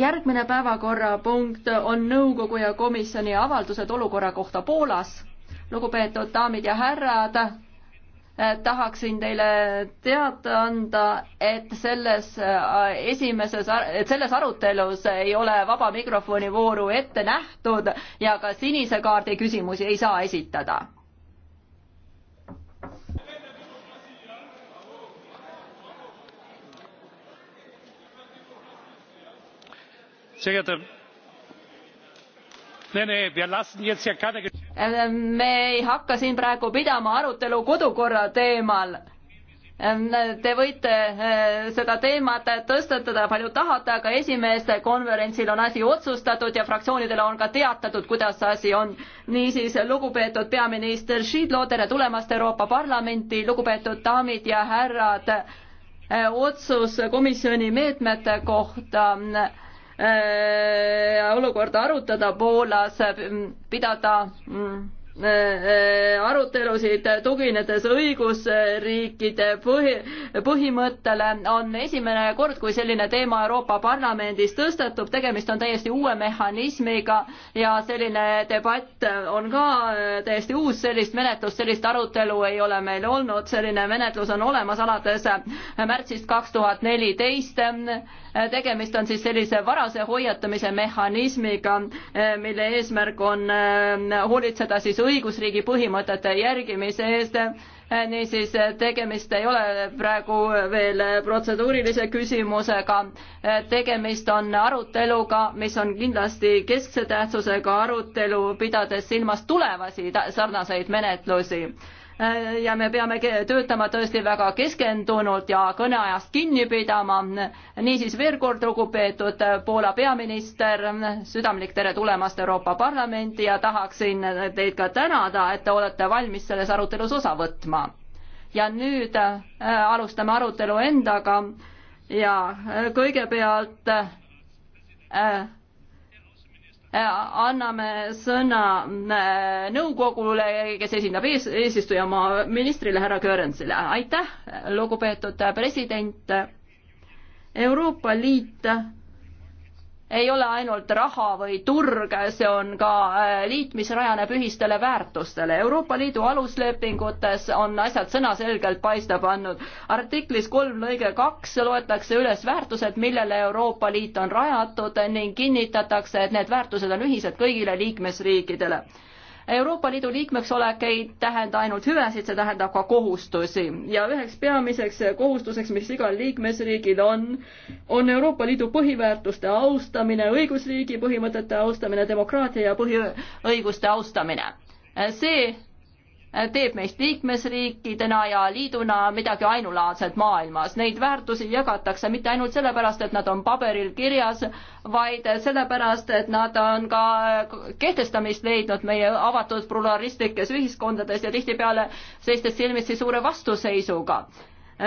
järgmine päevakorrapunkt on nõukogu ja komisjoni avaldused olukorra kohta Poolas. lugupeetud daamid ja härrad, eh, tahaksin teile teada anda, et selles eh, esimeses, et selles arutelus ei ole vaba mikrofoni vooru ette nähtud ja ka sinise kaardi küsimusi ei saa esitada Ähm, me ei hakka siin praegu pidama arutelu kodukorra teemal. Ähm, te võite äh, seda teemat tõstatada palju tahate, aga esimeeste konverentsil on asi otsustatud ja fraktsioonidele on ka teatatud, kuidas asi on. niisiis, lugupeetud peaminister Šidlo, tere tulemast Euroopa Parlamenti, lugupeetud daamid ja härrad äh, otsus komisjoni meetmete kohta äh, Äh, olukorda arutada Poolas, pidada mm, äh, äh, arutelusid tuginedes õigusriikide põhi, põhimõttele on esimene kord, kui selline teema Euroopa Parlamendis tõstatub, tegemist on täiesti uue mehhanismiga ja selline debatt on ka täiesti uus, sellist menetlust, sellist arutelu ei ole meil olnud, selline menetlus on olemas alates märtsist kaks tuhat neliteist tegemist on siis sellise varase hoiatamise mehhanismiga, eh, mille eesmärk on eh, hoolitseda siis õigusriigi põhimõtete järgimise eest eh, niisiis tegemist ei ole praegu veel protseduurilise küsimusega, tegemist on aruteluga, mis on kindlasti keskse tähtsusega arutelu, pidades silmas tulevasi sarnaseid menetlusi Äh, ja me peame töötama tõesti väga keskendunult ja kõneajast kinni pidama. niisiis veel kord, lugupeetud Poola peaminister, südamlik tere tulemast Euroopa Parlamenti ja tahaksin teid ka tänada, et te olete valmis selles arutelus osa võtma. ja nüüd äh, alustame arutelu endaga ja kõigepealt äh, Äh, anname sõna äh, nõukogule, kes esindab ees, eesistujamaa ministrile härra Görensile. aitäh, lugupeetud president. Euroopa Liit ei ole ainult raha või turg, see on ka äh, liit, mis rajaneb ühistele väärtustele. Euroopa Liidu aluslepingutes on asjad sõnaselgelt paista pannud. artiklis kolm lõige kaks loetakse üles väärtused, millele Euroopa Liit on rajatud ning kinnitatakse, et need väärtused on ühised kõigile liikmesriikidele Euroopa Liidu liikmeks olek ei tähenda ainult hüvesid, see tähendab ka kohustusi ja üheks peamiseks kohustuseks, mis igal liikmesriigil on, on Euroopa Liidu põhiväärtuste austamine, õigusriigi põhimõtete austamine, demokraatia ja põhiõiguste austamine. see teeb meist liikmesriikidena ja liiduna midagi ainulaadset maailmas. Neid väärtusi jagatakse mitte ainult sellepärast, et nad on paberil kirjas, vaid sellepärast, et nad on ka kehtestamist leidnud meie avatud pluralistlikes ühiskondades ja tihtipeale seistes silmitsi suure vastuseisuga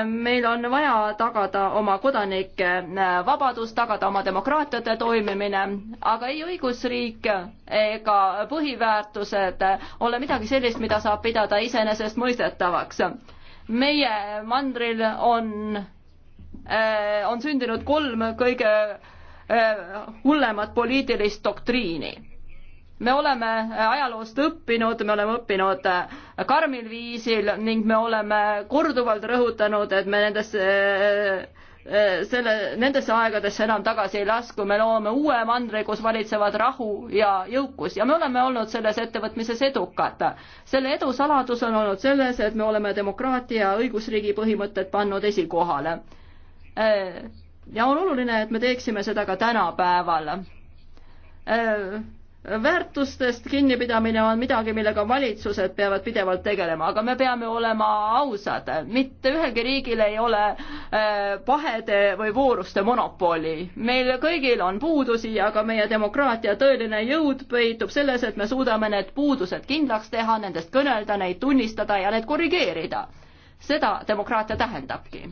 meil on vaja tagada oma kodanike äh, vabadus, tagada oma demokraatiate toimimine, aga ei õigusriik ega põhiväärtused ole midagi sellist, mida saab pidada iseenesestmõistetavaks. meie mandril on, äh, on sündinud kolm kõige äh, hullemat poliitilist doktriini me oleme ajaloost õppinud, me oleme õppinud karmil viisil ning me oleme korduvalt rõhutanud, et me nendesse selle, nendesse aegadesse enam tagasi ei lasku, me loome uue mandri, kus valitsevad rahu ja jõukus ja me oleme olnud selles ettevõtmises edukad. selle edu saladus on olnud selles, et me oleme demokraatia ja õigusriigi põhimõtted pannud esikohale. ja on oluline, et me teeksime seda ka tänapäeval väärtustest kinnipidamine on midagi, millega valitsused peavad pidevalt tegelema, aga me peame olema ausad, mitte ühelgi riigil ei ole äh, pahede või vooruste monopoli. meil kõigil on puudusi, aga meie demokraatia tõeline jõud peitub selles, et me suudame need puudused kindlaks teha, nendest kõnelda, neid tunnistada ja need korrigeerida. seda demokraatia tähendabki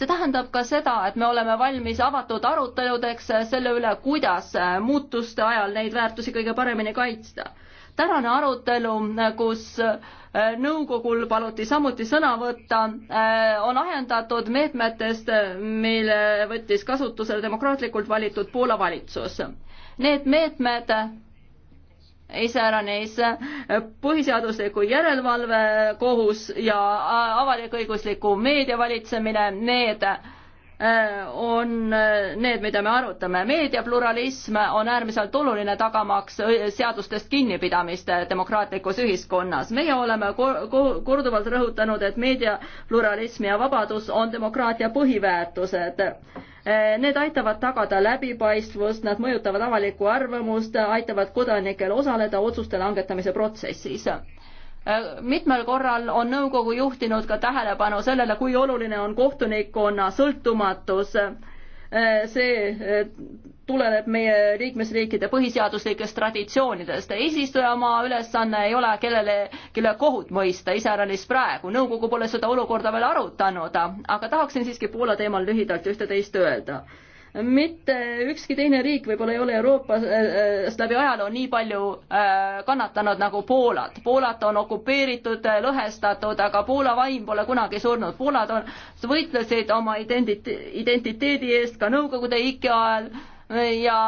see tähendab ka seda, et me oleme valmis avatud aruteludeks selle üle, kuidas muutuste ajal neid väärtusi kõige paremini kaitsta. tänane arutelu, kus äh, nõukogul paluti samuti sõna võtta, äh, on ajendatud meetmetest, mille võttis kasutusele demokraatlikult valitud Poola valitsus. Need meetmed iseäranis põhiseadusliku järelevalve kohus ja avalik-õigusliku meedia valitsemine, need Äh, on äh, need, mida me arutame. meediapluralism on äärmiselt oluline tagamaks äh, seadustest kinnipidamist demokraatlikus ühiskonnas. meie oleme korduvalt rõhutanud, et meediapluralism ja vabadus on demokraatia põhiväärtused. Need aitavad tagada läbipaistvust, nad mõjutavad avalikku arvamust, aitavad kodanikel osaleda otsuste langetamise protsessis Äh, mitmel korral on nõukogu juhtinud ka tähelepanu sellele, kui oluline on kohtunikkonna sõltumatus. Äh, see äh, tuleneb meie liikmesriikide põhiseaduslikest traditsioonidest. eesistujamaa ülesanne ei ole kellelegi kohut mõista, iseäranis praegu. nõukogu pole seda olukorda veel arutanud, aga tahaksin siiski Poola teemal lühidalt ühte-teist öelda mitte ükski teine riik võib-olla ei ole Euroopas äh, äh, läbi ajaloo nii palju äh, kannatanud nagu Poolat. Poolat on okupeeritud, lõhestatud, aga Poola vaim pole kunagi surnud. Poolad on, võitlesid oma identite-, identiteedi eest ka Nõukogude ikke ajal ja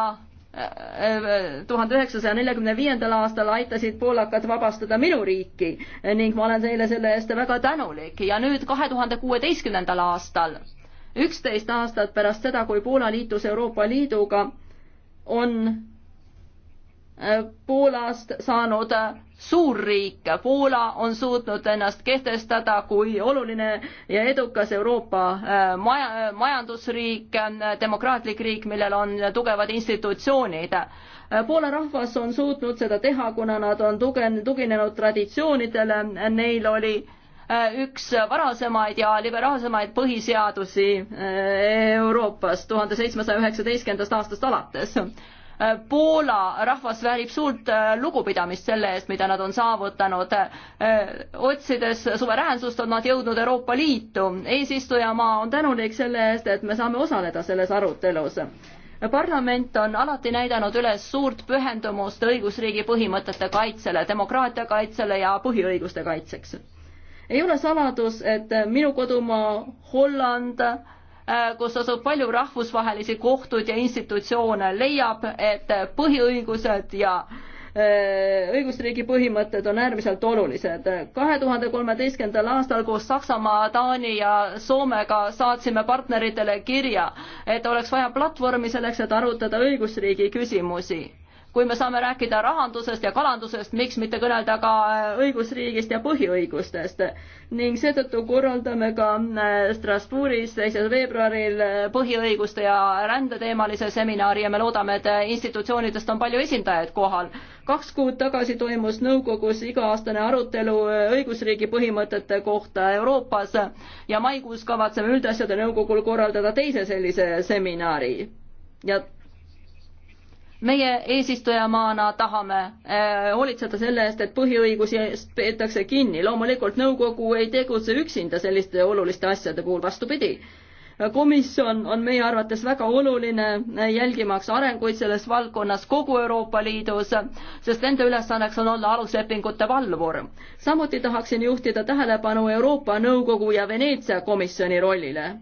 tuhande üheksasaja neljakümne viiendal aastal aitasid poolakad vabastada minu riiki ning ma olen teile selle eest väga tänulik ja nüüd kahe tuhande kuueteistkümnendal aastal üksteist aastat pärast seda, kui Poola liitus Euroopa Liiduga, on äh, Poolast saanud äh, suurriik. Poola on suutnud ennast kehtestada kui oluline ja edukas Euroopa äh, maja, majandusriik, demokraatlik riik, millel on tugevad institutsioonid. Poola rahvas on suutnud seda teha, kuna nad on tugen-, tuginenud traditsioonidele, neil oli äh, Äh, üks varasemaid ja liberaalsemaid põhiseadusi äh, Euroopas tuhande seitsmesaja üheksateistkümnendast aastast alates. Äh, Poola rahvas väärib suurt lugupidamist selle eest, mida nad on saavutanud. otsides suveräänsust, on nad jõudnud Euroopa Liitu. eesistujamaa on tänulik selle eest, et me saame osaleda selles arutelus parlament on alati näidanud üles suurt pühendumust õigusriigi põhimõtete kaitsele, demokraatia kaitsele ja põhiõiguste kaitseks ei ole saladus, et äh, minu kodumaa Holland, äh, kus asub palju rahvusvahelisi kohtuid ja institutsioone, leiab, et äh, põhiõigused ja õigusriigi põhimõtted on äärmiselt olulised. kahe tuhande kolmeteistkümnendal aastal koos Saksamaa, Taani ja Soomega saatsime partneritele kirja, et oleks vaja platvormi selleks, et arutada õigusriigi küsimusi kui me saame rääkida rahandusest ja kalandusest, miks mitte kõnelda ka äh, õigusriigist ja põhiõigustest. ning seetõttu korraldame ka äh, Strasbourgis teisel veebruaril äh, põhiõiguste ja rändeteemalise seminari ja me loodame, et institutsioonidest on palju esindajaid kohal. kaks kuud tagasi toimus nõukogus iga-aastane arutelu õigusriigi põhimõtete kohta Euroopas ja maikuus kavatseme üldasjade nõukogul korraldada teise sellise seminari ja meie eesistujamaana tahame äh, hoolitseda selle eest, et põhiõigusi peetakse kinni. loomulikult nõukogu ei tegutse üksinda selliste oluliste asjade puhul, vastupidi. komisjon on meie arvates väga oluline äh, jälgimaks arenguid selles valdkonnas kogu Euroopa Liidus, sest nende ülesanneks on olla aluslepingute valvur. samuti tahaksin juhtida tähelepanu Euroopa Nõukogu ja Veneetsia komisjoni rollile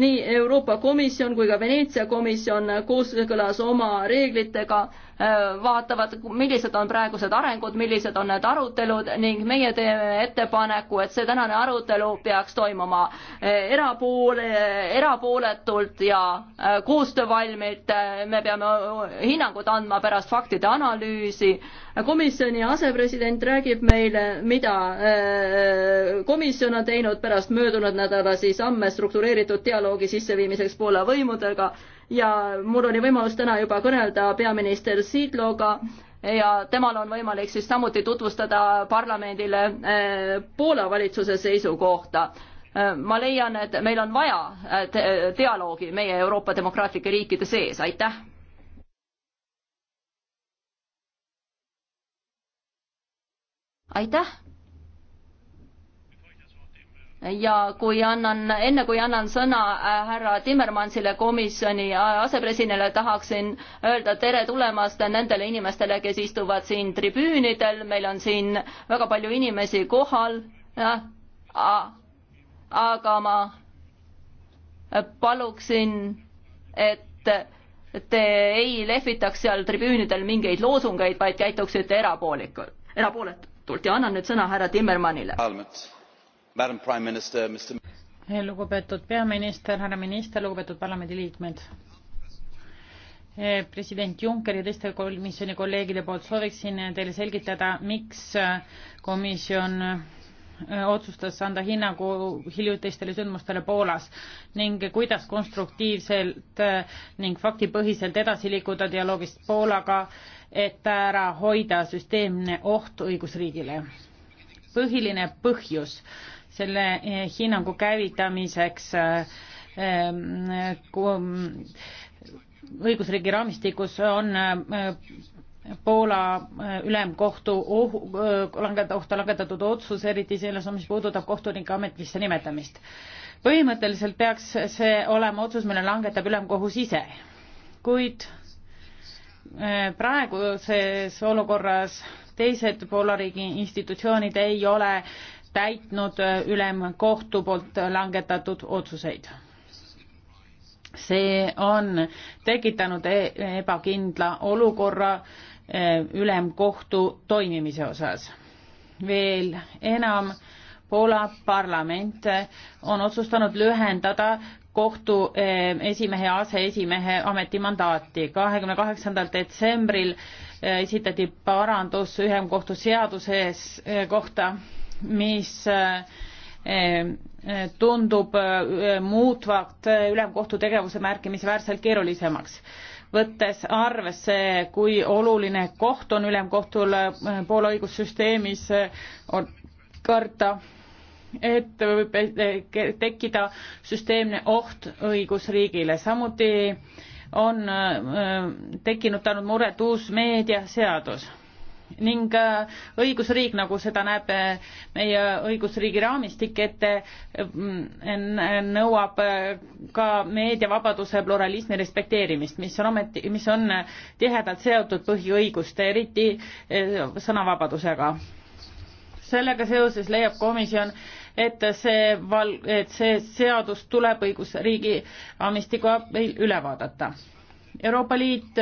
nii Euroopa Komisjon kui ka Veneetsia komisjon kooskõlas oma reeglitega Äh, vaatavad, millised on praegused arengud, millised on need arutelud ning meie teeme ettepaneku, et see tänane arutelu peaks toimuma äh, erapool, äh, erapooletult ja koostöövalmilt. me peame hinnangud andma pärast faktide analüüsi. komisjoni asepresident räägib meile, mida komisjon on teinud pärast möödunud nädala siis amme struktureeritud dialoogi sisseviimiseks Poola võimudega ja mul oli võimalus täna juba kõnelda peaminister Siidloga ja temal on võimalik siis samuti tutvustada parlamendile eh, Poola valitsuse seisukohta. Eh, ma leian, et meil on vaja eh, dialoogi meie Euroopa demokraatlike riikide sees, aitäh aitäh! ja kui annan, enne kui annan sõna äh, härra Timmermansile, komisjoni äh, asepresidendile, tahaksin öelda tere tulemast nendele inimestele, kes istuvad siin tribüünidel, meil on siin väga palju inimesi kohal, aga ma äh, paluksin, et te ei lehvitaks seal tribüünidel mingeid loosungeid, vaid käituksite erapoolikult, erapooletult ja annan nüüd sõna härra Timmermanile. Eh, lugupeetud peaminister härra minister lugupeetud parlamendiliikmed eh, president junckeri ja teiste komisjoni kolleegide poolt sooviksin teile selgitada miks eh, komisjon otsustas anda hinnangu hiljutistele sündmustele poolas ning kuidas konstruktiivselt ning faktipõhiselt edasi liikuda dialoogist poolaga et ära hoida süsteemne oht õigusriigile. põhiline põhjus selle eh, hinnangu käivitamiseks eh, eh, õigusriigi raamistikus on Poola ülemkohtu ohu, langeda, kohta langetatud otsus, eriti selles, mis puudutab kohtunike ametisse nimetamist. põhimõtteliselt peaks see olema otsus, mille langetab ülemkohus ise, kuid praeguses olukorras teised Poola riigi institutsioonid ei ole täitnud äh, ülemkohtu poolt langetatud otsuseid. see on tekitanud e-, ebakindla olukorra äh, ülemkohtu toimimise osas. veel enam, Poola parlament äh, on otsustanud lühendada kohtu esimehe ja aseesimehe ametimandaati. kahekümne kaheksandal detsembril esitati parandus ühemkohtu seaduses kohta mis eh, eh, tundub eh, muutvat ülemkohtu tegevuse märkimisväärselt keerulisemaks. võttes arvesse, kui oluline koht on ülemkohtul Poola õigussüsteemis, on karta, et võib tekkida süsteemne oht õigusriigile. samuti on tekkinud ainult muret uus meediaseadus ning äh, õigusriik, nagu seda näeb äh, meie õigusriigi raamistik ette, äh, nõuab ka meediavabaduse pluralismi respekteerimist, mis on ometi, mis on tihedalt seotud põhiõiguste, eriti sõnavabadusega. sellega seoses leiab komisjon, et see val-, et see seadus tuleb õigusriigi raamistiku abil üle vaadata. Euroopa Liit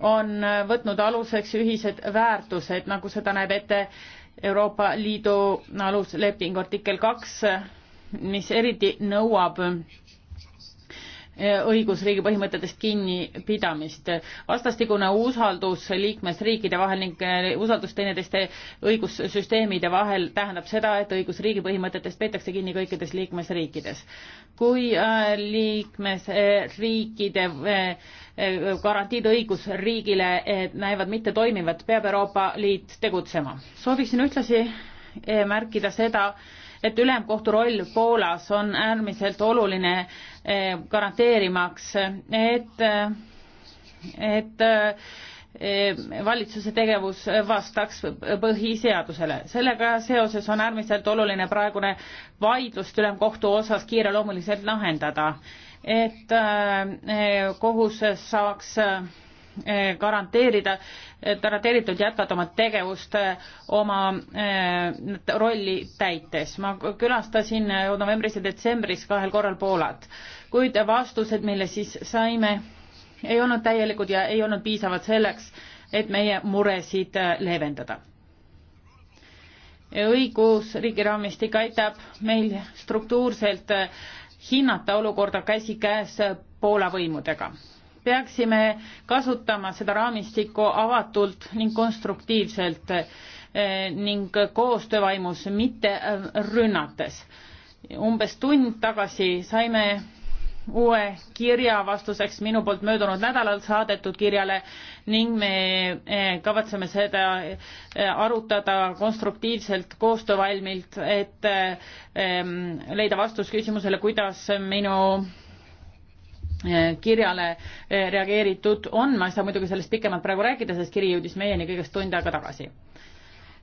on võtnud aluseks ühised väärtused, nagu seda näeb ette Euroopa Liidu aluslepingu artikkel kaks, mis eriti nõuab Eh, õigusriigi põhimõtetest kinnipidamist. vastastikune usaldus liikmesriikide vahel ning eh, usaldus teineteiste õigussüsteemide vahel tähendab seda, et õigusriigi põhimõtetest peetakse kinni kõikides liikmesriikides. kui äh, liikmesriikide eh, garantiid õigusriigile näivad mittetoimivat, peab Euroopa Liit tegutsema. sooviksin ühtlasi märkida seda, et ülemkohtu roll Poolas on äärmiselt oluline eh, garanteerimaks, et, et eh, valitsuse tegevus vastaks põhiseadusele. sellega seoses on äärmiselt oluline praegune vaidlust ülemkohtu osas kiireloomuliselt lahendada, et eh, kohus saaks Eh, garanteerida, garanteeritud jätkata oma tegevust eh, oma eh, rolli täites. ma külastasin novembris ja detsembris kahel korral Poolat, kuid vastused, mille siis saime, ei olnud täielikud ja ei olnud piisavad selleks, et meie muresid leevendada õigusriigi raamistik aitab meil struktuurselt hinnata olukorda käsikäes Poola võimudega peaksime kasutama seda raamistikku avatult ning konstruktiivselt eh, ning koostöövaimus, mitte eh, rünnates. umbes tund tagasi saime uue kirja vastuseks minu poolt möödunud nädalal saadetud kirjale ning me eh, kavatseme seda arutada konstruktiivselt, koostöövalmilt, et leida vastus küsimusele, kuidas minu Eh, kirjale eh, reageeritud on, ma ei saa muidugi sellest pikemalt praegu rääkida, sest kiri jõudis meieni kõigest tund aega tagasi.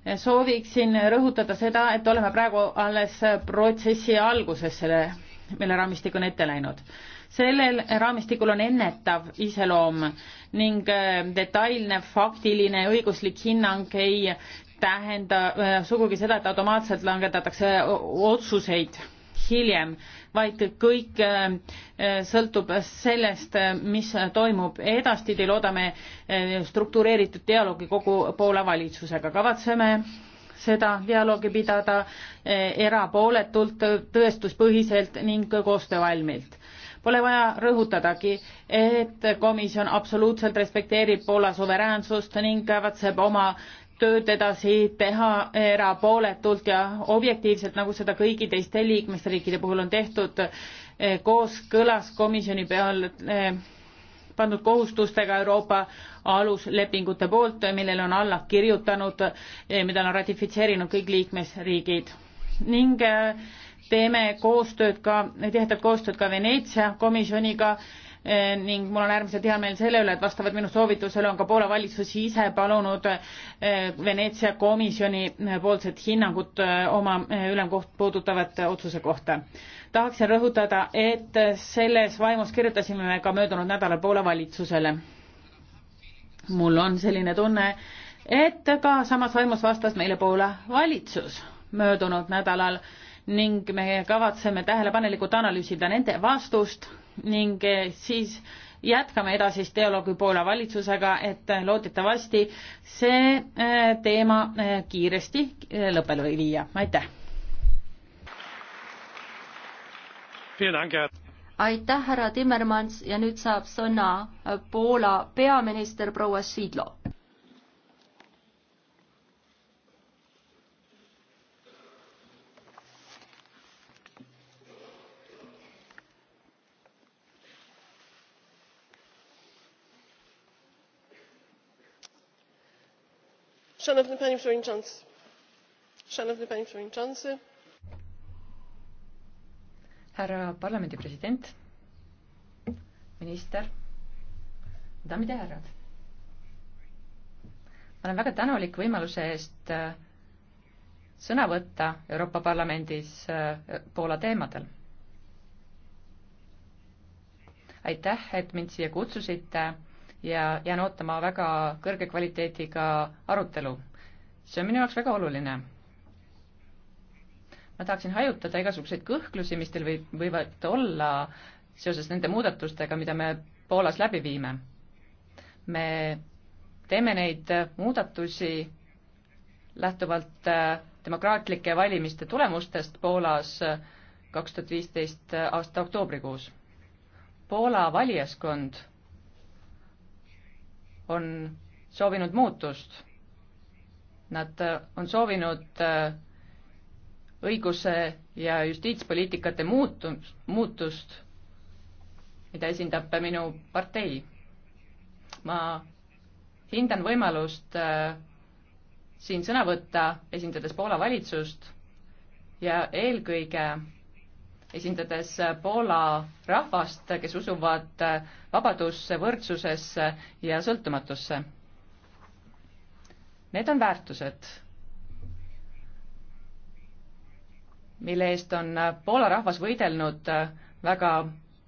Eh, sooviksin rõhutada seda, et oleme praegu alles protsessi alguses selle, mille raamistik on ette läinud. sellel raamistikul on ennetav iseloom ning detailne faktiline õiguslik hinnang ei tähenda sugugi seda, et automaatselt langetatakse otsuseid hiljem vaid kõik äh, äh, sõltub sellest, äh, mis toimub edaspidi, loodame struktureeritud dialoogi kogu Poola valitsusega, kavatseme seda dialoogi pidada erapooletult, tõestuspõhiselt ning koostöövalmilt. Pole vaja rõhutadagi, et komisjon absoluutselt respekteerib Poola suveräänsust ning kavatseb oma tööd edasi teha erapooletult ja objektiivselt, nagu seda kõigi teiste liikmesriikide puhul on tehtud, eh, kooskõlas komisjoni peal eh, pandud kohustustega Euroopa aluslepingute poolt, millele on alla kirjutanud, eh, mida on ratifitseerinud kõik liikmesriigid. ning teeme koostööd ka, tihedat koostööd ka Veneetsia komisjoniga Eh, ning mul on äärmiselt hea meel selle üle, et vastavalt minu soovitusele on ka Poola valitsus ise palunud eh, Veneetsia komisjoni eh, poolset hinnangut oma ülemkoht puudutavate otsuse kohta. tahaksin rõhutada, et selles vaimus kirjutasime me ka möödunud nädalal Poola valitsusele. mul on selline tunne, et ka samas vaimus vastas meile Poola valitsus möödunud nädalal ning me kavatseme tähelepanelikult analüüsida nende vastust ning eh, siis jätkame edasist dialoogi Poola valitsusega, et eh, loodetavasti see eh, teema kiiresti lõpule viia, aitäh. aitäh, härra Timmermans ja nüüd saab sõna Poola peaminister proua Šidlo Szanowny panie przewodniczący. Szanowny panie przewodniczący. Härra parlamendi president, minister, daamid ja härrad. ma olen väga tänulik võimaluse eest äh, sõna võtta Euroopa Parlamendis äh, Poola teemadel. aitäh, et mind siia kutsusite ja jään ootama väga kõrge kvaliteediga arutelu. see on minu jaoks väga oluline. ma tahaksin hajutada igasuguseid kõhklusi, mis teil võib, võivad olla seoses nende muudatustega, mida me Poolas läbi viime. me teeme neid muudatusi lähtuvalt äh, demokraatlike valimiste tulemustest Poolas äh, kaks tuhat viisteist aasta oktoobrikuus. Poola valijaskond on soovinud muutust. Nad äh, on soovinud äh, õiguse ja justiitspoliitikate muutu-, muutust, mida esindab minu partei. ma hindan võimalust äh, siin sõna võtta, esindades Poola valitsust ja eelkõige esindades Poola rahvast, kes usuvad vabadusse, võrdsusesse ja sõltumatusse. Need on väärtused, mille eest on Poola rahvas võidelnud väga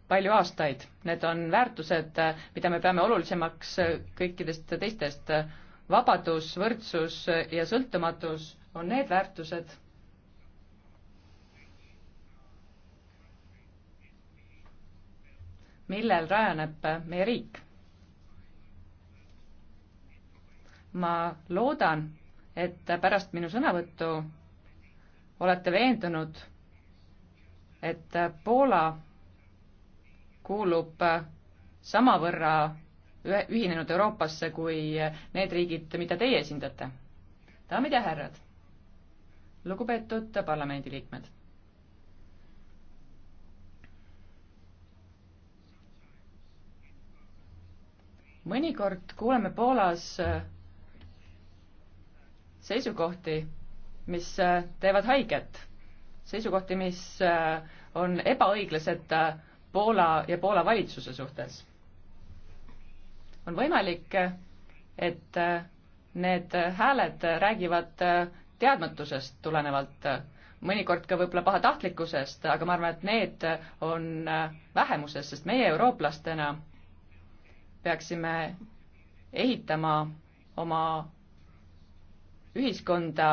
palju aastaid. Need on väärtused, mida me peame olulisemaks kõikidest teistest. vabadus, võrdsus ja sõltumatus on need väärtused millel rajaneb meie riik. ma loodan, et pärast minu sõnavõttu olete veendunud, et Poola kuulub samavõrra ühinenud Euroopasse kui need riigid, mida teie esindate. daamid ja härrad, lugupeetud parlamendiliikmed mõnikord kuuleme Poolas äh, seisukohti, mis äh, teevad haiget, seisukohti, mis äh, on ebaõiglased Poola ja Poola valitsuse suhtes. on võimalik, et need hääled räägivad teadmatusest tulenevalt, mõnikord ka võib-olla pahatahtlikkusest, aga ma arvan, et need on vähemuses, sest meie eurooplastena peaksime ehitama oma ühiskonda,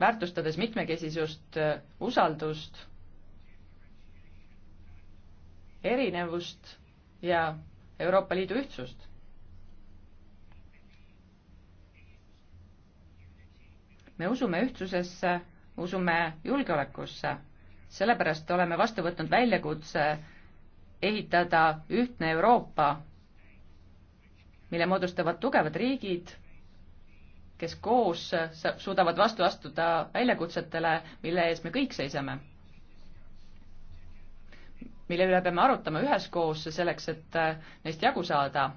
väärtustades mitmekesisust, usaldust, erinevust ja Euroopa Liidu ühtsust. me usume ühtsusesse, usume julgeolekusse, sellepärast oleme vastu võtnud väljakutse ehitada ühtne Euroopa, mille moodustavad tugevad riigid, kes koos suudavad vastu astuda väljakutsetele, mille ees me kõik seisame. mille üle peame arutama üheskoos selleks, et äh, neist jagu saada.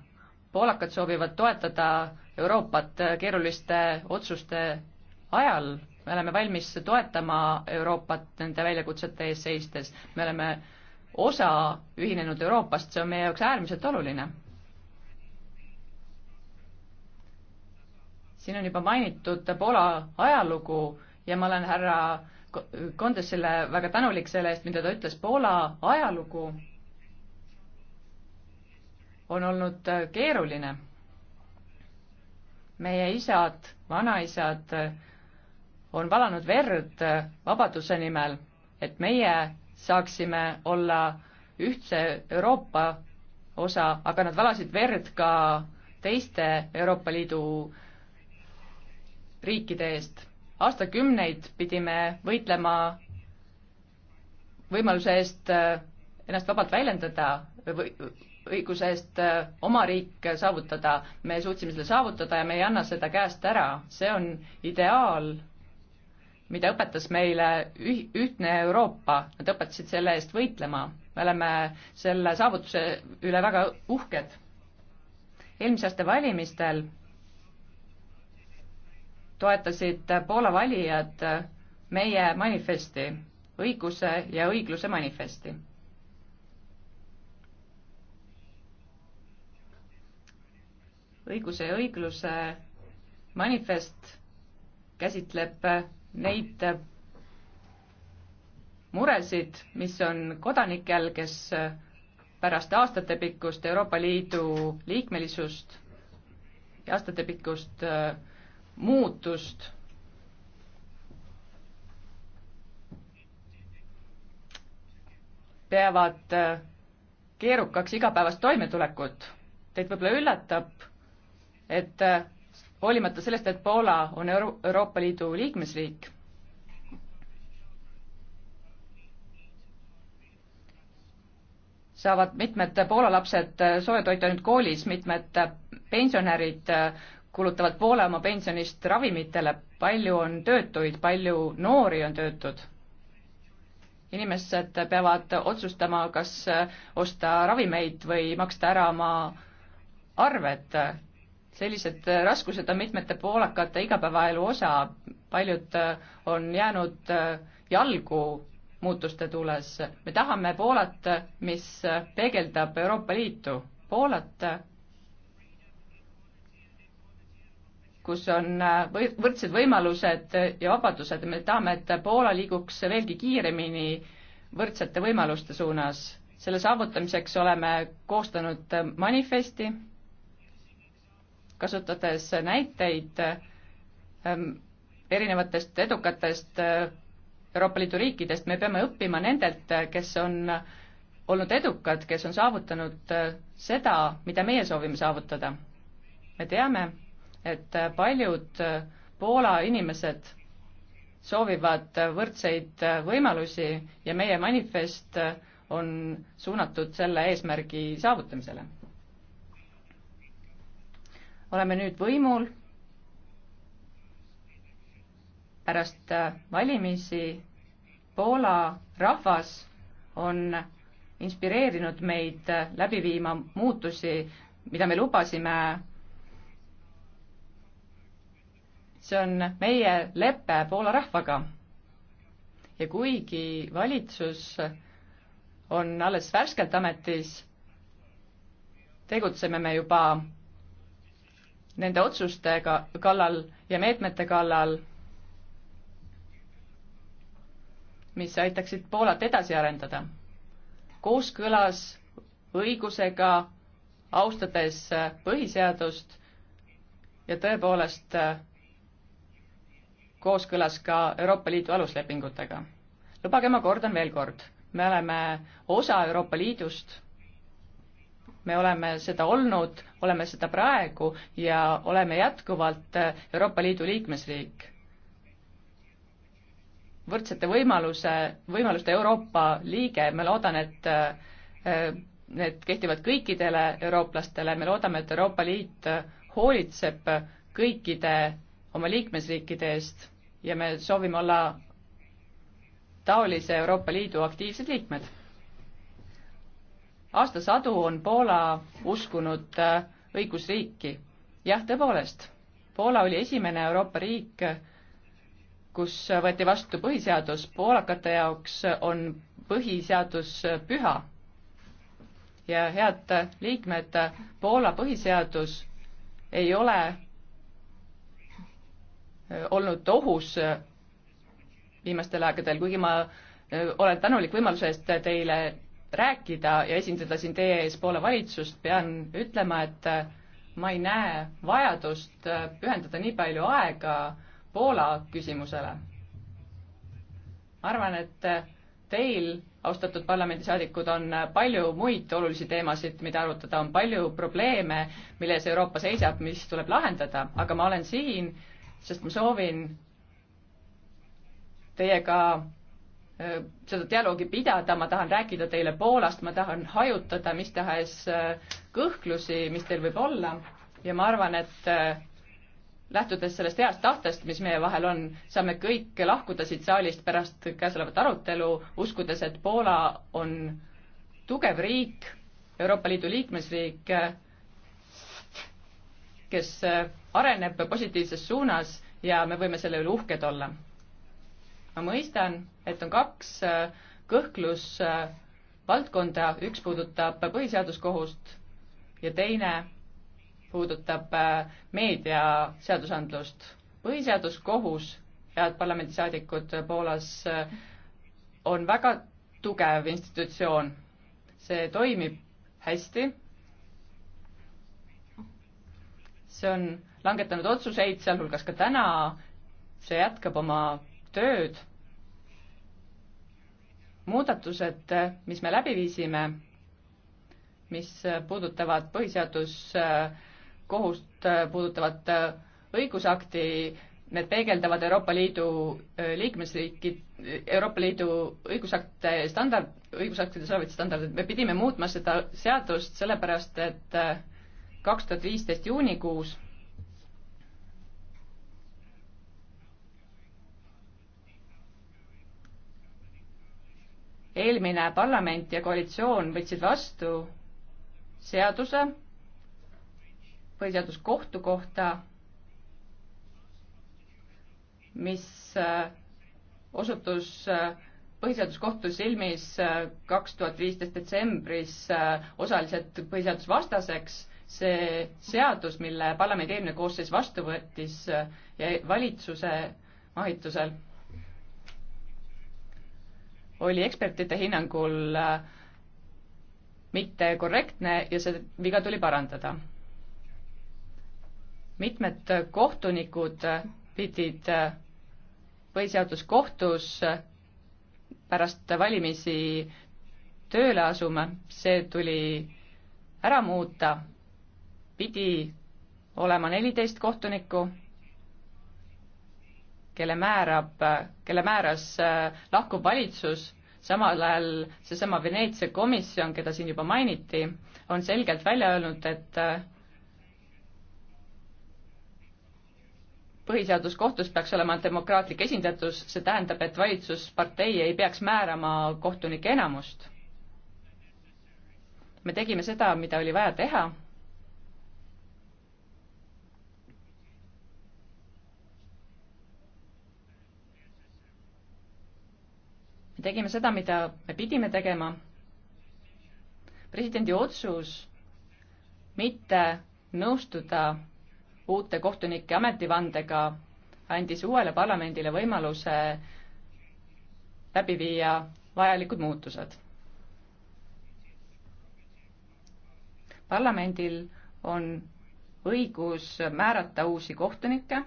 poolakad soovivad toetada Euroopat äh, keeruliste otsuste ajal, me oleme valmis toetama Euroopat nende väljakutsete ees seistes, me oleme osa ühinenud Euroopast, see on meie jaoks äärmiselt oluline. siin on juba mainitud Poola ajalugu ja ma olen härra Kondesele väga tänulik selle eest, mida ta ütles, Poola ajalugu on olnud keeruline. meie isad, vanaisad on valanud verd vabaduse nimel, et meie saaksime olla ühtse Euroopa osa, aga nad valasid verd ka teiste Euroopa Liidu riikide eest. aastakümneid pidime võitlema võimaluse eest äh, ennast vabalt väljendada või õiguse eest äh, oma riik saavutada, me suutsime selle saavutada ja me ei anna seda käest ära, see on ideaal mida õpetas meile üh-, ühtne Euroopa, nad õpetasid selle eest võitlema, me oleme selle saavutuse üle väga uhked. eelmise aasta valimistel toetasid Poola valijad meie manifesti, õiguse ja õigluse manifesti. õiguse ja õigluse manifest käsitleb neid muresid, mis on kodanikel, kes pärast aastatepikkust Euroopa Liidu liikmelisust ja aastatepikkust äh, muutust peavad äh, keerukaks igapäevast toimetulekut. Teid võib-olla üllatab, et äh, hoolimata sellest, et Poola on Euro Euroopa Liidu liikmesriik, saavad mitmed Poola lapsed sooja toitu ainult koolis, mitmed pensionärid kulutavad poole oma pensionist ravimitele, palju on töötuid, palju noori on töötud. inimesed peavad otsustama, kas osta ravimeid või maksta ära oma arved sellised äh, raskused on mitmete poolakate igapäevaelu osa, paljud äh, on jäänud äh, jalgu muutuste tuules. me tahame Poolat, mis peegeldab Euroopa Liitu, Poolat, kus on või-, võrdsed võimalused ja vabadused, me tahame, et Poola liiguks veelgi kiiremini võrdsete võimaluste suunas. selle saavutamiseks oleme koostanud manifesti kasutades näiteid ähm, erinevatest edukatest äh, Euroopa Liidu riikidest, me peame õppima nendelt, äh, kes on olnud edukad, kes on saavutanud äh, seda, mida meie soovime saavutada. me teame, et paljud Poola inimesed soovivad võrdseid võimalusi ja meie manifest on suunatud selle eesmärgi saavutamisele oleme nüüd võimul pärast äh, valimisi Poola rahvas on inspireerinud meid äh, läbi viima muutusi, mida me lubasime. see on meie lepe Poola rahvaga. ja kuigi valitsus on alles värskelt ametis, tegutseme me juba nende otsuste ka-, kallal ja meetmete kallal, mis aitaksid Poolat edasi arendada. kooskõlas õigusega, austades äh, põhiseadust ja tõepoolest äh, kooskõlas ka Euroopa Liidu aluslepingutega. lubage, ma kordan veel kord, me oleme osa Euroopa Liidust me oleme seda olnud, oleme seda praegu ja oleme jätkuvalt Euroopa Liidu liikmesriik. võrdsete võimaluse, võimaluste Euroopa liige, ma loodan, et need kehtivad kõikidele eurooplastele, me loodame, et Euroopa Liit hoolitseb kõikide oma liikmesriikide eest ja me soovime olla taolise Euroopa Liidu aktiivsed liikmed aastasadu on Poola uskunud äh, õigusriiki. jah, tõepoolest, Poola oli esimene Euroopa riik, kus võeti vastu põhiseadus, poolakate jaoks on põhiseadus püha. ja head liikmed, Poola põhiseadus ei ole äh, olnud ohus äh, viimastel aegadel, kuigi ma olen tänulik võimaluse eest teile rääkida ja esindada siin teie ees poole valitsust, pean ütlema, et äh, ma ei näe vajadust äh, pühendada nii palju aega Poola küsimusele. ma arvan, et äh, teil, austatud parlamendisaadikud, on palju muid olulisi teemasid, mida arutada, on palju probleeme, milles Euroopa seisab, mis tuleb lahendada, aga ma olen siin, sest ma soovin teiega Äh, seda dialoogi pidada, ma tahan rääkida teile Poolast, ma tahan hajutada mis tahes äh, kõhklusi, mis teil võib olla ja ma arvan, et äh, lähtudes sellest heast tahtest, mis meie vahel on, saame kõik lahkuda siit saalist pärast käesolevat arutelu, uskudes, et Poola on tugev riik, Euroopa Liidu liikmesriik, kes areneb positiivses suunas ja me võime selle üle uhked olla ma mõistan, et on kaks äh, kõhklusvaldkonda, äh, üks puudutab põhiseaduskohust ja teine puudutab äh, meediaseadusandlust. põhiseaduskohus, head parlamendisaadikud Poolas, on väga tugev institutsioon. see toimib hästi. see on langetanud otsuseid, sealhulgas ka täna, see jätkab oma tööd. muudatused, mis me läbi viisime, mis puudutavad põhiseaduskohust puudutavat õigusakti, need peegeldavad Euroopa Liidu äh, liikmesriiki, Euroopa Liidu õigusakte standard, õigusaktide soovitatud standardid, me pidime muutma seda seadust sellepärast, et äh, kaks tuhat viisteist juunikuus eelmine parlament ja koalitsioon võtsid vastu seaduse põhiseaduskohtu kohta, mis äh, osutus äh, põhiseaduskohtu silmis äh, kaks tuhat viisteist detsembris osaliselt põhiseadusvastaseks, see seadus, mille parlamendi eelmine koosseis vastu võttis, jäi valitsuse mahitusel oli ekspertide hinnangul äh, mitte korrektne ja see viga tuli parandada. mitmed kohtunikud äh, pidid äh, põhiseaduskohtus pärast valimisi tööle asuma, see tuli ära muuta, pidi olema neliteist kohtunikku kelle määrab, kelle määras äh, lahkuv valitsus, samal ajal seesama Veneetsia komisjon, keda siin juba mainiti, on selgelt välja öelnud, et äh, põhiseaduskohtus peaks olema demokraatlik esindatus, see tähendab, et valitsuspartei ei peaks määrama kohtunike enamust. me tegime seda, mida oli vaja teha me tegime seda, mida me pidime tegema. presidendi otsus mitte nõustuda uute kohtunike ametivandega andis uuele parlamendile võimaluse läbi viia vajalikud muutused. parlamendil on õigus määrata uusi kohtunikke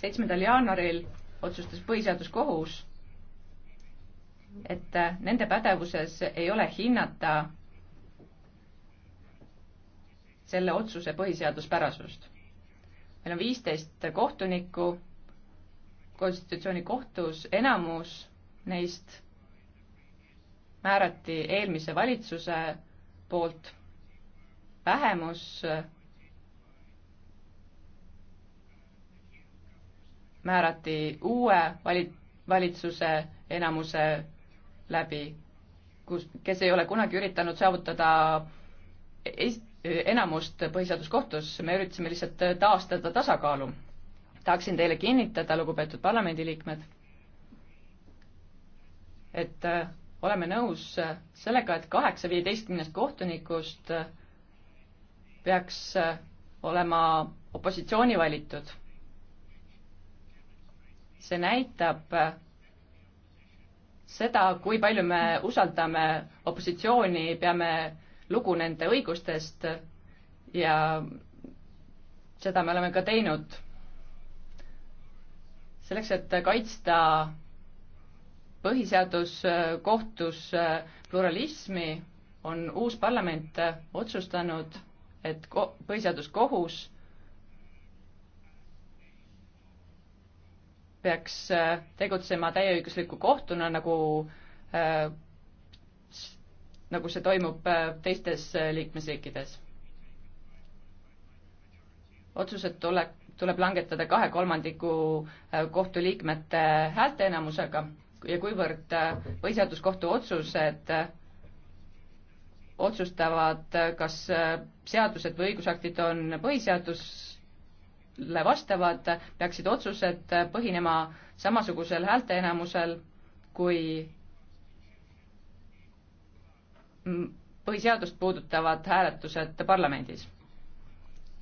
seitsmendal jaanuaril otsustas Põhiseaduskohus, et äh, nende pädevuses ei ole hinnata selle otsuse põhiseaduspärasust. meil on viisteist kohtunikku konstitutsioonikohtus, enamus neist määrati eelmise valitsuse poolt, vähemus äh, määrati uue vali-, valitsuse enamuse läbi, kus, kes ei ole kunagi üritanud saavutada es-, enamust Põhiseaduskohtus, me üritasime lihtsalt taastada tasakaalu. tahaksin teile kinnitada, lugupeetud parlamendiliikmed, et äh, oleme nõus äh, sellega, et kaheksa viieteistkümnest kohtunikust äh, peaks olema opositsiooni valitud see näitab äh, seda, kui palju me usaldame opositsiooni, peame lugu nende õigustest ja seda me oleme ka teinud. selleks, et kaitsta põhiseaduskohtus äh, pluralismi, on uus parlament otsustanud, et põhiseaduskohus peaks äh, tegutsema täieõigusliku kohtuna, nagu äh, nagu see toimub äh, teistes liikmesriikides. otsused tule, tuleb langetada kahe kolmandiku kohtuliikmete häälteenamusega ja kuivõrd põhiseaduskohtu otsused otsustavad, kas seadused või õigusaktid on põhiseadus, vastavad, peaksid otsused põhinema samasugusel häälteenamusel kui põhiseadust puudutavad hääletused parlamendis.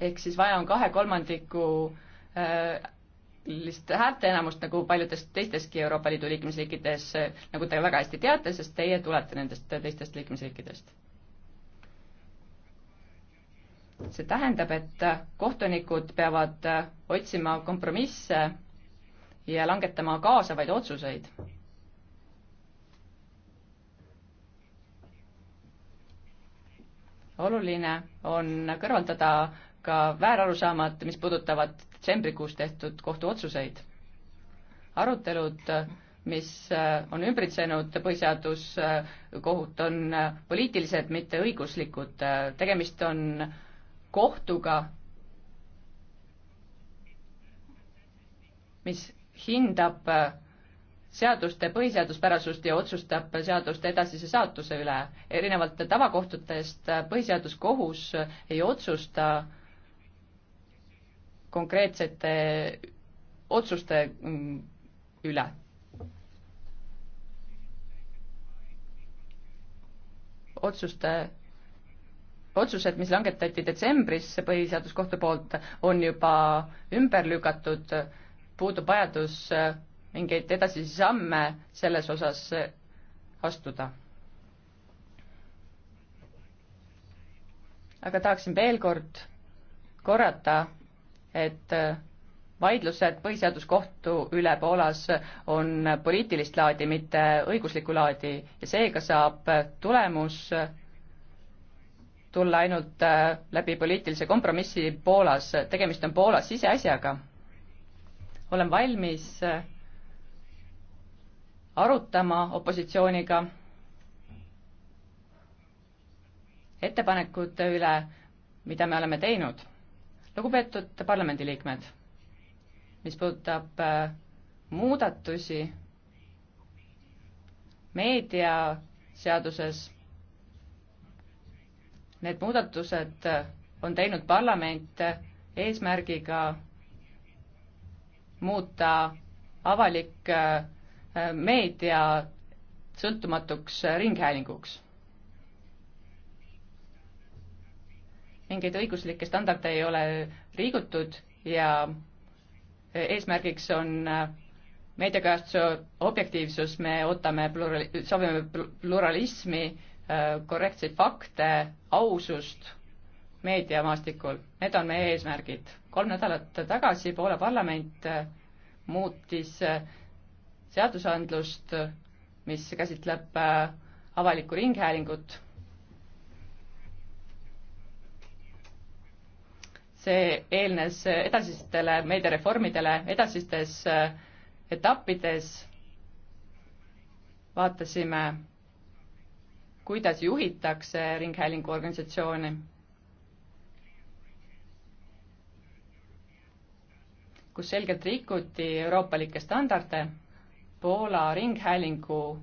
ehk siis vaja on kahe kolmandiku sellist äh, häälteenamust nagu paljudes teisteski Euroopa Liidu liikmesriikides, nagu te väga hästi teate, sest teie tulete nendest teistest liikmesriikidest see tähendab, et kohtunikud peavad otsima kompromisse ja langetama kaasavaid otsuseid. oluline on kõrvaldada ka väärarusaamad, mis puudutavad detsembrikuus tehtud kohtuotsuseid. arutelud, mis on ümbritsenud põhiseaduskohut, on poliitilised, mitte õiguslikud. tegemist on kohtuga, mis hindab äh, seaduste põhiseaduspärasust ja otsustab seaduste edasise saatuse üle. erinevalt tavakohtutest äh, põhiseaduskohus äh, ei otsusta konkreetsete otsuste mm, üle. otsuste otsused, mis langetati detsembris Põhiseaduskohtu poolt, on juba ümber lükatud, puudub vajadus äh, mingeid edasisi samme selles osas äh, astuda. aga tahaksin veel kord korrata, et äh, vaidlused Põhiseaduskohtu üle Poolas on poliitilist laadi, mitte õiguslikku laadi ja seega saab tulemus tulla ainult äh, läbi poliitilise kompromissi Poolas, tegemist on Poola siseasjaga. olen valmis äh, arutama opositsiooniga ettepanekute üle, mida me oleme teinud. lugupeetud parlamendiliikmed, mis puudutab äh, muudatusi meediaseaduses Need muudatused on teinud parlament eesmärgiga muuta avalik äh, meedia sõltumatuks ringhäälinguks. mingeid õiguslikke standarde ei ole liigutud ja eesmärgiks on äh, meediakajastuse objektiivsus, me ootame plurali-, soovime pluralismi Äh, korrektseid fakte, ausust meediamaastikul, need on meie eesmärgid. kolm nädalat tagasi Poola parlament äh, muutis äh, seadusandlust, mis käsitleb avalikku ringhäälingut. see eelnes edasistele meediareformidele, edasistes etappides vaatasime kuidas juhitakse Ringhäälingu organisatsiooni. kus selgelt rikuti euroopalikke standarde, Poola Ringhäälingu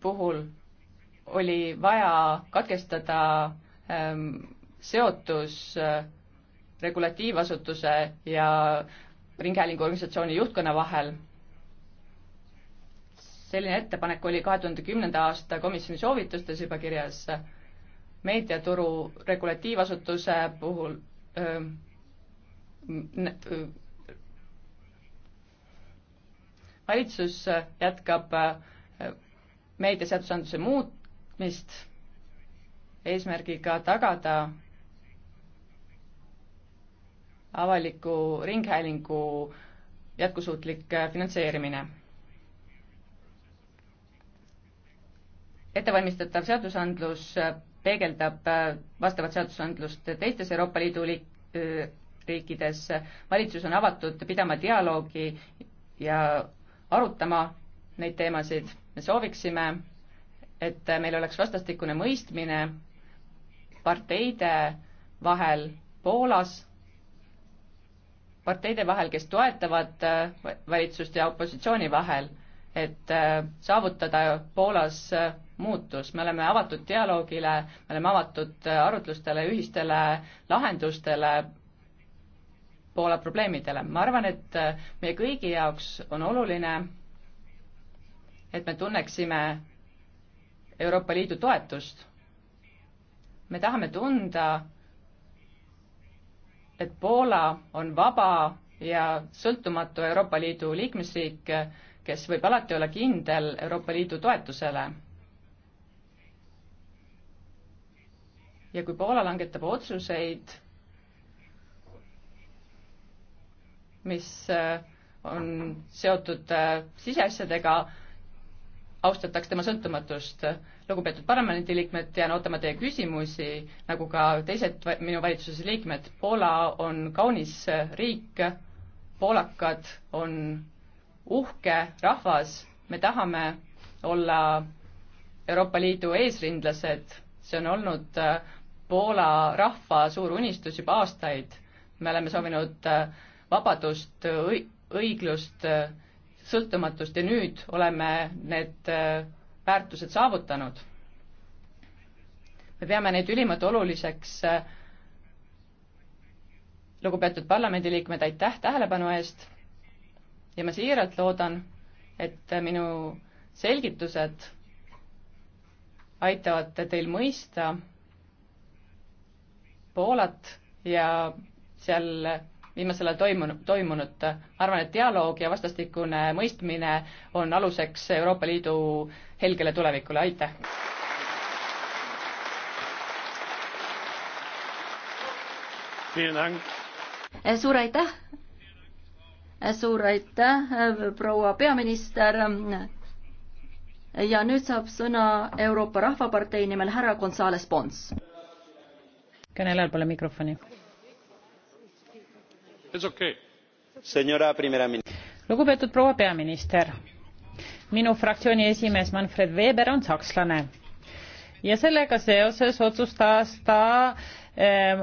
puhul oli vaja katkestada ähm, seotus äh, regulatiivasutuse ja Ringhäälingu organisatsiooni juhtkonna vahel selline ettepanek oli kahe tuhande kümnenda aasta komisjoni soovitustes juba kirjas meediaturu regulatiivasutuse puhul öö, ähm, öö, äh, valitsus jätkab äh, meediaseadusandluse muutmist eesmärgiga tagada avaliku ringhäälingu jätkusuutlik äh, finantseerimine ettevalmistatav seadusandlus peegeldab äh, vastavat seadusandlust teistes Euroopa Liidu liik-, äh, riikides. valitsus on avatud pidama dialoogi ja arutama neid teemasid. me sooviksime, et meil oleks vastastikune mõistmine parteide vahel Poolas, parteide vahel, kes toetavad äh, valitsust ja opositsiooni vahel, et saavutada Poolas muutus, me oleme avatud dialoogile, me oleme avatud äh, arutlustele, ühistele lahendustele, Poola probleemidele. ma arvan, et äh, meie kõigi jaoks on oluline, et me tunneksime Euroopa Liidu toetust. me tahame tunda, et Poola on vaba ja sõltumatu Euroopa Liidu liikmesriik, kes võib alati olla kindel Euroopa Liidu toetusele ja kui Poola langetab otsuseid, mis äh, on seotud äh, siseasjadega, austataks tema sõltumatust. lugupeetud parlamendiliikmed, jään ootama teie küsimusi, nagu ka teised minu valitsuse liikmed. Poola on kaunis riik, poolakad on uhke rahvas, me tahame olla Euroopa Liidu eesrindlased, see on olnud äh, Poola rahva suur unistus juba aastaid. me oleme soovinud äh, vabadust, õiglust, äh, sõltumatust ja nüüd oleme need äh, väärtused saavutanud. me peame neid ülimalt oluliseks. lugupeetud parlamendiliikmed, aitäh tähelepanu eest ja ma siiralt loodan, et minu selgitused aitavad teil mõista, Poolat ja seal viimasel ajal toimunud, toimunut, arvan, et dialoog ja vastastikune mõistmine on aluseks Euroopa Liidu helgele tulevikule, aitäh! suur aitäh! suur aitäh, proua peaminister! ja nüüd saab sõna Euroopa Rahvapartei nimel härra Gonzales Pons kõnelejal pole mikrofoni. Okay. lugupeetud proua peaminister minu fraktsiooni esimees manfred weber on sakslane ja sellega seoses otsustas ta eh,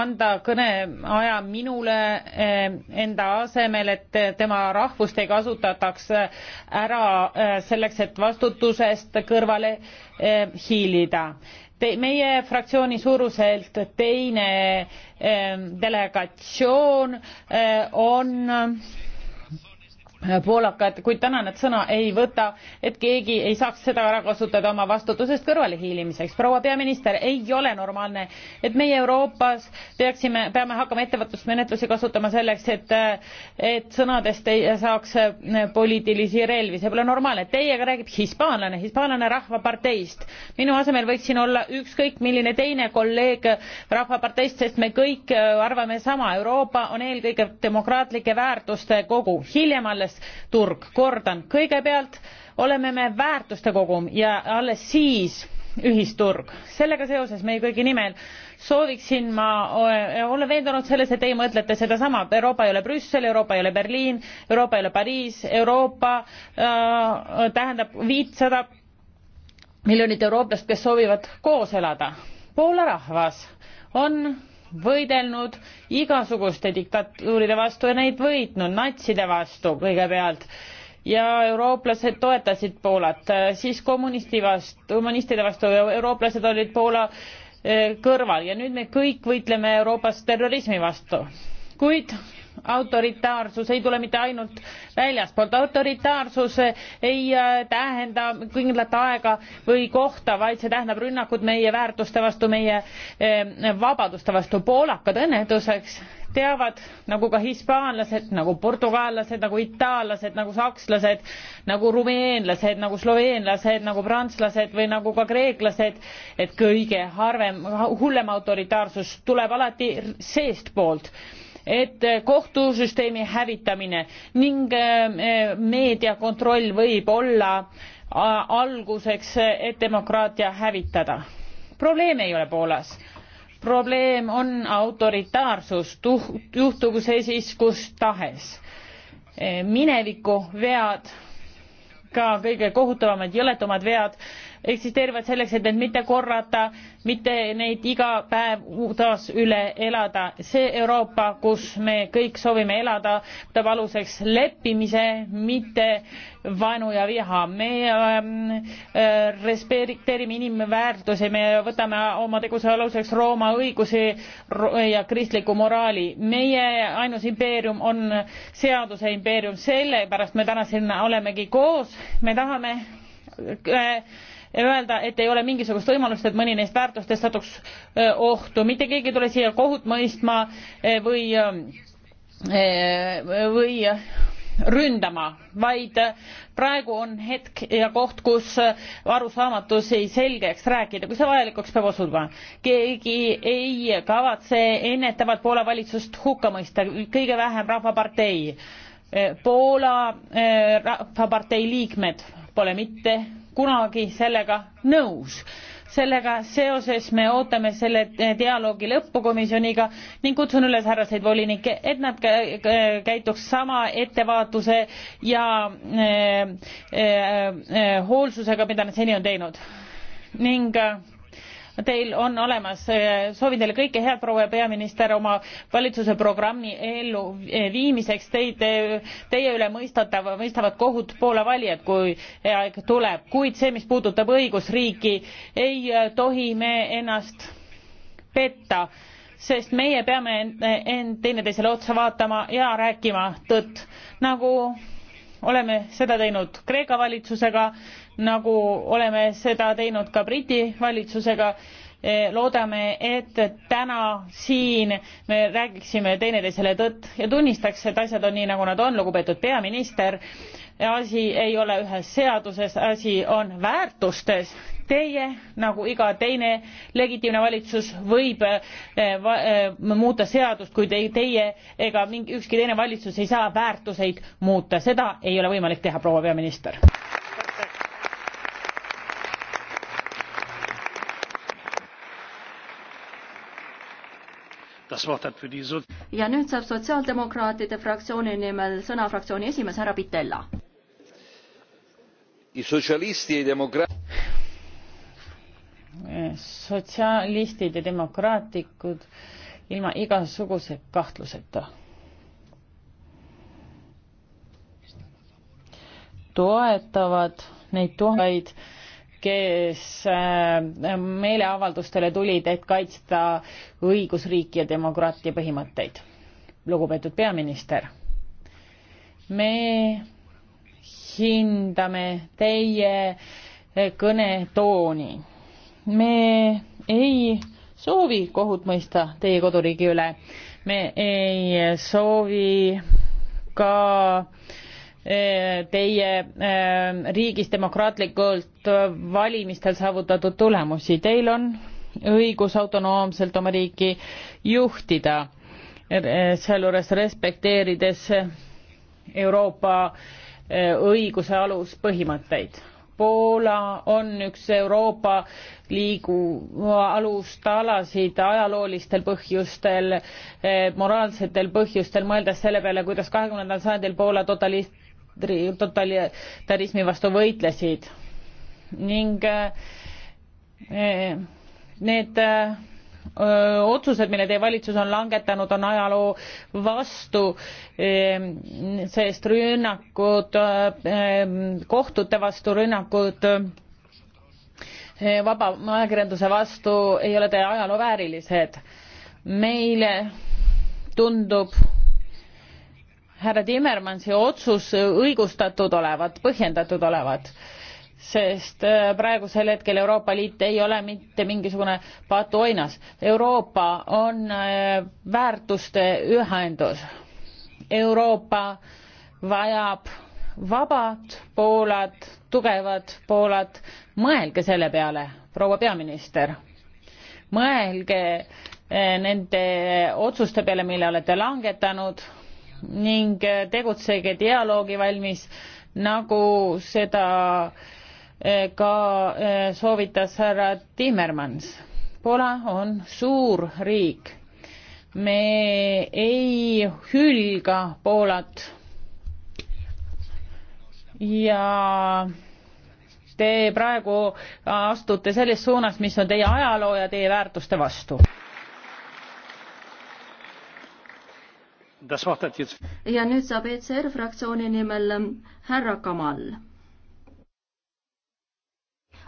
anda kõneaja minule eh, enda asemel et tema rahvust ei kasutataks ära eh, selleks et vastutusest kõrvale eh, hiilida te, meie fraktsiooni suuruselt teine ähm, delegatsioon äh, on Äh, poolakad, kuid täna nad sõna ei võta, et keegi ei saaks seda ära kasutada oma vastutusest kõrvalehiilimiseks. proua peaminister, ei ole normaalne, et meie Euroopas peaksime, peame hakkama ettevõtlusmenetlusi kasutama selleks, et, et sõnadest ei saaks äh, poliitilisi relvi, see pole normaalne. Teiega räägib hispaanlane, hispaanlane Rahvaparteist. minu asemel võiks siin olla ükskõik milline teine kolleeg Rahvaparteist, sest me kõik äh, arvame sama. Euroopa on eelkõige demokraatlike väärtuste kogu. hiljem alles alles turg. kordan kõigepealt oleme me väärtuste kogum ja alles siis ühisturg. sellega seoses meie kõigi nimel sooviksin ma olen veendunud selles et teie mõtlete sedasama euroopa ei ole brüssel euroopa ei ole berliin euroopa ei ole pariis euroopa äh, tähendab viitsada miljonit eurooplast kes soovivad koos elada. poola rahvas on võidelnud igasuguste diktatuuride vastu ja neid võitnud, natside vastu kõigepealt ja eurooplased toetasid Poolat, siis kommunisti vastu, kommunistide vastu, eurooplased olid Poola eh, kõrval ja nüüd me kõik võitleme Euroopas terrorismi vastu. kuid autoritaarsus ei tule mitte ainult väljaspoolt autoritaarsus ei äh, tähenda kindlat aega või kohta vaid see tähendab rünnakut meie väärtuste vastu meie äh, vabaduste vastu poolakad õnnetuseks teavad nagu ka hispaanlased nagu portugallased nagu itaallased nagu sakslased nagu rumeenlased nagu sloveenlased nagu prantslased või nagu ka kreeklased et kõige harvem hullem autoritaarsus tuleb alati seestpoolt et eh, kohtusüsteemi hävitamine ning eh, meedia kontroll võib olla alguseks, eh, et demokraatia hävitada. probleem ei ole Poolas probleem on autoritaarsus, juhtugu see siis kus tahes. mineviku vead, ka kõige kohutavamad, jõletumad vead eksisteerivad selleks, et need mitte korrata, mitte neid iga päev taas üle elada. see Euroopa, kus me kõik soovime elada, võtab aluseks leppimise, mitte vaenu ja viha. me ähm, äh, respekteerime inimväärtusi, me võtame oma tegevuse aluseks Rooma õigusi ja kristliku moraali. meie ainus impeerium on seaduse impeerium, sellepärast me täna siin olemegi koos, me tahame äh, öelda et ei ole mingisugust võimalust et mõni neist väärtustest satuks ohtu mitte keegi ei tule siia kohut mõistma või või ründama vaid praegu on hetk ja koht kus arusaamatusi selgeks rääkida kui see vajalikuks peab osutuma keegi ei kavatse ennetavalt poola valitsust hukka mõista kõige vähem rahvapartei poola rahvapartei liikmed pole mitte kunagi sellega nõus. sellega seoses me ootame selle dialoogi lõppu komisjoniga ning kutsun üles härraseid volinikke, et nad käituks sama ettevaatuse ja äh, äh, äh, hoolsusega, mida nad seni on teinud ning äh, teil on olemas eh, soovin teile kõike head proua peaminister oma valitsuse programmi elluviimiseks teid eh, teie üle mõistatav mõistavad kohut poola valijad kui aeg tuleb kuid see mis puudutab õigusriiki ei eh, tohi me ennast petta sest meie peame end teineteisele otsa vaatama ja rääkima tõtt nagu oleme seda teinud kreeka valitsusega nagu oleme seda teinud ka Briti valitsusega. E, loodame, et täna siin me räägiksime teineteisele tõtt ja tunnistaks, et asjad on nii, nagu nad on, lugupeetud peaminister. asi ei ole ühes seaduses, asi on väärtustes. Teie nagu iga teine legitiimne valitsus võib e, va e, muuta seadust, kuid ei teie ega mingi ükski teine valitsus ei saa väärtuseid muuta, seda ei ole võimalik teha, proua peaminister. ja nüüd saab sotsiaaldemokraatide fraktsiooni nimel sõna fraktsiooni esimees härra Pitella. sotsialistid ja demokraatlikud ilma igasuguse kahtluseta toetavad neid tuhandeid kes äh, meeleavaldustele tulid, et kaitsta õigusriiki ja demokraatia põhimõtteid. lugupeetud peaminister, me hindame teie kõnetooni. me ei soovi kohut mõista teie koduriigi üle, me ei soovi ka äh, Eh, teie eh, riigis demokraatlikult eh, valimistel saavutatud tulemusi. Teil on õigus autonoomselt oma riiki juhtida, sealjuures respekteerides Euroopa õiguse aluspõhimõtteid. Poola on üks Euroopa liigu alustalasid ajaloolistel põhjustel, moraalsetel põhjustel, mõeldes selle peale, kuidas kahekümnendal sajandil Poola totalist-, totalitarismi vastu võitlesid ning äh, äh, need äh, otsused, mille teie valitsus on langetanud, on ajaloo vastu, ehm, sest rünnakud kohtute vastu, rünnakud vaba ajakirjanduse vastu ei ole teie ajaloo väärilised. meile tundub härra Timmermansi otsus õigustatud olevat, põhjendatud olevat sest äh, praegusel hetkel Euroopa Liit ei ole mitte mingisugune patuoinas. Euroopa on äh, väärtuste ühendus. Euroopa vajab vabad Poolat, tugevad Poolat. mõelge selle peale, proua peaminister. mõelge äh, nende otsuste peale, mille olete langetanud ning tegutsege dialoogi valmis, nagu seda eh, ka eh, soovitas härra Timmermans. Poola on suur riik. me ei hülga Poolat ja te praegu astute selles suunas mis on teie ajaloo ja teie väärtuste vastu. ja nüüd saab ECR fraktsiooni nimel ähm, härra Kamal.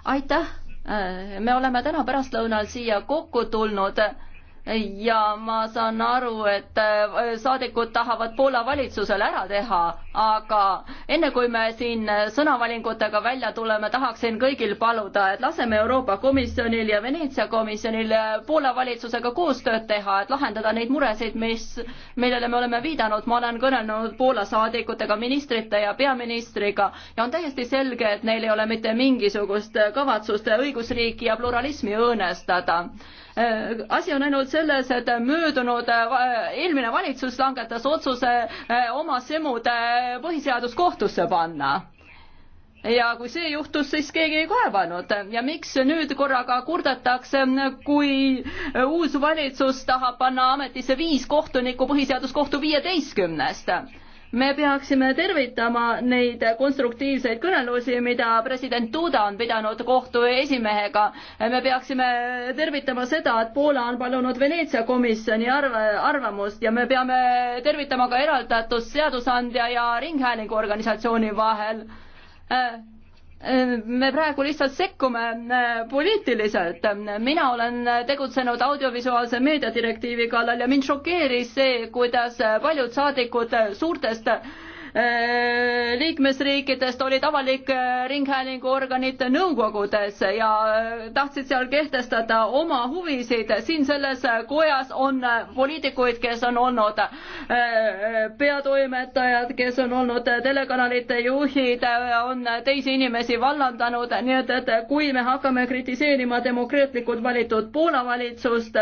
aitäh, äh, me oleme täna pärastlõunal siia kokku tulnud ja ma saan aru, et äh, saadikud tahavad Poola valitsusele ära teha, aga enne kui me siin sõnavalingutega välja tuleme, tahaksin kõigil paluda, et laseme Euroopa Komisjonil ja Veneetsia komisjonil äh, Poola valitsusega koostööd teha, et lahendada neid muresid, mis, millele me oleme viidanud. ma olen kõnelenud Poola saadikutega, ministrite ja peaministriga ja on täiesti selge, et neil ei ole mitte mingisugust äh, kavatsust õigusriiki ja pluralismi õõnestada Äh, asi on ainult selles, et möödunud äh, eelmine valitsus langetas otsuse äh, oma semude põhiseaduskohtusse panna ja kui see juhtus, siis keegi ei kaevanud ja miks nüüd korraga kurdetakse, kui uus valitsus tahab panna ametisse viis kohtunikku põhiseaduskohtu viieteistkümnest? me peaksime tervitama neid konstruktiivseid kõnelusi, mida president Duda on pidanud kohtu esimehega. me peaksime tervitama seda, et Poola on palunud Veneetsia komisjoni arv, arvamust ja me peame tervitama ka eraldatust seadusandja ja ringhäälingu organisatsiooni vahel äh, me praegu lihtsalt sekkume äh, poliitiliselt. mina olen tegutsenud audiovisuaalse meedia direktiivi kallal ja mind šokeeris see, kuidas paljud saadikud suurtest Äh, liikmesriikidest olid avalike äh, ringhäälinguorganite nõukogudes ja äh, tahtsid seal kehtestada oma huvisid. siin selles kojas on poliitikuid, kes on olnud peatoimetajad, kes on olnud telekanalite juhid, on teisi inimesi vallandanud, nii et, et kui me hakkame kritiseerima demokraatlikult valitud Poola valitsust,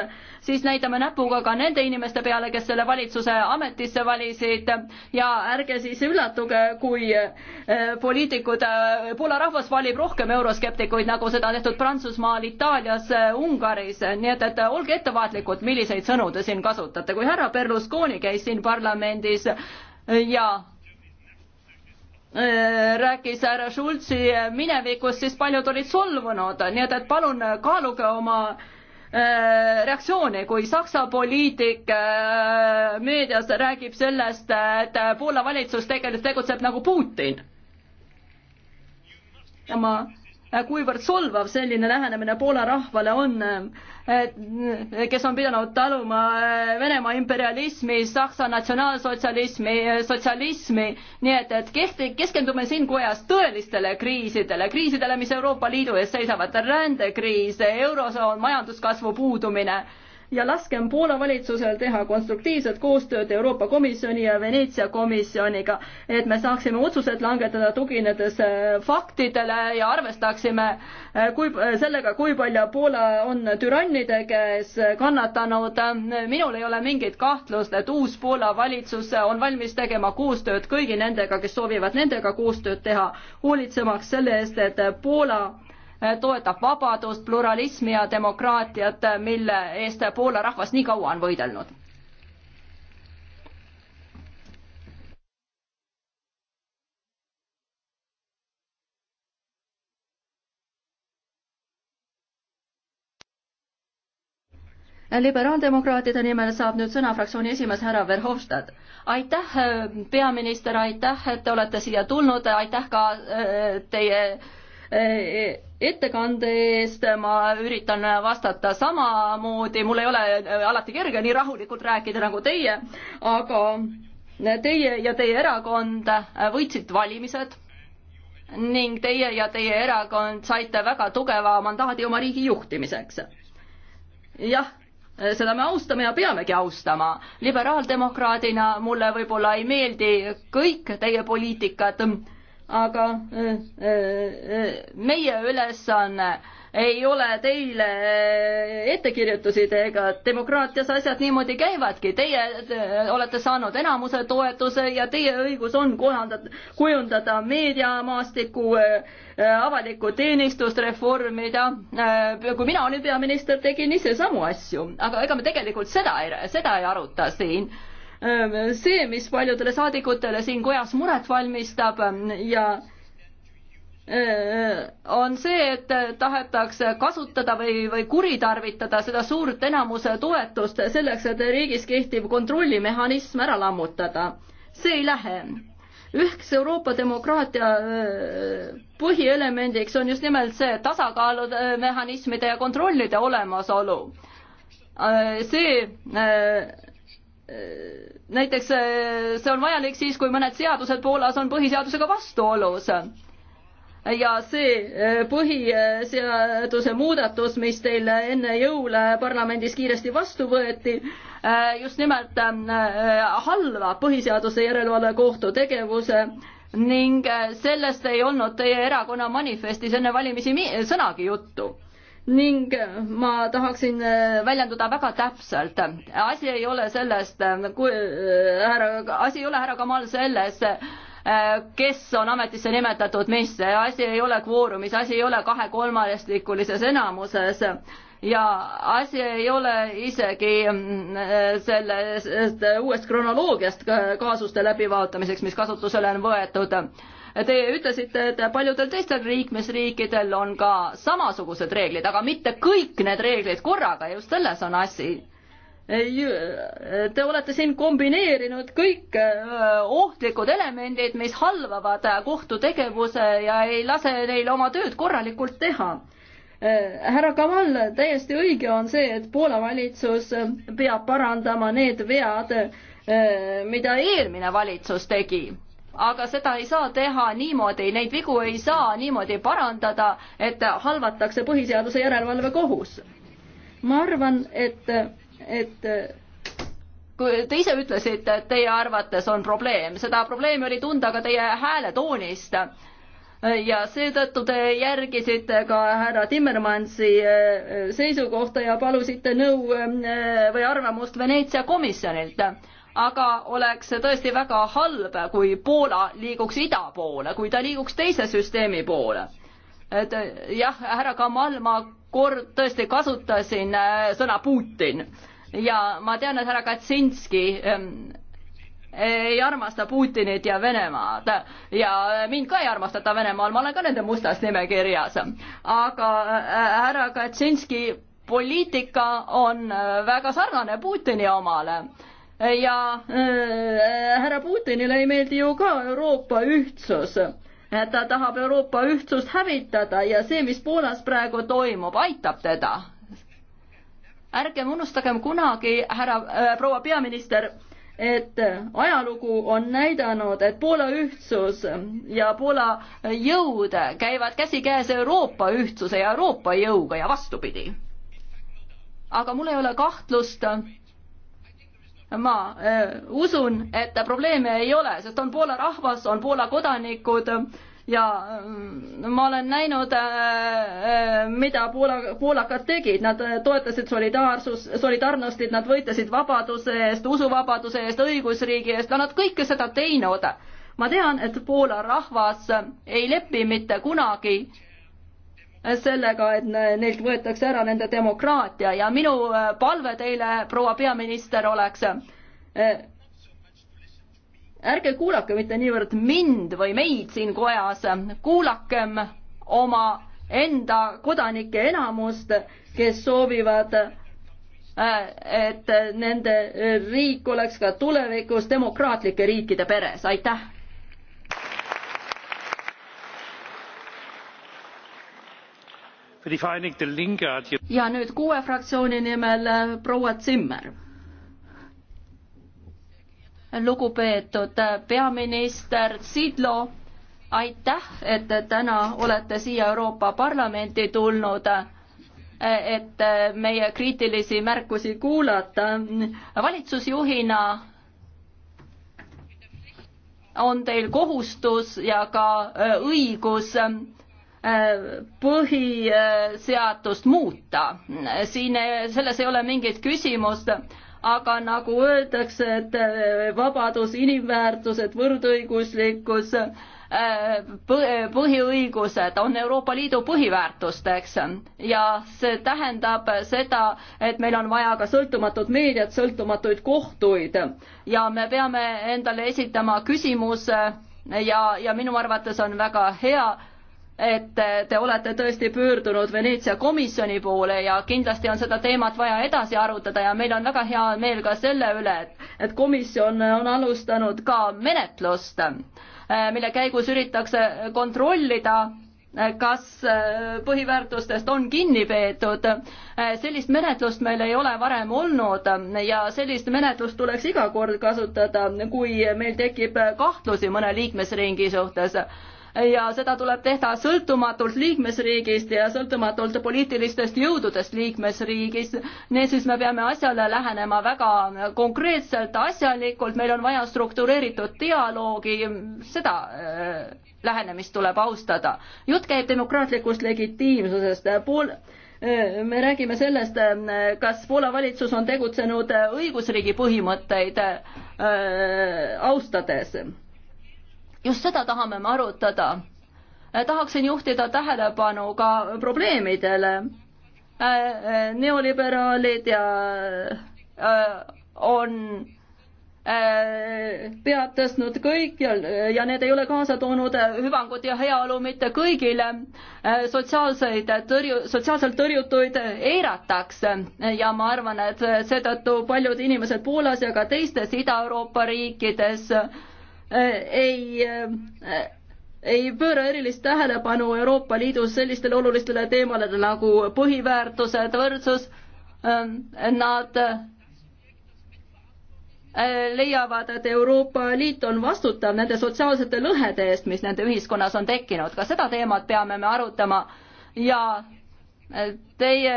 siis näitame näpuga ka nende inimeste peale, kes selle valitsuse ametisse valisid ja ärge siis üllatuge, kui äh, poliitikud, äh, Poola rahvas valib rohkem euroskeptikuid, nagu seda on tehtud Prantsusmaal, Itaalias, äh, Ungaris, nii et, et olge ettevaatlikud, milliseid sõnu te siin kasutate, kui härra Berlusconi käis siin parlamendis ja rääkis härra Schulzi minevikust, siis paljud olid solvunud, nii et, et palun kaaluge oma äh, Äh, reaktsiooni, kui Saksa poliitik äh, meedias räägib sellest, et äh, Poola valitsus tegelikult tegutseb nagu Putin. ma Äh, kuivõrd solvav selline lähenemine Poola rahvale on, äh, äh, kes on pidanud taluma Venemaa imperialismi, Saksa natsionaalsotsialismi, sotsialismi, nii et, et kehti, keskendume siin kojas tõelistele kriisidele, kriisidele, mis Euroopa Liidu ees seisavad, rändekriis, eurosoon, majanduskasvu puudumine ja laskem Poola valitsusel teha konstruktiivset koostööd Euroopa Komisjoni ja Veneetsia komisjoniga, et me saaksime otsused langetada tuginedes äh, faktidele ja arvestaksime äh, kui, äh, sellega, kui palju Poola on türannide käes kannatanud. minul ei ole mingit kahtlust, et uus Poola valitsus on valmis tegema koostööd kõigi nendega, kes soovivad nendega koostööd teha, hoolitsemaks selle eest, et Poola Äh, toetab vabadust, pluralismi ja demokraatiat, äh, mille eest Poola rahvas nii kaua on võidelnud. liberaaldemokraatide nimel saab nüüd sõna fraktsiooni esimees härra Verhofstadt. aitäh, äh, peaminister, aitäh, et te olete siia tulnud, aitäh ka teie ettekande eest, ma üritan vastata samamoodi, mul ei ole äh, alati kerge nii rahulikult rääkida nagu teie, aga äh, teie ja teie erakond äh, võitsid valimised ning teie ja teie erakond saite väga tugeva mandaadi oma riigi juhtimiseks. jah, seda me austame ja peamegi austama. liberaaldemokraadina mulle võib-olla ei meeldi kõik teie poliitikad aga äh, äh, äh, meie ülesanne ei ole teile ettekirjutusi ega demokraatias asjad niimoodi käivadki. Teie olete saanud enamuse toetuse ja teie õigus on kohandada, kujundada meediamaastikku, avalikku teenistust reformida. kui mina olin peaminister, tegin ise samu asju, aga ega me tegelikult seda ei, seda ei aruta siin Ehm, see, mis paljudele saadikutele siin kojas muret valmistab ehm, ja ehm, on see, et tahetakse kasutada või, või kuritarvitada seda suurt enamuse toetust selleks, et riigis kehtiv kontrollimehhanism ära lammutada. see ei lähe. üheks Euroopa demokraatia põhielemendiks on just nimelt see tasakaalude mehhanismide ja kontrollide olemasolu. see näiteks äh, see on vajalik siis, kui mõned seadused Poolas on põhiseadusega vastuolus. ja see äh, põhiseaduse muudatus, mis teil enne jõule parlamendis kiiresti vastu võeti, äh, just nimelt halvab põhiseaduse järelevalve kohtu tegevuse ning sellest ei olnud teie erakonna manifestis enne valimisi sõnagi juttu ning ma tahaksin äh, väljenduda väga täpselt. asi ei ole sellest, äh, kui äh, härra, asi ei ole härra Kamal selles, kes on ametisse nimetatud, mis, asi ei ole kvoorumis, asi ei ole kahekolmandikulises enamuses ja asi ei ole isegi mm, sellest uuest kronoloogiast kaasuste läbivaatamiseks, mis kasutusele on võetud Teie ütlesite, et paljudel teistel liikmesriikidel on ka samasugused reeglid, aga mitte kõik need reeglid korraga, just selles on asi. Te olete siin kombineerinud kõik ohtlikud elemendid, mis halvavad kohtu tegevuse ja ei lase neil oma tööd korralikult teha härra Kaval, täiesti õige on see, et Poola valitsus peab parandama need vead, mida eelmine valitsus tegi aga seda ei saa teha niimoodi, neid vigu ei saa niimoodi parandada, et halvatakse põhiseaduse järelevalve kohus. ma arvan, et, et kui te ise ütlesite, et teie arvates on probleem, seda probleemi oli tunda ka teie hääletoonist ja seetõttu te järgisite ka härra Timmermansi e, seisukohta ja palusite nõu e, või arvamust Veneetsia komisjonilt aga oleks tõesti väga halb, kui Poola liiguks ida poole, kui ta liiguks teise süsteemi poole. et jah, härra Kamal, ma kord tõesti kasutasin äh, sõna Putin ja ma tean, et härra Katsinski ähm, ei armasta Putinit ja Venemaad ja mind ka ei armastata Venemaal, ma olen ka nende mustas nimekirjas. aga äh, härra Katsinski poliitika on äh, väga sarnane Putini omale ja äh, härra Putinile ei meeldi ju ka Euroopa ühtsus. ta tahab Euroopa ühtsust hävitada ja see, mis Poolas praegu toimub, aitab teda. ärgem unustagem kunagi, härra äh,, proua peaminister, et ajalugu on näidanud, et Poola ühtsus ja Poola jõud käivad käsikäes Euroopa ühtsuse ja Euroopa jõuga ja vastupidi. aga mul ei ole kahtlust, ma äh, usun, et probleeme ei ole, sest on Poola rahvas, on Poola kodanikud ja äh, ma olen näinud äh, äh,, mida Poola, poolakad tegid, nad äh, toetasid solidaarsus, solidaarnust, et nad võitlesid vabaduse eest, usuvabaduse eest, õigusriigi eest, nad kõike seda teinud. ma tean, et Poola rahvas ei lepi mitte kunagi sellega, et neilt võetakse ära nende demokraatia ja minu äh, palve teile, proua peaminister, oleks äh, ärge kuulake mitte niivõrd mind või meid siin kojas, kuulakem oma enda kodanike enamust, kes soovivad, äh, et nende riik oleks ka tulevikus demokraatlike riikide peres, aitäh! ja nüüd kuue fraktsiooni nimel äh, proua Zimmer. lugupeetud äh, peaminister Sidlo, aitäh, et te täna olete siia Euroopa Parlamenti tulnud äh, et meie kriitilisi märkusi kuulata. valitsusjuhina on teil kohustus ja ka õigus põhiseadust muuta. siin, selles ei ole mingit küsimust, aga nagu öeldakse, et eh, vabadus, inimväärtused, võrdõiguslikkus, eh, põhiõigused on Euroopa Liidu põhiväärtusteks ja see tähendab seda, et meil on vaja ka sõltumatut meediat, sõltumatuid kohtuid ja me peame endale esitama küsimuse ja, ja minu arvates on väga hea, et te olete tõesti pöördunud Veneetsia komisjoni poole ja kindlasti on seda teemat vaja edasi arutada ja meil on väga hea meel ka selle üle, et, et komisjon on alustanud ka menetlust, eh, mille käigus üritatakse kontrollida, eh, kas eh, põhiväärtustest on kinni peetud. sellist menetlust meil ei ole varem olnud ja sellist menetlust tuleks iga kord kasutada, kui meil tekib kahtlusi mõne liikmesringi suhtes ja seda tuleb teha sõltumatult liikmesriigist ja sõltumatult poliitilistest jõududest liikmesriigis. niisiis me peame asjale lähenema väga konkreetselt, asjalikult, meil on vaja struktureeritud dialoogi, seda äh, lähenemist tuleb austada. jutt käib demokraatlikust legitiimsusest, pool äh, me räägime sellest, äh, kas Poola valitsus on tegutsenud õigusriigi põhimõtteid austades just seda tahame me arutada. Äh, tahaksin juhtida tähelepanu ka probleemidele. Äh, äh, neoliberaalid ja on pead tõstnud kõikjal ja need ei ole kaasa toonud hüvangut ja heaolu mitte kõigile. sotsiaalseid tõrju, sotsiaalselt tõrjutuid eiratakse ja ma arvan, et seetõttu paljud inimesed Poolas ja ka teistes Ida-Euroopa riikides äh, Äh, ei äh, ei pööra erilist tähelepanu Euroopa Liidus sellistele olulistele teemadele nagu põhiväärtused, võrdsus, ähm, nad äh, leiavad, et Euroopa Liit on vastutav nende sotsiaalsete lõhede eest, mis nende ühiskonnas on tekkinud. ka seda teemat peame me arutama ja teie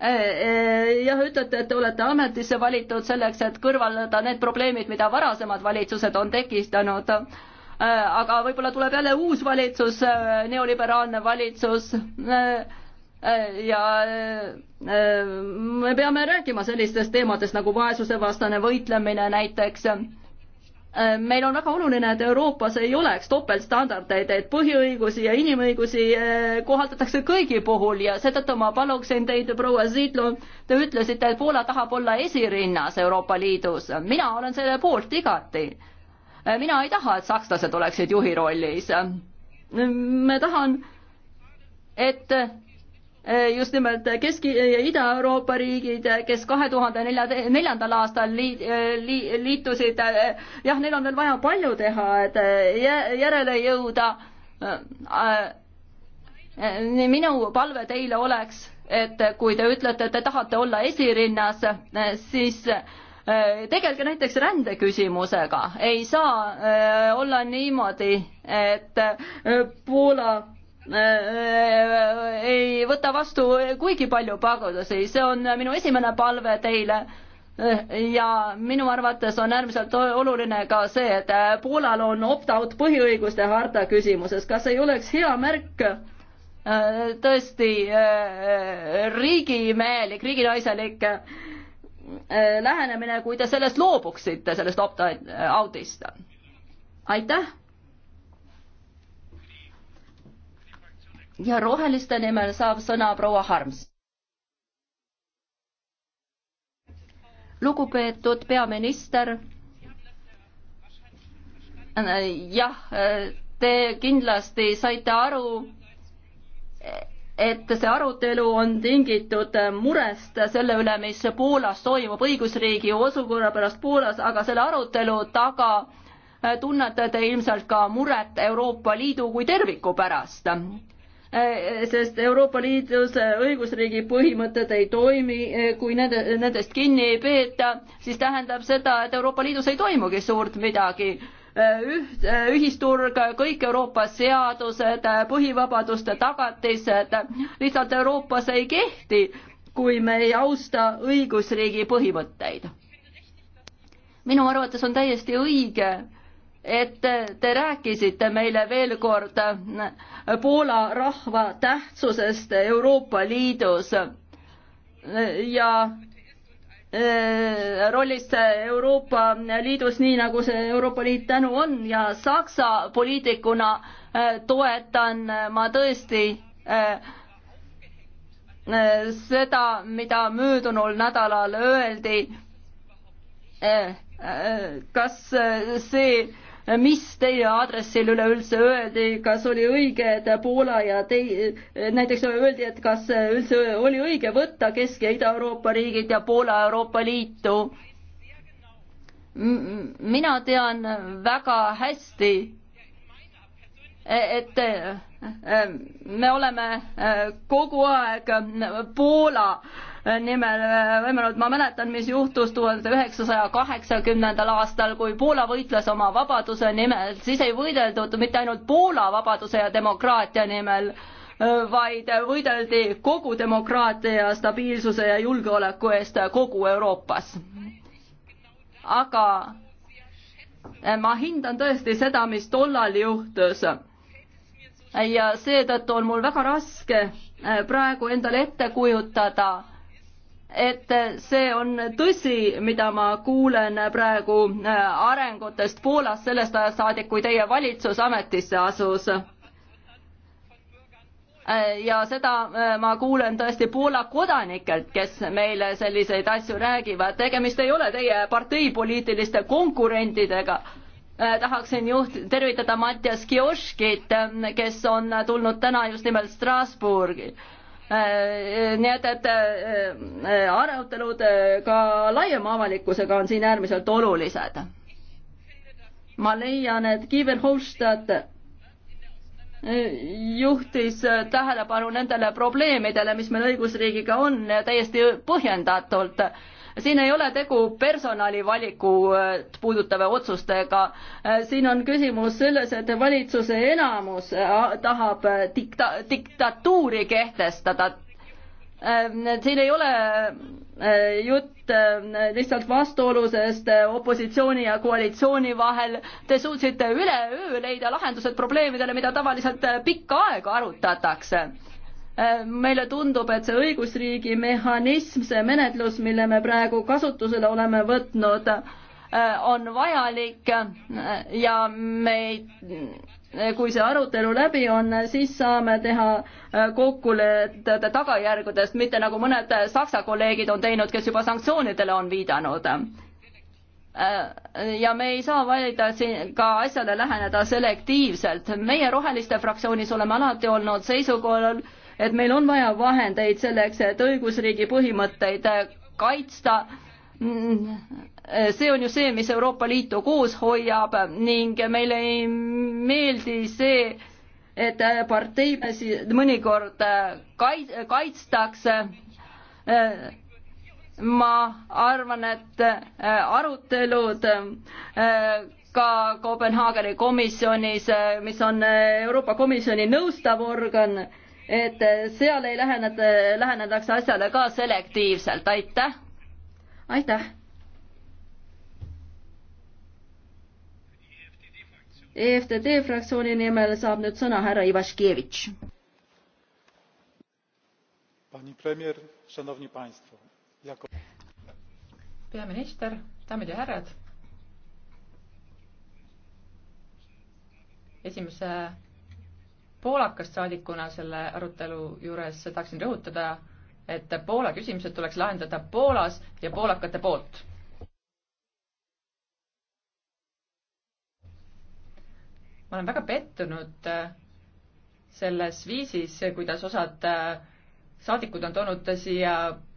Äh, äh, jah, ütlete, et te olete ametisse valitud selleks, et kõrvaldada need probleemid, mida varasemad valitsused on tekitanud. Äh, aga võib-olla tuleb jälle uus valitsus, neoliberaalne valitsus. ja me peame rääkima sellistest teemadest nagu vaesusevastane võitlemine näiteks Äh, meil on väga oluline, et Euroopas ei oleks topeltstandardeid, et põhiõigusi ja inimõigusi äh, kohaldatakse kõigi puhul ja seetõttu ma paluksin teid, proua Zidlo, te ütlesite, et Poola tahab olla esirinnas Euroopa Liidus. mina olen selle poolt igati. Äh, mina ei taha, et sakslased oleksid juhi rollis. ma tahan, et Eh, just nimelt eh, Keski- ja Ida-Euroopa riigid, eh, kes kahe tuhande nelja, neljandal aastal liit, li, liitusid, jah, neil on veel vaja palju teha, et järele jõuda. minu palve teile oleks, et kui te ütlete, et te tahate olla esirinnas, siis tegelge näiteks rändeküsimusega, ei saa olla niimoodi, et Poola Äh, ei võta vastu kuigi palju pagulasi, see on minu esimene palve teile äh, ja minu arvates on äärmiselt oluline ka see, et äh, Poolal on opt-out põhiõiguste harta küsimuses, kas ei oleks hea märk tõesti riigimehelik, riiginaiselik lähenemine, kui te sellest loobuksite, sellest opt-out'ist? aitäh ja roheliste nimel saab sõna proua Harms. lugupeetud peaminister. jah, te kindlasti saite aru, et see arutelu on tingitud murest selle üle, mis Poolas toimub õigusriigi osukorra pärast Poolas, aga selle arutelu taga tunnete te ilmselt ka muret Euroopa Liidu kui terviku pärast Äh, sest Euroopa Liidus äh, õigusriigi põhimõtted ei toimi, äh, kui nende, nendest kinni ei peeta, siis tähendab seda, et Euroopa Liidus ei toimugi suurt midagi. üht, ühisturg, kõik Euroopa seadused, põhivabaduste tagatised lihtsalt Euroopas ei kehti, kui me ei austa õigusriigi põhimõtteid. minu arvates on täiesti õige et te rääkisite meile veel kord Poola rahva tähtsusest Euroopa Liidus ja eh, rollist Euroopa Liidus, nii nagu see Euroopa Liit tänu on ja Saksa poliitikuna eh, toetan ma tõesti eh, seda, mida möödunud nädalal öeldi. kas see mis teie aadressil üleüldse öeldi, kas oli õige, et Poola ja tei-, näiteks öeldi, et kas üldse oli õige võtta Kesk- ja Ida-Euroopa riigid ja Poola Euroopa Liitu? mina tean väga hästi, et me oleme kogu aeg Poola äh, nimel äh, võimelnud, ma mäletan, mis juhtus tuhande üheksasaja kaheksakümnendal aastal, kui Poola võitles oma vabaduse nimel, siis ei võideldud mitte ainult Poola vabaduse ja demokraatia nimel, äh, vaid võideldi kogu demokraatia, stabiilsuse ja julgeoleku eest kogu Euroopas. aga äh, ma hindan tõesti seda, mis tollal juhtus. ja seetõttu on mul väga raske praegu endale ette kujutada, et see on tõsi, mida ma kuulen praegu äh, arengutest Poolas sellest ajast saadik, kui teie valitsus ametisse asus. Äh, ja seda äh, ma kuulen tõesti Poola kodanikelt, kes meile selliseid asju räägivad, tegemist ei ole teie parteipoliitiliste konkurentidega tahaksin juht-, tervitada Mattias Kioskit, kes on tulnud täna just nimelt Strasbourgi Äh, nii et, et äh, äh, arutelud ka laiema avalikkusega on siin äärmiselt olulised. ma leian, et Kiiver-Hofstadt juhtis tähelepanu nendele probleemidele, mis meil õigusriigiga on, täiesti põhjendatult siin ei ole tegu personalivalikut äh, puudutava otsustega. Äh, siin on küsimus selles, et valitsuse enamus äh, tahab dikta-, diktatuuri kehtestada. siin ei ole jutt lihtsalt vastuolusest opositsiooni ja koalitsiooni vahel. Te suutsite üleöö leida lahendused probleemidele, mida tavaliselt pikka aega arutatakse Äh, meile tundub, et see õigusriigi mehhanism, see menetlus, mille me praegu kasutusele oleme võtnud, äh, on vajalik äh, ja me ei, kui see arutelu läbi on, siis saame teha kokkulepete tagajärgedest, mitte nagu mõned Saksa kolleegid on teinud, kes juba sanktsioonidele on viidanud ja me ei saa valida siin ka asjale läheneda selektiivselt. meie Roheliste fraktsioonis oleme alati olnud seisukohal, et meil on vaja vahendeid selleks, et õigusriigi põhimõtteid kaitsta see on ju see, mis Euroopa Liitu koos hoiab ning meile ei meeldi see, et partei mõnikord kaitstakse. ma arvan, et arutelud ka Kopenhaageni komisjonis, mis on Euroopa Komisjoni nõustav organ, et eh, seal ei läheneda, lähenedakse asjale ka selektiivselt, aitäh. aitäh. EFTD fraktsiooni nimel saab nüüd sõna härra Ivaškevitš. peaminister, daamid ja härrad. esimese poolakast saadikuna selle arutelu juures tahaksin rõhutada, et Poola küsimused tuleks lahendada Poolas ja poolakate poolt. ma olen väga pettunud äh, selles viisis, kuidas osad äh, saadikud on toonud siia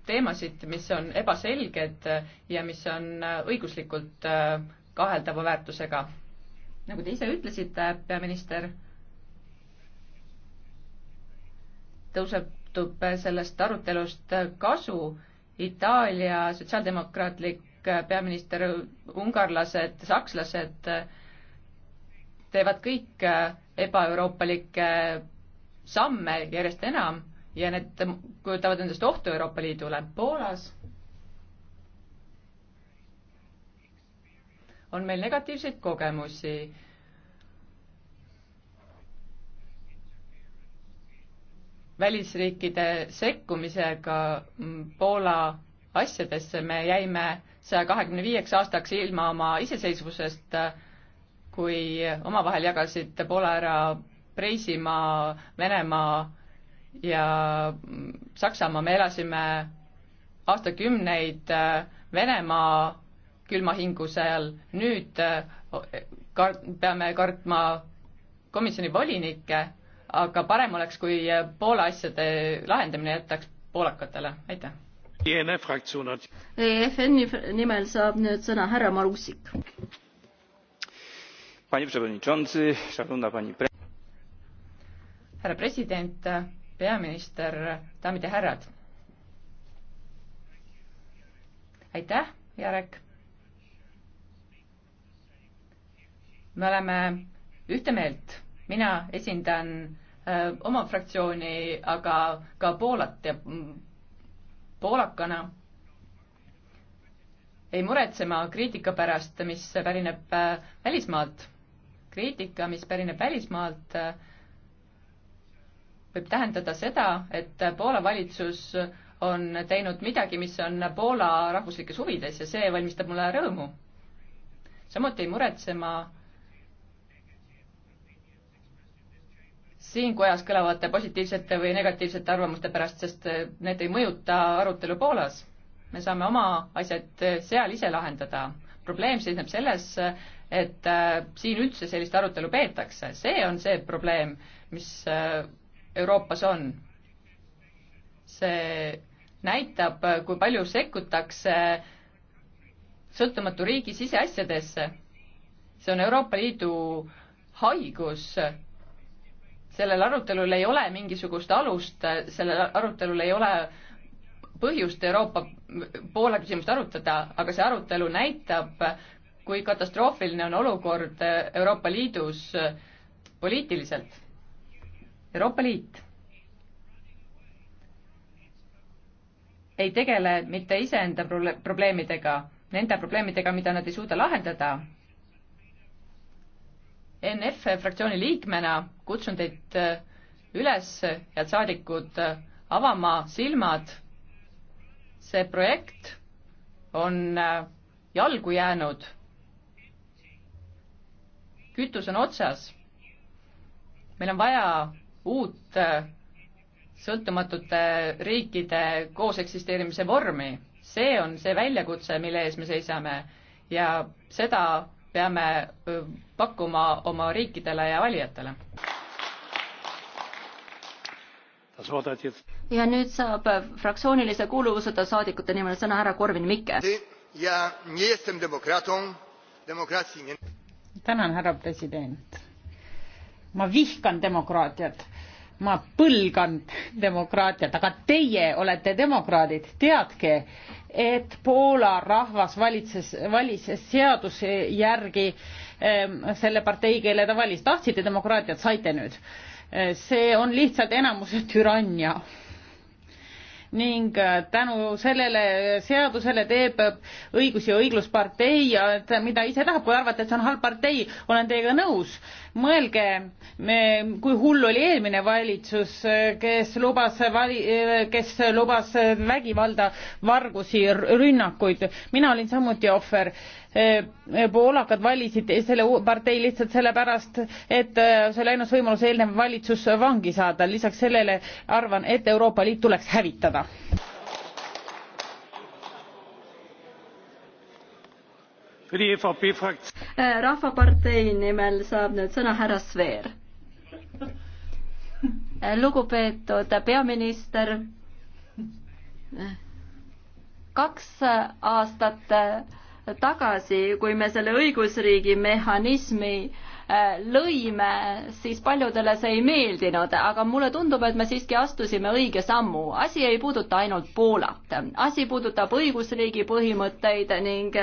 teemasid, mis on ebaselged äh, ja mis on õiguslikult kaheldava väärtusega. nagu te ise ütlesite, peaminister tõusetub sellest arutelust kasu. Itaalia sotsiaaldemokraatlik peaminister, ungarlased, sakslased teevad kõik ebaeuroopalikke samme järjest enam ja need kujutavad endast ohtu Euroopa Liidule. Poolas on meil negatiivseid kogemusi välisriikide sekkumisega Poola asjadesse, me jäime saja kahekümne viieks aastaks ilma oma iseseisvusest, kui omavahel jagasid Poola ära Preisimaa, Venemaa ja Saksamaa, me elasime aastakümneid Venemaa külmahinguse all, nüüd kar-, peame kartma komisjoni volinikke aga parem oleks, kui äh, Poola asjade lahendamine jätaks poolakatele, aitäh. EFN-i e nimel saab nüüd sõna härra Marusik. härra president, peaminister, daamid ja härrad. aitäh, Jarek. me oleme ühte meelt, mina esindan oma fraktsiooni, aga ka Poolat ja mm, poolakana ei muretsema kriitika pärast, mis pärineb äh, välismaalt. kriitika, mis pärineb välismaalt, äh, võib tähendada seda, et Poola valitsus on teinud midagi, mis on Poola rahvuslikes huvides ja see valmistab mulle rõõmu. samuti ei muretsema siin kojas kõlavate positiivsete või negatiivsete arvamuste pärast, sest eh, need ei mõjuta arutelu Poolas. me saame oma asjad eh, seal ise lahendada. probleem seisneb selles, eh, et siin üldse sellist arutelu peetakse, see on see probleem, mis Euroopas on. see näitab, kui palju sekkutakse sõltumatu riigi siseasjadesse. see on Euroopa Liidu haigus sellel arutelul ei ole mingisugust alust, sellel arutelul ei ole põhjust Euroopa Poola küsimust arutada, aga see arutelu näitab, kui katastroofiline on olukord Euroopa Liidus poliitiliselt. Euroopa Liit ei tegele mitte iseenda probleemidega, nende probleemidega, mida nad ei suuda lahendada NF fraktsiooni liikmena kutsun teid äh, üles, head saadikud, äh, avama silmad. see projekt on äh, jalgu jäänud. kütus on otsas. meil on vaja uut sõltumatute riikide koos eksisteerimise vormi. see on see väljakutse, mille ees me seisame ja seda peame pakkuma oma riikidele ja valijatele. ja nüüd saab äh, fraktsioonilise kuuluvuseta saadikute nimel sõna härra Korvin Mikke. tänan, härra president. ma vihkan demokraatiat, ma põlgan demokraatiat, aga teie olete demokraadid, teadke, et Poola rahvas valitses, valis seaduse järgi ehm, selle partei, kelle ta valis. tahtsite demokraatiat, saite nüüd. Eh, see on lihtsalt enamuse türannia ning eh, tänu sellele seadusele teeb õigus ja õigluspartei, mida ise tahab, kui arvate, et see on halb partei, olen teiega nõus mõelge, me, kui hull oli eelmine valitsus, kes lubas vali-, kes lubas vägivalda, vargusi, rünnakuid. mina olin samuti ohver. poolakad valisid selle partei lihtsalt sellepärast, et see oli ainus võimalus eelnev valitsus vangi saada. lisaks sellele arvan, et Euroopa Liit tuleks hävitada. Äh, rahvapartei nimel saab nüüd sõna härra Sveer. Äh, lugupeetud peaminister, kaks aastat tagasi, kui me selle õigusriigi mehhanismi äh, lõime, siis paljudele see ei meeldinud, aga mulle tundub, et me siiski astusime õige sammu. asi ei puuduta ainult Poolat, asi puudutab õigusriigi põhimõtteid ning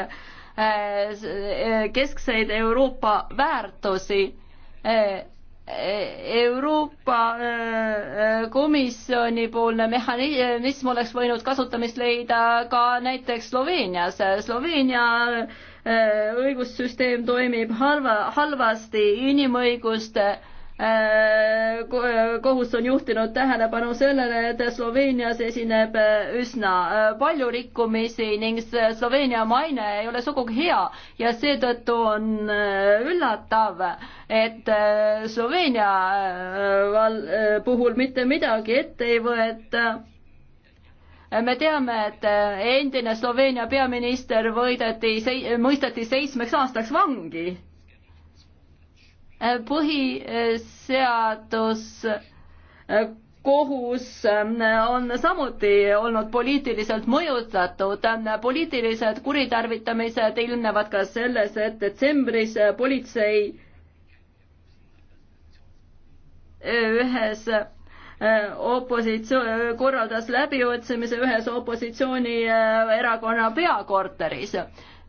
Äh, keskseid Euroopa väärtusi. Äh, Euroopa äh, Komisjoni poolne mehhanism oleks võinud kasutamist leida ka näiteks Sloveenias. Sloveenia õigussüsteem toimib halva, halvasti, inimõiguste Äh, kohus on juhtinud tähelepanu sellele, et Sloveenias esineb äh, üsna äh, palju rikkumisi ning Sloveenia maine ei ole sugugi hea ja seetõttu on üllatav, et Sloveenia puhul mitte midagi ette ei võeta me teame, et endine Sloveenia peaminister võideti, mõisteti seitsmeks aastaks vangi põhiseadus äh, kohus äh, on samuti olnud poliitiliselt mõjutatud. poliitilised kuritarvitamised ilmnevad ka selles, et detsembris politsei äh, ühes opositsioon, korraldas läbiotsimise ühes opositsioonierakonna peakorteris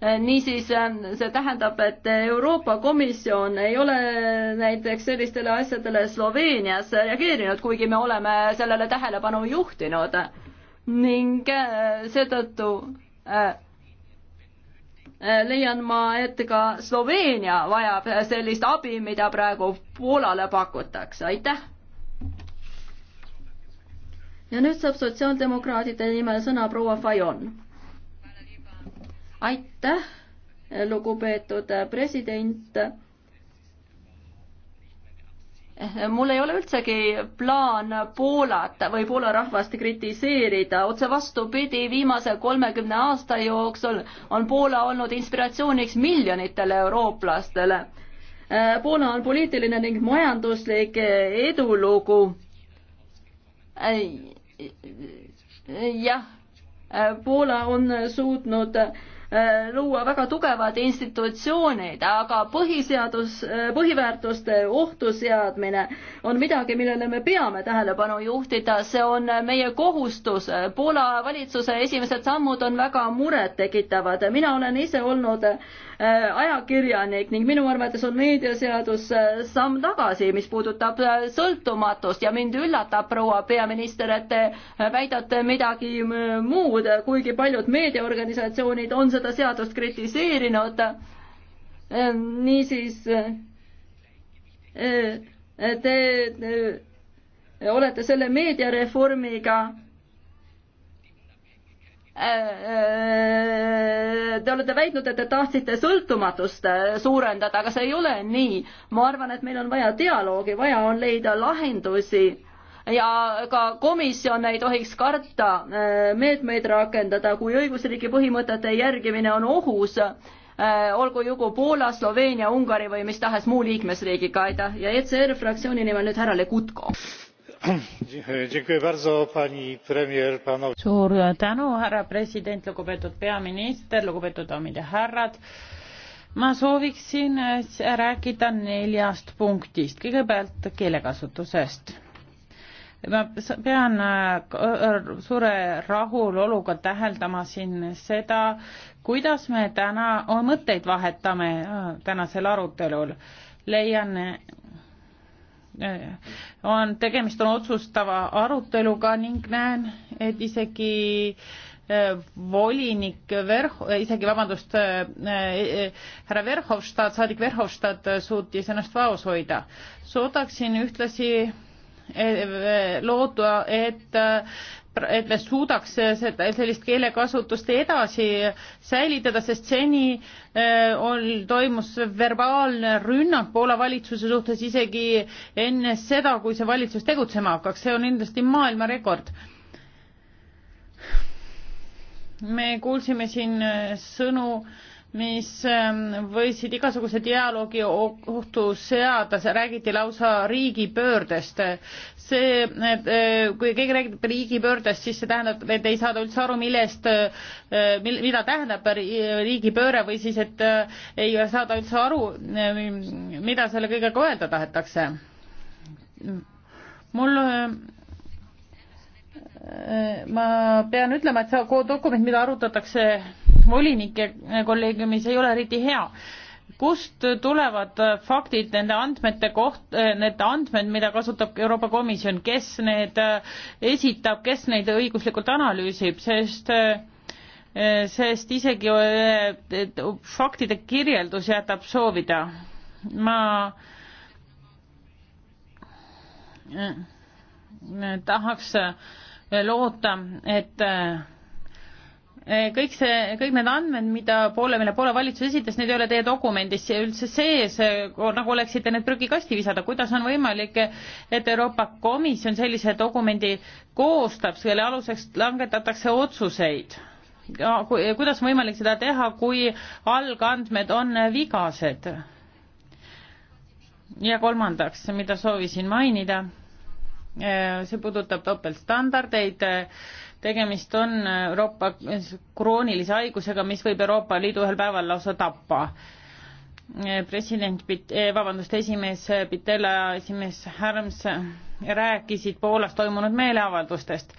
Äh, niisiis äh, see tähendab, et Euroopa Komisjon ei ole näiteks sellistele asjadele Sloveenias reageerinud, kuigi me oleme sellele tähelepanu juhtinud ning äh, seetõttu leian ma, et ka Sloveenia vajab sellist abi, mida praegu Poolale pakutakse, aitäh! ja nüüd saab sotsiaaldemokraatide nimel sõna proua Fajon aitäh, lugupeetud president. mul ei ole üldsegi plaan Poolat või Poola rahvast kritiseerida, otse vastupidi, viimase kolmekümne aasta jooksul on Poola olnud inspiratsiooniks miljonitele eurooplastele. Poola on poliitiline ning majanduslik edulugu jah, Poola on suutnud Äh, luua väga tugevad institutsioonid, aga põhiseadus, äh, põhiväärtuste ohtu seadmine on midagi, millele me peame tähelepanu juhtida, see on meie kohustus. Poola valitsuse esimesed sammud on väga murettekitavad, mina olen ise olnud Äh, ajakirjanik ning minu arvates on meediaseadus äh, samm tagasi, mis puudutab äh, sõltumatust ja mind üllatab, proua peaminister, et te väidate midagi muud, kuigi paljud meediaorganisatsioonid on seda seadust kritiseerinud. niisiis te, te olete selle meediareformiga Te olete väitnud, et te tahtsite sõltumatust äh, suurendada, aga see ei ole nii. ma arvan, et meil on vaja dialoogi, vaja on leida lahendusi ja ka komisjon ei tohiks karta äh, meetmeid rakendada, kui õigusriigi põhimõtete järgimine on ohus, äh, olgu jugu Poola, Sloveenia, Ungari või mis tahes muu liikmesriigiga, aitäh, ja ECR fraktsiooni nimel nüüd härra Legutko suur tänu härra president lugupeetud peaminister lugupeetud daamid ja härrad ma sooviksin rääkida neljast punktist kõigepealt keelekasutusest ma pean äh, suure rahuloluga täheldama siin seda kuidas me täna mõtteid vahetame äh, tänasel arutelul leian on, tegemist on otsustava aruteluga ning näen, et isegi äh, volinik Verho-, äh, isegi vabandust äh, äh,, härra Verhofstadt, saadik Verhofstadt suutis ennast vaos hoida. soodaksin ühtlasi loota, et et me suudaks äh, seda, sellist keelekasutust edasi säilitada, sest seni äh, on, toimus verbaalne rünnak Poola valitsuse suhtes isegi enne seda, kui see valitsus tegutsema hakkaks, see on kindlasti maailmarekord. me kuulsime siin äh, sõnu äh, mis ähm, võisid igasuguse dialoogi ohtu seada, räägiti lausa riigipöördest. see, äh, kui keegi räägib riigipöördest, siis see tähendab, et ei saada üldse aru, millest, äh, mida tähendab riigipööre või siis, et äh, ei saada üldse aru, mida selle kõigega öelda tahetakse. mul ma pean ütlema, et see dokument, mida arutatakse volinike äh, kolleegiumis ei ole eriti hea. kust tulevad faktid nende andmete koht-, äh, need andmed, mida kasutab Euroopa Komisjon, kes need äh, esitab, kes neid õiguslikult analüüsib, sest sest isegi faktide kirjeldus jätab soovida. ma tahaks loota, et Eh, kõik see, kõik need andmed, mida Poola, mille Poola valitsus esitas, need ei ole teie dokumendis üldse sees, eh, nagu oleksite need prügikasti visada, kuidas on võimalik, et Euroopa Komisjon sellise dokumendi koostab, selle aluseks langetatakse otsuseid? kuidas on võimalik seda teha, kui algandmed on vigased? ja kolmandaks, mida soovisin mainida, eh, see puudutab topeltstandardeid tegemist on Euroopa kroonilise haigusega, mis võib Euroopa Liidu ühel päeval lausa tappa. president, eh, vabandust, esimees Pitella, esimees Härms rääkisid Poolas toimunud meeleavaldustest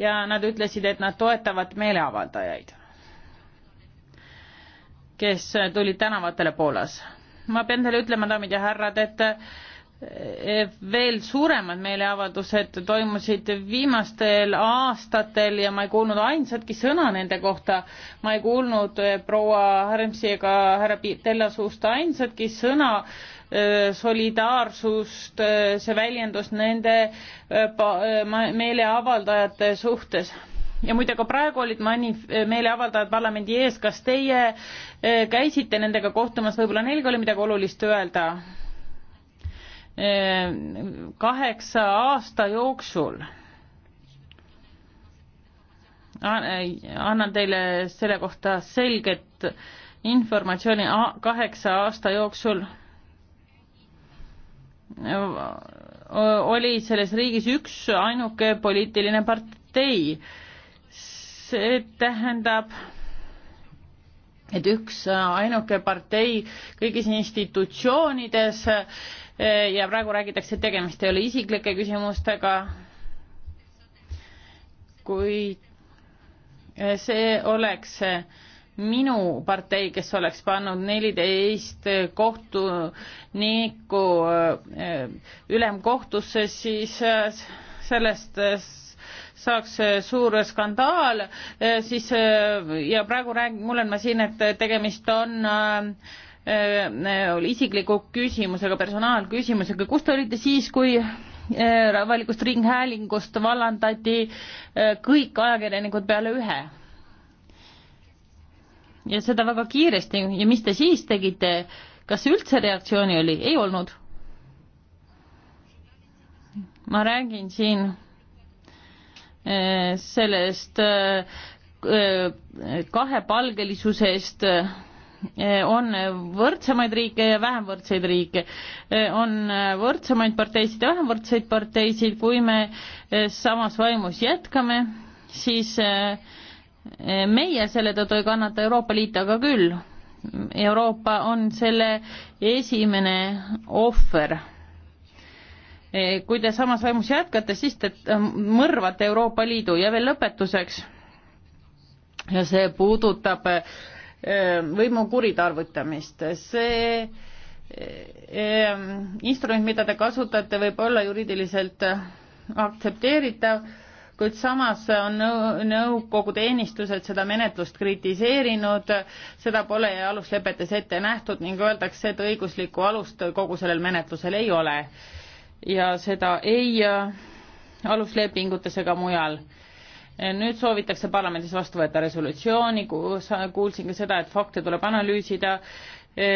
ja nad ütlesid, et nad toetavad meeleavaldajaid, kes tulid tänavatele Poolas. ma pean teile ütlema, daamid ja härrad, et veel suuremad meeleavaldused toimusid viimastel aastatel ja ma ei kuulnud ainsatki sõna nende kohta. ma ei kuulnud eh, proua Härmsi ega härra Pitella suust ainsatki sõna eh, solidaarsust, eh, see väljendus nende meeleavaldajate suhtes ja muide ka praegu olid manif-, meeleavaldajad parlamendi ees, kas teie käisite nendega kohtumas, võib-olla neilgi oli midagi olulist öelda? kaheksa aasta jooksul. annan teile selle kohta selget informatsiooni kaheksa aasta jooksul oli selles riigis üks ainuke poliitiline partei. see tähendab, et üks ainuke partei kõigis institutsioonides Äh, ja praegu räägitakse, et tegemist ei ole isiklike küsimustega, kuid äh, see oleks äh, minu partei, kes oleks pannud neliteist kohtunikku ülemkohtusse, siis sellest saaks suur skandaal, siis ja praegu räägin, mul on ma siin, et tegemist on äh, Äh, äh, isikliku küsimusega, personaalküsimusega, kus te olite siis, kui äh, avalikust ringhäälingust vallandati kõik ajakirjanikud peale ühe? ja seda väga kiiresti ja mis te siis tegite, kas üldse reaktsiooni oli? ei olnud. ma räägin siin sellest kahepalgelisusest on võrdsemaid riike ja vähem võrdseid riike, on võrdsemaid parteisid ja vähem võrdseid parteisid, kui me samas vaimus jätkame, siis eh, meie selle tõttu ei kannata Euroopa Liit aga küll. Euroopa on selle esimene ohver. Eh, kui te samas vaimus jätkate, siis te eh, mõrvate Euroopa Liidu ja veel lõpetuseks ja see puudutab võimu kuritarvitamist. see e, e, instrument, mida te kasutate, võib olla juriidiliselt aktsepteeritav, kuid samas on nõu-, nõukogu teenistused seda menetlust kritiseerinud, seda pole aluslepetes ette nähtud ning öeldakse, et õiguslikku alust kogu sellel menetlusel ei ole. ja seda ei aluslepingutes ega mujal nüüd soovitakse parlamendis vastu võtta resolutsiooni, kus kuulsin ka seda, et fakte tuleb analüüsida, e,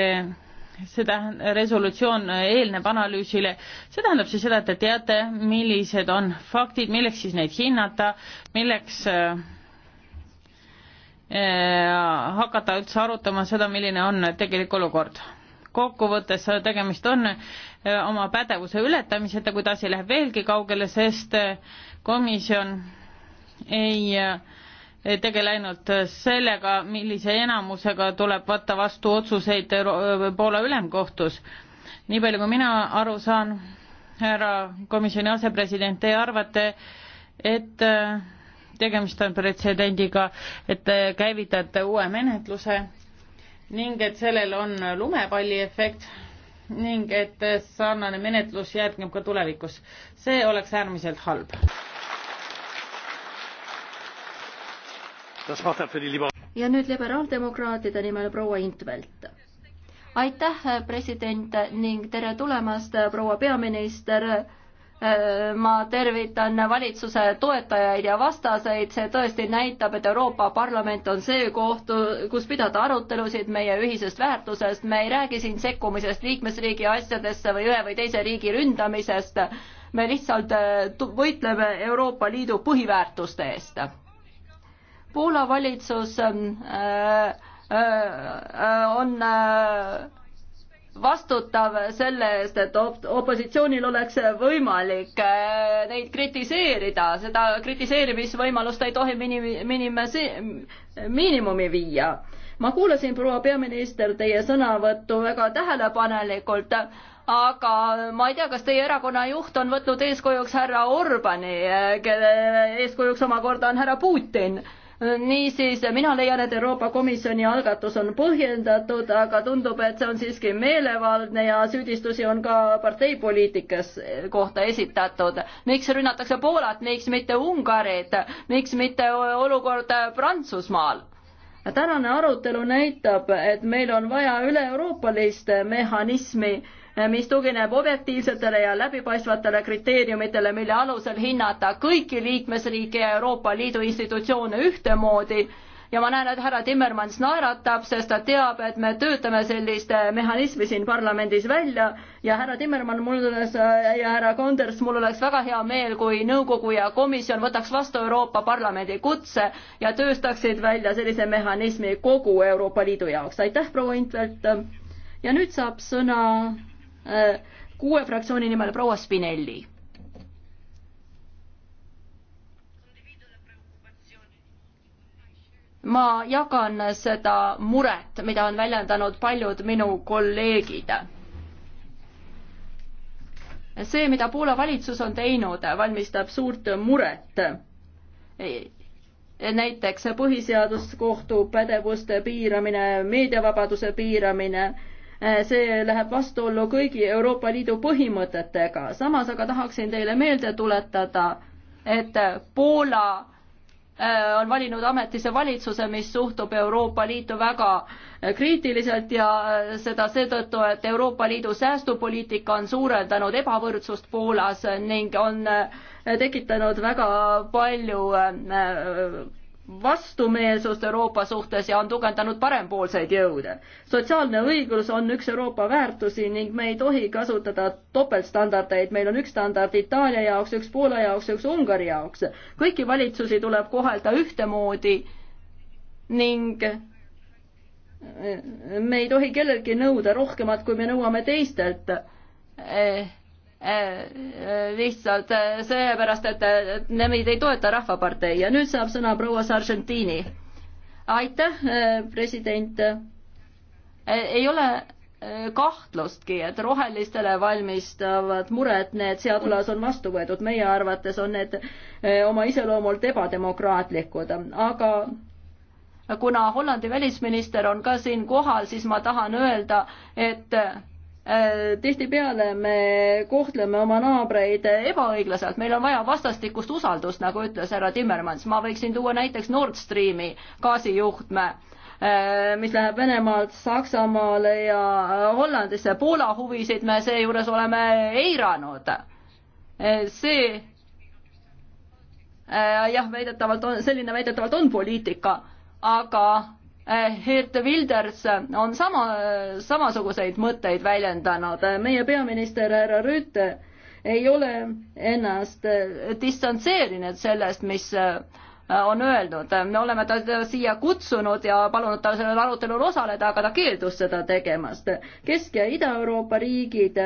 see tähendab, resolutsioon eelneb analüüsile, see tähendab siis seda, et te teate, millised on faktid, milleks siis neid hinnata, milleks e, e, hakata üldse arutama seda, milline on tegelik olukord. kokkuvõttes tegemist on oma pädevuse ületamisega, kuid asi läheb veelgi kaugele, sest komisjon ei tegele ainult sellega, millise enamusega tuleb võtta vastu otsuseid Poola ülemkohtus. nii palju, kui mina aru saan, härra komisjoni asepresident, teie arvate, et äh, tegemist on pretsedendiga, et äh, käivitate uue menetluse ning et sellel on lumepalli efekt ning et äh, sarnane menetlus järgneb ka tulevikus. see oleks äärmiselt halb. ja nüüd liberaaldemokraatide nimel proua Intvelt. aitäh, president ning tere tulemast, proua peaminister ma tervitan valitsuse toetajaid ja vastaseid, see tõesti näitab, et Euroopa Parlament on see koht, kus pidada arutelusid meie ühisest väärtusest, me ei räägi siin sekkumisest liikmesriigi asjadesse või ühe või teise riigi ründamisest, me lihtsalt võitleme Euroopa Liidu põhiväärtuste eest Poola valitsus ähm, äh, äh, on äh, vastutav selle eest, et op-, opositsioonil oleks võimalik neid kritiseerida, seda kritiseerimisvõimalust ei tohi mini-, minimasi-, miinimumi viia. ma kuulasin, proua peaminister, teie sõnavõttu väga tähelepanelikult, aga ma ei tea, kas teie erakonna juht on võtnud eeskujuks härra Orbani, kelle eeskujuks omakorda on härra Putin niisiis, mina leian, et Euroopa Komisjoni algatus on põhjendatud, aga tundub, et see on siiski meelevaldne ja süüdistusi on ka parteipoliitikas kohta esitatud. miks rünnatakse Poolat, miks mitte Ungarit, miks mitte olukord Prantsusmaal? tänane arutelu näitab, et meil on vaja üle-euroopalist mehhanismi Äh, mis tugineb objektiivsetele ja läbipaistvatele kriteeriumitele, mille alusel hinnata kõiki liikmesriike ja Euroopa Liidu institutsioone ühtemoodi ja ma näen, et härra Timmermans naeratab, sest ta teab, et me töötame sellist mehhanismi siin parlamendis välja ja härra Timmermann, mul oleks äh, ja härra Konders, mul oleks väga hea meel, kui nõukogu ja komisjon võtaks vastu Euroopa Parlamendi kutse ja tööstaksid välja sellise mehhanismi kogu Euroopa Liidu jaoks. aitäh, proua Intvelt. ja nüüd saab sõna kuue fraktsiooni nimel proua Spinelli. ma jagan seda muret, mida on väljendanud paljud minu kolleegid see, mida Poola valitsus on teinud, valmistab suurt muret. näiteks põhiseaduskohtu pädevuste piiramine, meediavabaduse piiramine Eh, see läheb vastuollu kõigi Euroopa Liidu põhimõtetega. samas aga tahaksin teile meelde tuletada, et Poola eh, on valinud ametisse valitsuse, mis suhtub Euroopa Liitu väga eh, kriitiliselt ja seda seetõttu, et Euroopa Liidu säästupoliitika on suurendanud ebavõrdsust Poolas ning on tekitanud väga palju vastumeelsust Euroopa suhtes ja on tugevdanud parempoolseid jõude. sotsiaalne õiglus on üks Euroopa väärtusi ning me ei tohi kasutada topeltstandardeid, meil on üks standard Itaalia jaoks, üks Poola jaoks, üks Ungari jaoks. kõiki valitsusi tuleb kohelda ühtemoodi ning me ei tohi kellelgi nõuda rohkemat, kui me nõuame teistelt eh Äh, äh, lihtsalt äh, sellepärast, et nemad ei toeta Rahvapartei ja nüüd saab sõna proua Sargentini. aitäh, president. ei ole kahtlustki, et rohelistele valmistavad mured, need seadulas on vastu võetud, meie arvates on need oma iseloomult ebademokraatlikud, aga kuna Hollandi välisminister on ka siin kohal, siis ma tahan öelda, et Äh, tihtipeale me kohtleme oma naabreid ebaõiglaselt, meil on vaja vastastikust usaldust, nagu ütles härra Timmermans, ma võiksin tuua näiteks Nord Streami gaasijuhtme, äh, mis läheb Venemaalt Saksamaale ja äh, Hollandisse, Poola huvisid me seejuures oleme eiranud. see jah, väidetavalt on, selline väidetavalt on poliitika, aga Geert eh, Wilders on sama, samasuguseid mõtteid väljendanud. meie peaminister härra Rüütel ei ole ennast eh, distantseerinud sellest, mis eh, on öeldud, me oleme ta siia kutsunud ja palunud tal sellel arutelul osaleda, aga ta keeldus seda tegemast. Kesk- ja Ida-Euroopa riigid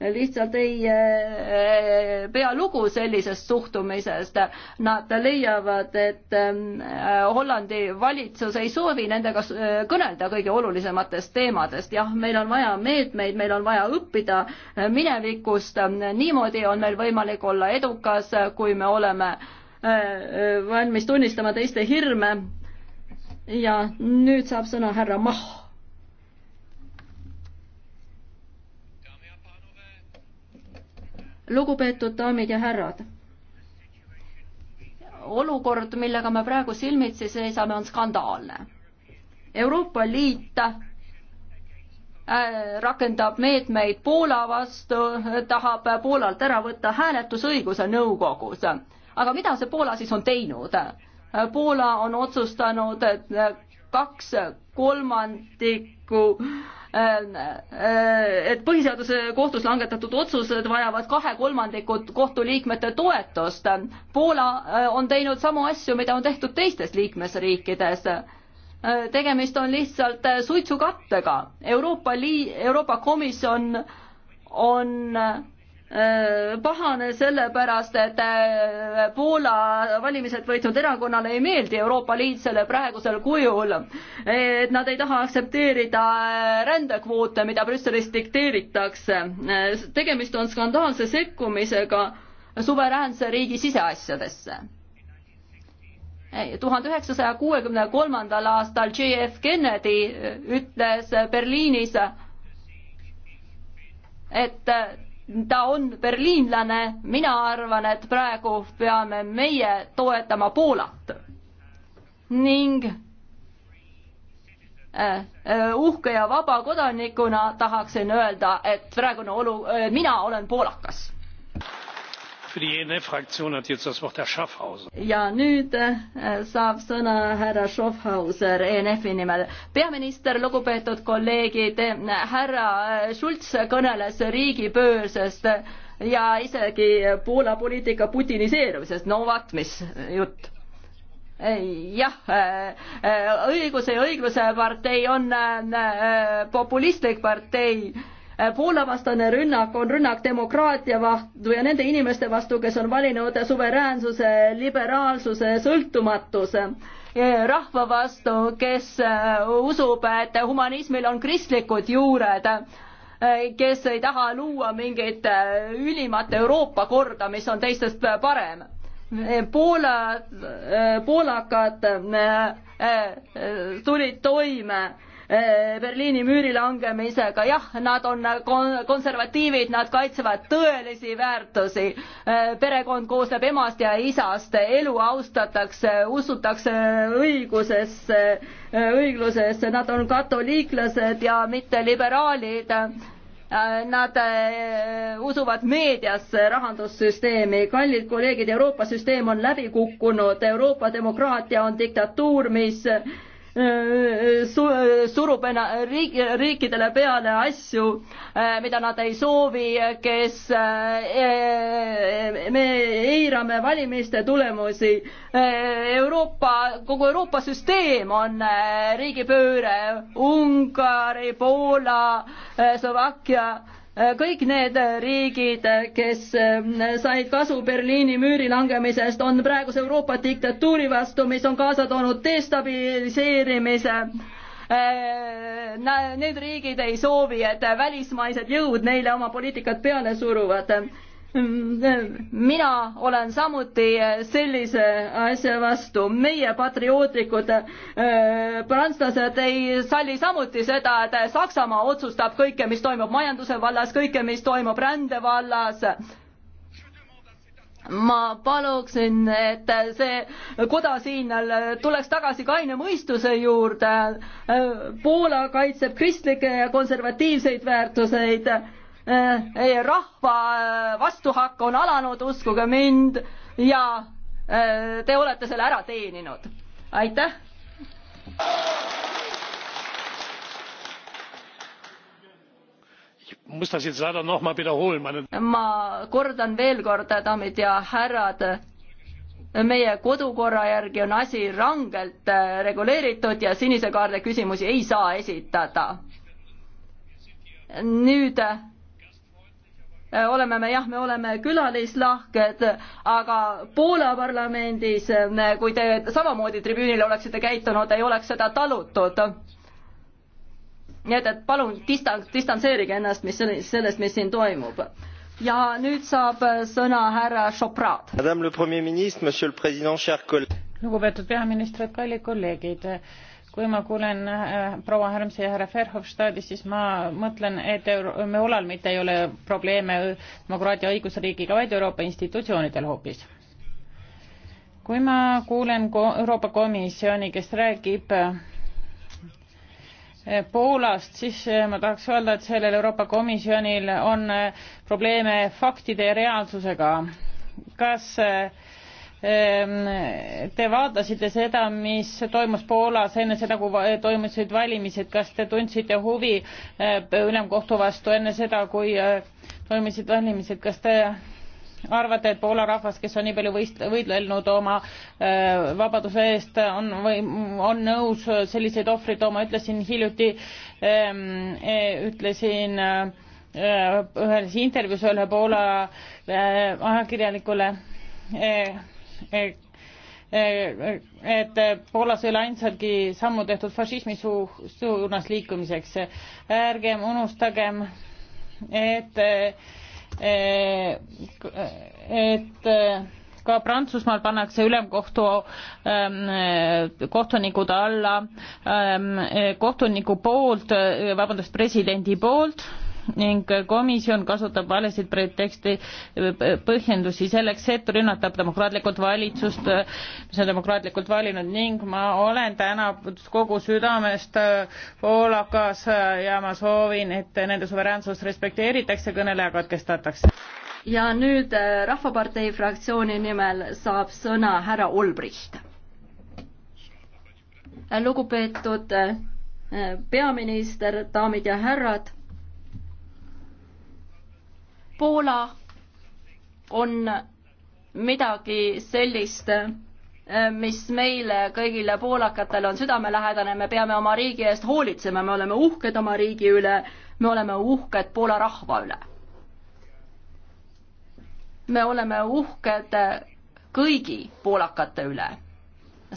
lihtsalt ei eh, pea lugu sellisest suhtumisest. Nad leiavad, et eh, Hollandi valitsus ei soovi nendega eh, kõnelda kõige olulisematest teemadest. jah, meil on vaja meetmeid, meil on vaja õppida minevikust. niimoodi on meil võimalik olla edukas, kui me oleme valmis tunnistama teiste hirme. ja nüüd saab sõna härra Mahh lugupeetud daamid ja härrad. olukord, millega me praegu silmitsi seisame, on skandaalne. Euroopa Liit äh, rakendab meetmeid Poola vastu, tahab Poolalt ära võtta hääletusõiguse nõukogus. aga mida see Poola siis on teinud? Poola on otsustanud, et kaks kolmandikku Äh, äh, et põhiseaduse kohtus langetatud otsused vajavad kahe kolmandikut kohtuliikmete toetust. Poola äh, on teinud samu asju, mida on tehtud teistes liikmesriikides. tegemist on lihtsalt suitsukattega. Euroopa Liit, Euroopa Komisjon on Äh, pahane sellepärast, et äh, Poola valimised võitnud erakonnale ei meeldi Euroopa Liit selle praegusel kujul. et nad ei taha aktsepteerida äh, rändekvoote, mida Brüsselist dikteeritakse. tegemist on skandaalse sekkumisega suveräänse riigi siseasjadesse. tuhande üheksasaja kuuekümne kolmandal aastal JF Kennedy ütles Berliinis, et ta on berliinlane, mina arvan, et praegu peame meie toetama Poolat ning äh, äh, uhke ja vaba kodanikuna tahaksin öelda, et praegune olu, äh, mina olen poolakas E ja nüüd äh, saab sõna härra Schaffhauser ENF-i nimel. peaminister, lugupeetud kolleegid, härra äh, Schulz kõneles riigipöörsest ja isegi Poola poliitika putiniseerumisest, no vaat mis jutt jah, äh, õiguse ja õigluse partei on populistlik partei Äh, Poola-vastane rünnak on rünnak demokraatia vastu ja nende inimeste vastu, kes on valinud suveräänsuse, liberaalsuse, sõltumatuse äh, rahva vastu, kes äh, usub, et humanismil on kristlikud juured, kes ei taha luua mingit ülimat Euroopa korda, mis on teistest parem Poola, poolakad tulid toime Eh, Berliini müüri langemisega, jah, nad on eh, konservatiivid, nad kaitsevad tõelisi väärtusi. Eh, perekond koosneb emast ja isast, elu austatakse, usutakse õigusesse, õiglusesse, nad on katoliiklased ja mitte liberaalid. Nad usuvad meediasse, rahandussüsteemi, kallid kolleegid, Euroopa süsteem on läbi kukkunud, Euroopa demokraatia on diktatuur, mis su-, surub ena-, riik, riikidele peale asju, eh, mida nad ei soovi, kes eh, me eirame valimiste tulemusi. Eh, Euroopa, kogu Euroopa süsteem on riigipööre, Ungari, Poola, Slovakkia Äh, kõik need äh, riigid, äh, kes said kasu Berliini müüri langemisest, on praeguse Euroopa diktatuuri vastu, mis on kaasa toonud destabiliseerimise. Need riigid ei soovi, et välismaised jõud neile oma poliitikat peale suruvad mina olen samuti sellise asja vastu. meie patriootlikud äh, prantslased ei salli samuti seda, et Saksamaa otsustab kõike, mis toimub majanduse vallas, kõike, mis toimub rände vallas ma paluksin, et see koda siin tuleks tagasi kaine mõistuse juurde. Äh, Poola kaitseb kristlikke ja konservatiivseid väärtuseid Äh, rahva äh, vastuhakk on alanud, uskuge mind, ja äh, te olete selle ära teeninud. aitäh. ma kordan veel kord, daamid ja härrad, meie kodukorra järgi on asi rangelt reguleeritud ja sinise kaarde küsimusi ei saa esitada. nüüd Äh, oleme me jah, me oleme külalislahked, aga Poola parlamendis, äh, kui te samamoodi tribüünil oleksite käitunud, ei oleks seda talutud. nii et, et palun distan-, distantseerige ennast, mis sellest, mis siin toimub ja nüüd saab sõna härra Šoprat. lugupeetud peaminister, kallid kolleegid kui ma kuulen äh, proua Härmsi ja härra Verhofstadi, siis ma mõtlen, et Euroolal mitte ei ole probleeme demokraatia õigusriigiga, vaid Euroopa institutsioonidel hoopis. kui ma kuulen ko Euroopa Komisjoni, kes räägib äh, Poolast, siis äh, ma tahaks öelda, et sellel Euroopa Komisjonil on äh, probleeme faktide ja reaalsusega. kas äh, Ehm, te vaatasite seda, mis toimus Poolas enne seda, kui toimusid valimised, kas te tundsite huvi eh, ülemkohtu vastu enne seda, kui eh, toimusid valimised, kas te arvate, et Poola rahvas, kes on nii palju võist-, võidelnud oma eh, vabaduse eest, on või on nõus selliseid ohvreid tooma, ütlesin hiljuti, ehm, ütlesin ühes intervjuus ühele Poola ajakirjanikule et Poolas ei ole ainsadki sammu tehtud fašismi suunas liikumiseks. ärgem unustagem, et, et ka Prantsusmaal pannakse ülemkohtu ähm, kohtunikud alla ähm, kohtuniku poolt, vabandust, presidendi poolt ning komisjon kasutab valesid preteksti, põhjendusi selleks, et rünnatab demokraatlikult valitsust, mis on demokraatlikult valinud ning ma olen täna kogu südamest äh, poolakas äh, ja ma soovin, et nende suveräänsust respekteeritakse, kõneleja katkestatakse. ja nüüd äh, Rahvapartei fraktsiooni nimel saab sõna härra Olbricht. lugupeetud peaminister, daamid ja härrad Poola on midagi sellist, äh, mis meile kõigile poolakatele on südamelähedane, me peame oma riigi eest hoolitsema, me oleme uhked oma riigi üle, me oleme uhked Poola rahva üle. me oleme uhked kõigi poolakate üle,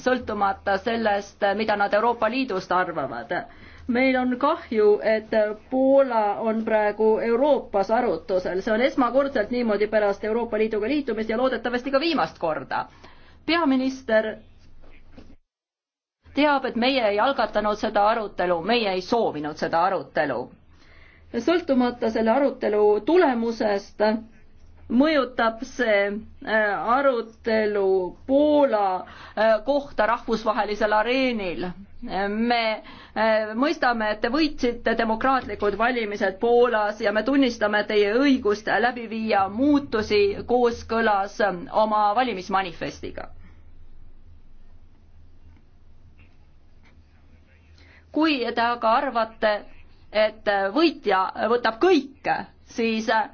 sõltumata sellest, mida nad Euroopa Liidust arvavad meil on kahju, et Poola on praegu Euroopas arutusel, see on esmakordselt niimoodi pärast Euroopa Liiduga liitumist ja loodetavasti ka viimast korda. peaminister teab, et meie ei algatanud seda arutelu, meie ei soovinud seda arutelu. sõltumata selle arutelu tulemusest mõjutab see äh, arutelu Poola äh, kohta rahvusvahelisel areenil me eh, mõistame, et te võitsite demokraatlikud valimised Poolas ja me tunnistame teie õigust läbi viia muutusi kooskõlas eh, oma valimismanifestiga. kui te aga arvate, et võitja võtab kõike, siis eh,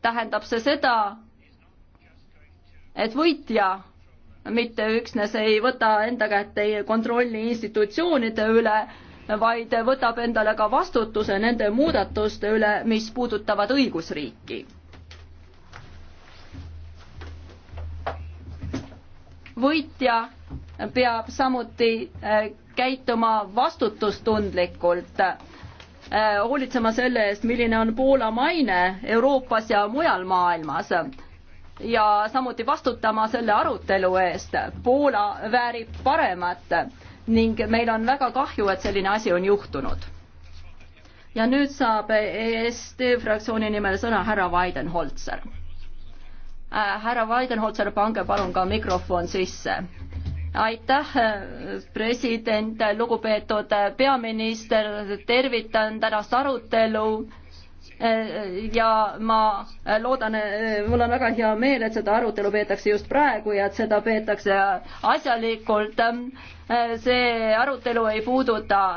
tähendab see seda, et võitja mitte üksnes ei võta enda kätte kontrolli institutsioonide üle, vaid võtab endale ka vastutuse nende muudatuste üle, mis puudutavad õigusriiki. võitja peab samuti eh, käituma vastutustundlikult, eh, hoolitsema selle eest, milline on Poola maine Euroopas ja mujal maailmas ja samuti vastutama selle arutelu eest. Poola väärib paremat ning meil on väga kahju, et selline asi on juhtunud. ja nüüd saab ESD fraktsiooni nimel sõna härra Weidenholzer. Äh, härra Weidenholzer, pange palun ka mikrofon sisse aitäh, president, lugupeetud peaminister, tervitan tänast arutelu Äh, ja ma äh, loodan, äh, mul on väga hea meel, et seda arutelu peetakse just praegu ja et seda peetakse asjalikult. see arutelu ei puuduta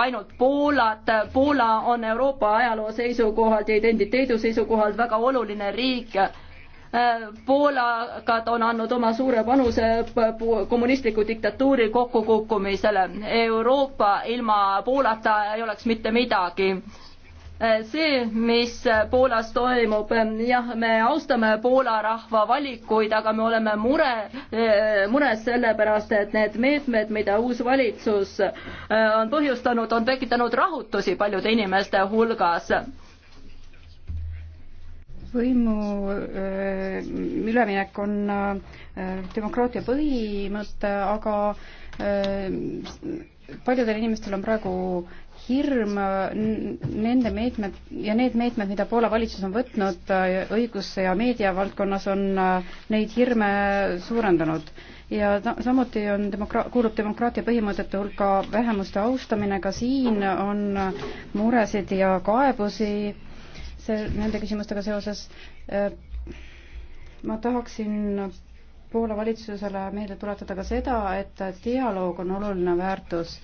ainult Poolat, Poola on Euroopa ajaloo seisukohalt ja identiteedu seisukohalt väga oluline riik Poolakad on andnud oma suure panuse kommunistliku diktatuuri kokkukukkumisele. Euroopa ilma Poolata ei oleks mitte midagi Äh, see, mis Poolas toimub, äh, jah, me austame Poola rahva valikuid, aga me oleme mure, äh, mures sellepärast, et need meetmed, mida uus valitsus on põhjustanud, on tekitanud rahutusi paljude inimeste hulgas võimu üleminek on demokraatia põhimõte, aga paljudel inimestel on praegu hirm nende meetmed ja need meetmed, mida Poola valitsus on võtnud äh, õigus- ja meediavaldkonnas, on äh, neid hirme suurendanud. ja ta, samuti on demokra-, kuulub demokraatia põhimõtete hulka vähemuste austamine, ka siin on äh, muresid ja kaebusi see, nende küsimustega seoses. ma tahaksin Poola valitsusele meelde tuletada ka seda, et dialoog on oluline väärtus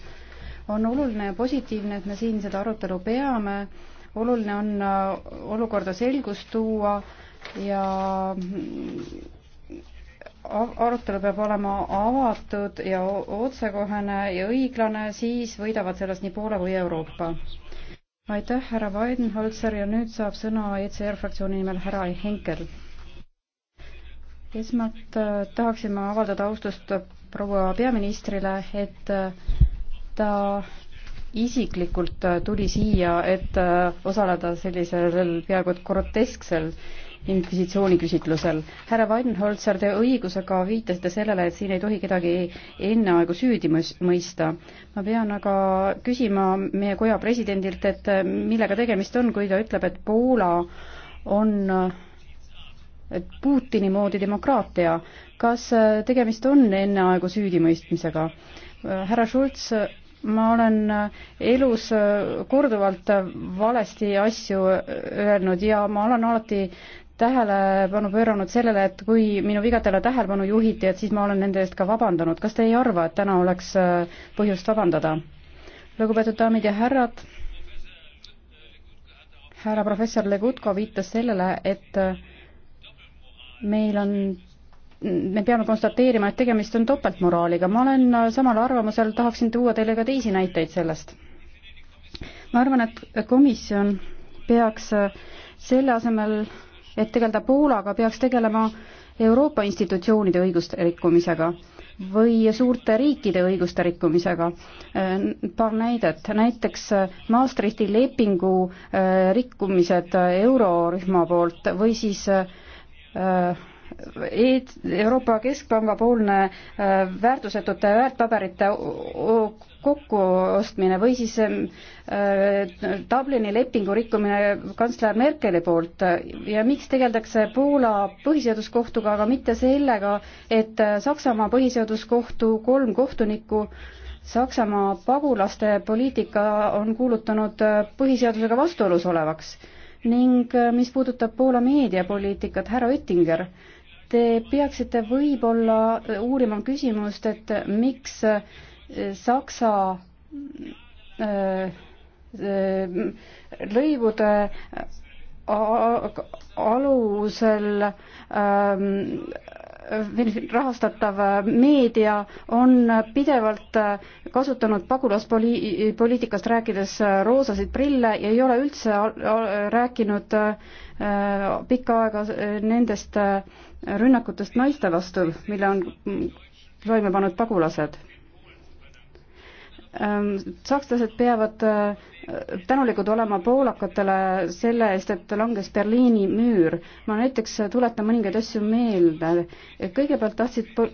on oluline ja positiivne, et me siin seda arutelu peame. oluline on äh, olukorda selgust tuua ja mm, arutelu peab olema avatud ja otsekohene ja õiglane, siis võidavad sellest nii Poola kui Euroopa. aitäh, härra Weidenholzer ja nüüd saab sõna ECR fraktsiooni nimel härra Henkel. esmalt äh, tahaksin ma avaldada austust proua peaministrile, et äh, ta isiklikult äh, tuli siia, et äh, osaleda sellisel peaaegu et grotesksel inkvisitsiooniküsitlusel. härra Weidenholzer, te õigusega viitasite sellele, et siin ei tohi kedagi enneaegu süüdi mõista. ma pean aga küsima meie koja presidendilt, et äh, millega tegemist on, kui ta ütleb, et Poola on et Putini moodi demokraatia. kas tegemist on enneaegu süüdimõistmisega? härra Schulz ma olen äh, elus äh, korduvalt äh, valesti asju öelnud ja ma olen alati tähelepanu pööranud sellele, et kui minu vigadele tähelepanu juhiti, et siis ma olen nende eest ka vabandanud. kas te ei arva, et täna oleks põhjust vabandada? lugupeetud daamid ja härrad, härra professor Legutko viitas sellele, et meil on me peame konstateerima, et tegemist on topeltmoraaliga. ma olen äh, samal arvamusel, tahaksin tuua teile ka teisi näiteid sellest. ma arvan, et komisjon peaks äh, selle asemel, et tegeleda Poolaga, peaks tegelema Euroopa institutsioonide õiguste rikkumisega või suurte riikide õiguste rikkumisega. Äh, paar näidet, näiteks Maastrichti lepingu rikkumised eurorühma poolt või siis äh, E-, Euroopa Keskpanga poolne äh, väärtusetute väärtpaberite kokkuostmine või siis ähm, äh, Dublini lepingu rikkumine kantsler Merkeli poolt ja miks tegeldakse Poola põhiseaduskohtuga, aga mitte sellega, et äh, Saksamaa põhiseaduskohtu kolm kohtunikku Saksamaa pagulaste poliitika on kuulutanud põhiseadusega vastuolus olevaks ning mis puudutab Poola meediapoliitikat, härra Oettinger, Te peaksite võib-olla uurima küsimust, et miks äh, Saksa äh, lõivude äh, alusel ähm, rahastatav meedia on pidevalt kasutanud pagulaspoliitikast rääkides roosasid prille ja ei ole üldse rääkinud äh, Äh, pikka aega äh, nendest äh, rünnakutest naiste vastu, mille on toime pannud pagulased. Ähm, sakslased peavad tänulikud olema poolakatele selle eest, et langes Berliini müür. ma näiteks tuletan mõningaid asju meelde. kõigepealt tahtsid po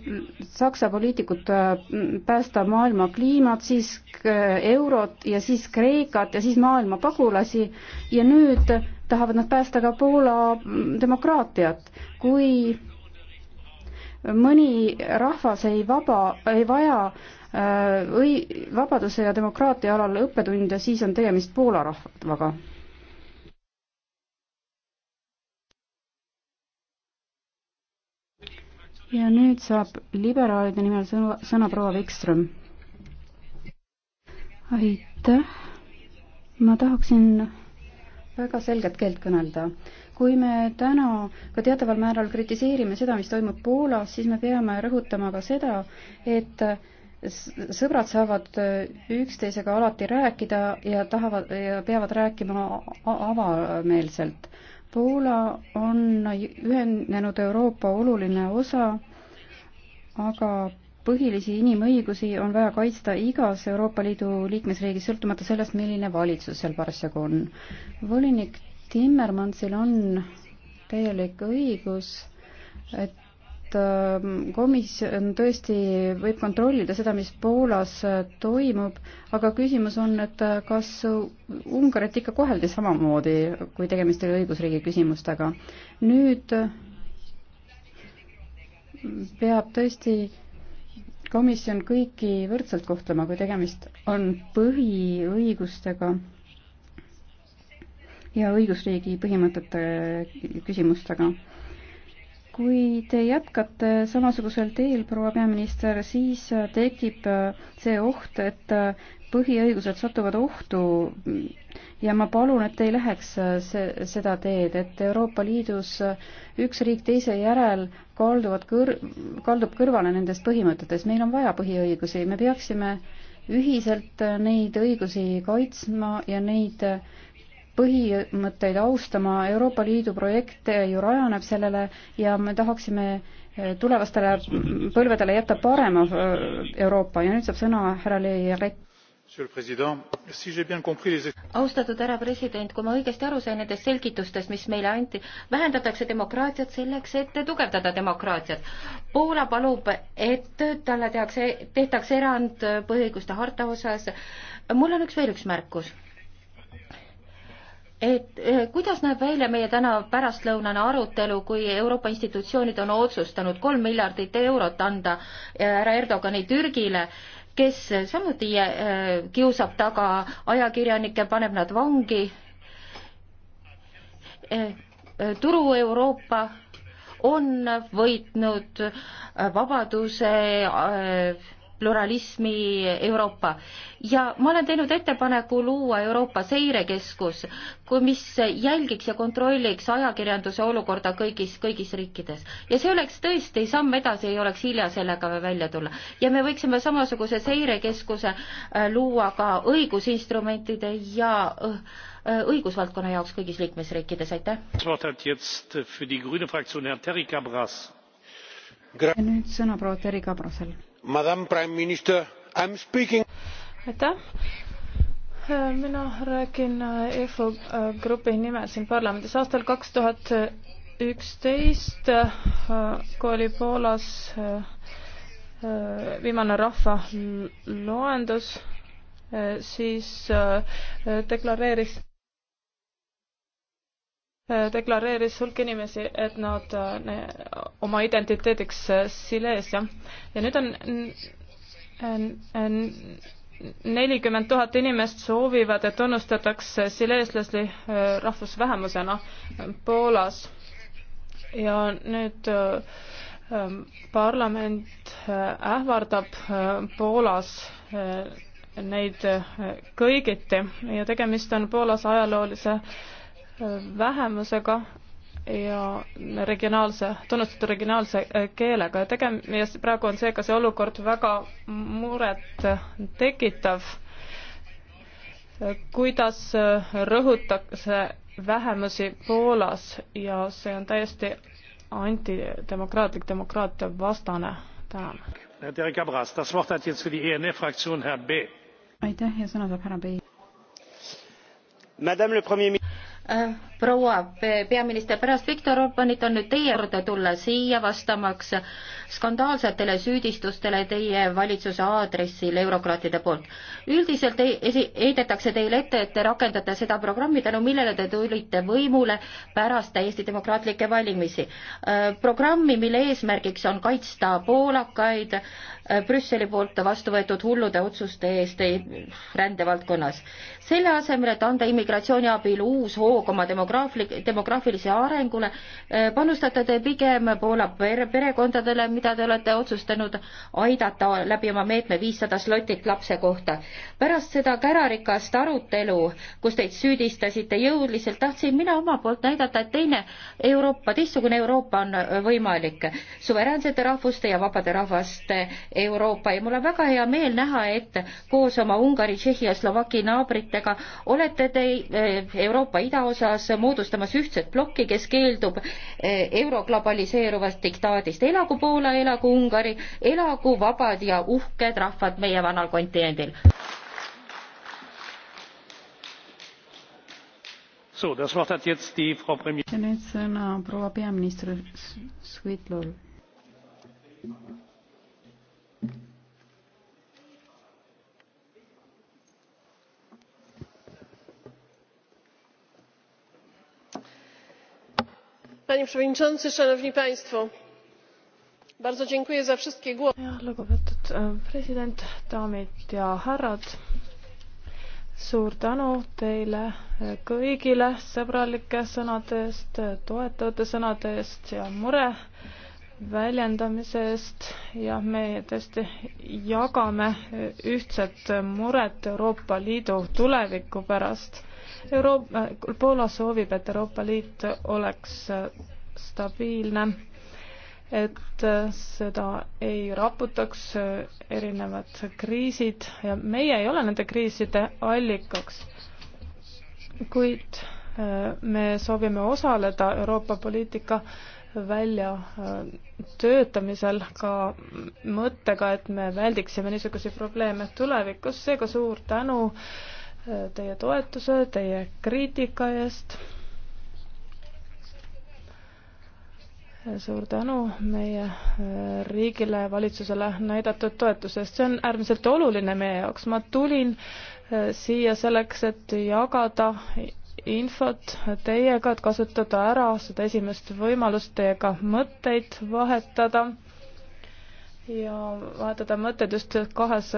Saksa poliitikud päästa maailma kliimat, siis eurot ja siis Kreekat ja siis maailma pagulasi ja nüüd tahavad nad päästa ka Poola demokraatiat. kui mõni rahvas ei vaba, ei vaja äh, õi-, vabaduse ja demokraatia alal õppetunde, siis on tegemist Poola rahvaga. ja nüüd saab liberaalide nimel sõna, sõna proua Vikström. aitäh, ma tahaksin väga selget keelt kõnelda. kui me täna ka teataval määral kritiseerime seda, mis toimub Poolas, siis me peame rõhutama ka seda, et sõbrad saavad üksteisega alati rääkida ja tahavad ja peavad rääkima avameelselt. Poola on ühenenud Euroopa oluline osa, aga põhilisi inimõigusi on vaja kaitsta igas Euroopa Liidu liikmesriigis, sõltumata sellest, milline valitsus seal parasjagu on. volinik Timmermansil on täielik õigus, et ähm, komisjon tõesti võib kontrollida seda, mis Poolas äh, toimub, aga küsimus on, et äh, kas Ungarit ikka koheldi samamoodi, kui tegemist oli õigusriigi küsimustega. nüüd äh, peab tõesti komisjon kõiki võrdselt kohtlema, kui tegemist on põhiõigustega ja õigusriigi põhimõtete küsimustega kui te jätkate samasugusel teel, proua peaminister, siis tekib äh, see oht, et äh, põhiõigused satuvad ohtu ja ma palun, et te ei läheks äh, see, seda teed, et Euroopa Liidus üks riik teise järel kalduvad kõr-, kaldub kõrvale nendest põhimõtetest, meil on vaja põhiõigusi, me peaksime ühiselt neid õigusi kaitsma ja neid äh, põhimõtteid austama, Euroopa Liidu projekt ju rajaneb sellele ja me tahaksime eh, tulevastele põlvedele jätta parema eh, Euroopa ja nüüd saab sõna härra Le Jarret austatud härra president kui ma õigesti aru sain nendest selgitustest mis meile anti vähendatakse demokraatiat selleks et tugevdada demokraatiat poola palub et talle tehakse tehtaks erand põhiõiguste harta osas mul on üks veel üks märkus et eh, kuidas näeb välja meie täna pärastlõunane arutelu, kui Euroopa institutsioonid on otsustanud kolm miljardit eurot anda eh, härra Erdogani Türgile, kes samuti eh, kiusab taga ajakirjanikke, paneb nad vangi. turu Euroopa on võitnud vabaduse pluralismi Euroopa. ja ma olen teinud ettepaneku luua Euroopa Seirekeskus, mis jälgiks ja kontrolliks ajakirjanduse olukorda kõigis, kõigis riikides. ja see oleks tõesti samm edasi, ei oleks hilja sellega välja tulla. ja me võiksime samasuguse seirekeskuse äh, luua ka õigusinstrumentide ja äh, äh, õigusvaldkonna jaoks kõigis liikmesriikides, aitäh! ja nüüd sõna proua Terri Kabrasel aitäh! mina räägin EFO grupi nimel siin parlamendis. aastal kaks tuhat üksteist, kui oli Poolas äh, viimane rahvaloendus, äh, siis äh, deklareeris Äh, deklareeris hulk inimesi, et nad äh, ne, oma identiteediks äh, Silesia ja nüüd on nelikümmend tuhat inimest soovivad, et tunnustataks sileeslasi rahvusvähemusena Poolas. ja nüüd ähm, parlament ähvardab Poolas neid kõigiti ja tegemist on Poolas ajaloolise vähemusega ja regionaalse, tunnustatud regionaalse äh, keelega ja tegem-, ja praegu on seega see olukord väga muret tekitav. kuidas äh, rõhutakse vähemusi Poolas ja see on täiesti antidemokraatlik, demokraatia vastane. tänan. E aitäh ja sõna saab härra Bey äh, proua peaminister, pärast Viktor Orbanit on nüüd teie korda tulla siia vastamaks skandaalsetele süüdistustele teie valitsuse aadressil eurokraatide poolt. üldiselt esi-, heidetakse teile ette, et te rakendate seda programmi, tänu millele te tulite võimule pärast täiesti demokraatlikke valimisi. Äh, programmi, mille eesmärgiks on kaitsta poolakaid äh, Brüsseli poolt vastu võetud hullude otsuste eest rändevaldkonnas. selle asemel, et anda immigratsiooni abil uus hoog oma demokraatiale, demograaflik, demograafilise arengule, panustate te pigem Poola pere, perekondadele, mida te olete otsustanud aidata läbi oma meetme viissada slotit lapse kohta. pärast seda kärarikast arutelu, kus teid süüdistasite jõuliselt, tahtsin mina omalt poolt näidata, et teine Euroopa, teistsugune Euroopa on võimalik. suveräänsete rahvuste ja vabade rahvaste Euroopa ja mul on väga hea meel näha, et koos oma Ungari, Tšehhi ja Slovaki naabritega olete te eh, Euroopa idaosas moodustamas ühtset plokki, kes keeldub eh, euro globaliseeruvast diktaadist. elagu Poola, elagu Ungari, elagu vabad ja uhked rahvad meie vanal kontinendil. ja nüüd sõna proua peaminister Svitlol. panie przewodniczący! szanowni państwo! bardzo dziękuję za wszystkie głosy. lugupeetud e, president daamid ja härrad suur tänu teile e, kõigile sõbralike sõnade eest e, toetavate sõnade eest ja mure väljendamise eest ja me tõesti jagame ühtset muret euroopa liidu tuleviku pärast Euroopa, äh, Poola soovib, et Euroopa Liit oleks äh, stabiilne, et äh, seda ei raputaks erinevad kriisid ja meie ei ole nende kriiside allikaks. kuid me soovime osaleda Euroopa poliitika väljatöötamisel ka mõttega, et me väldiksime niisuguseid probleeme tulevikus, seega suur tänu äh, teie toetuse, teie kriitika eest. suur tänu meie äh, riigile ja valitsusele näidatud toetuse eest, see on äärmiselt oluline meie jaoks. ma tulin äh, siia selleks, et jagada infot teiega, et kasutada ära seda esimest võimalust teiega mõtteid vahetada ja vahetada mõtted just kahes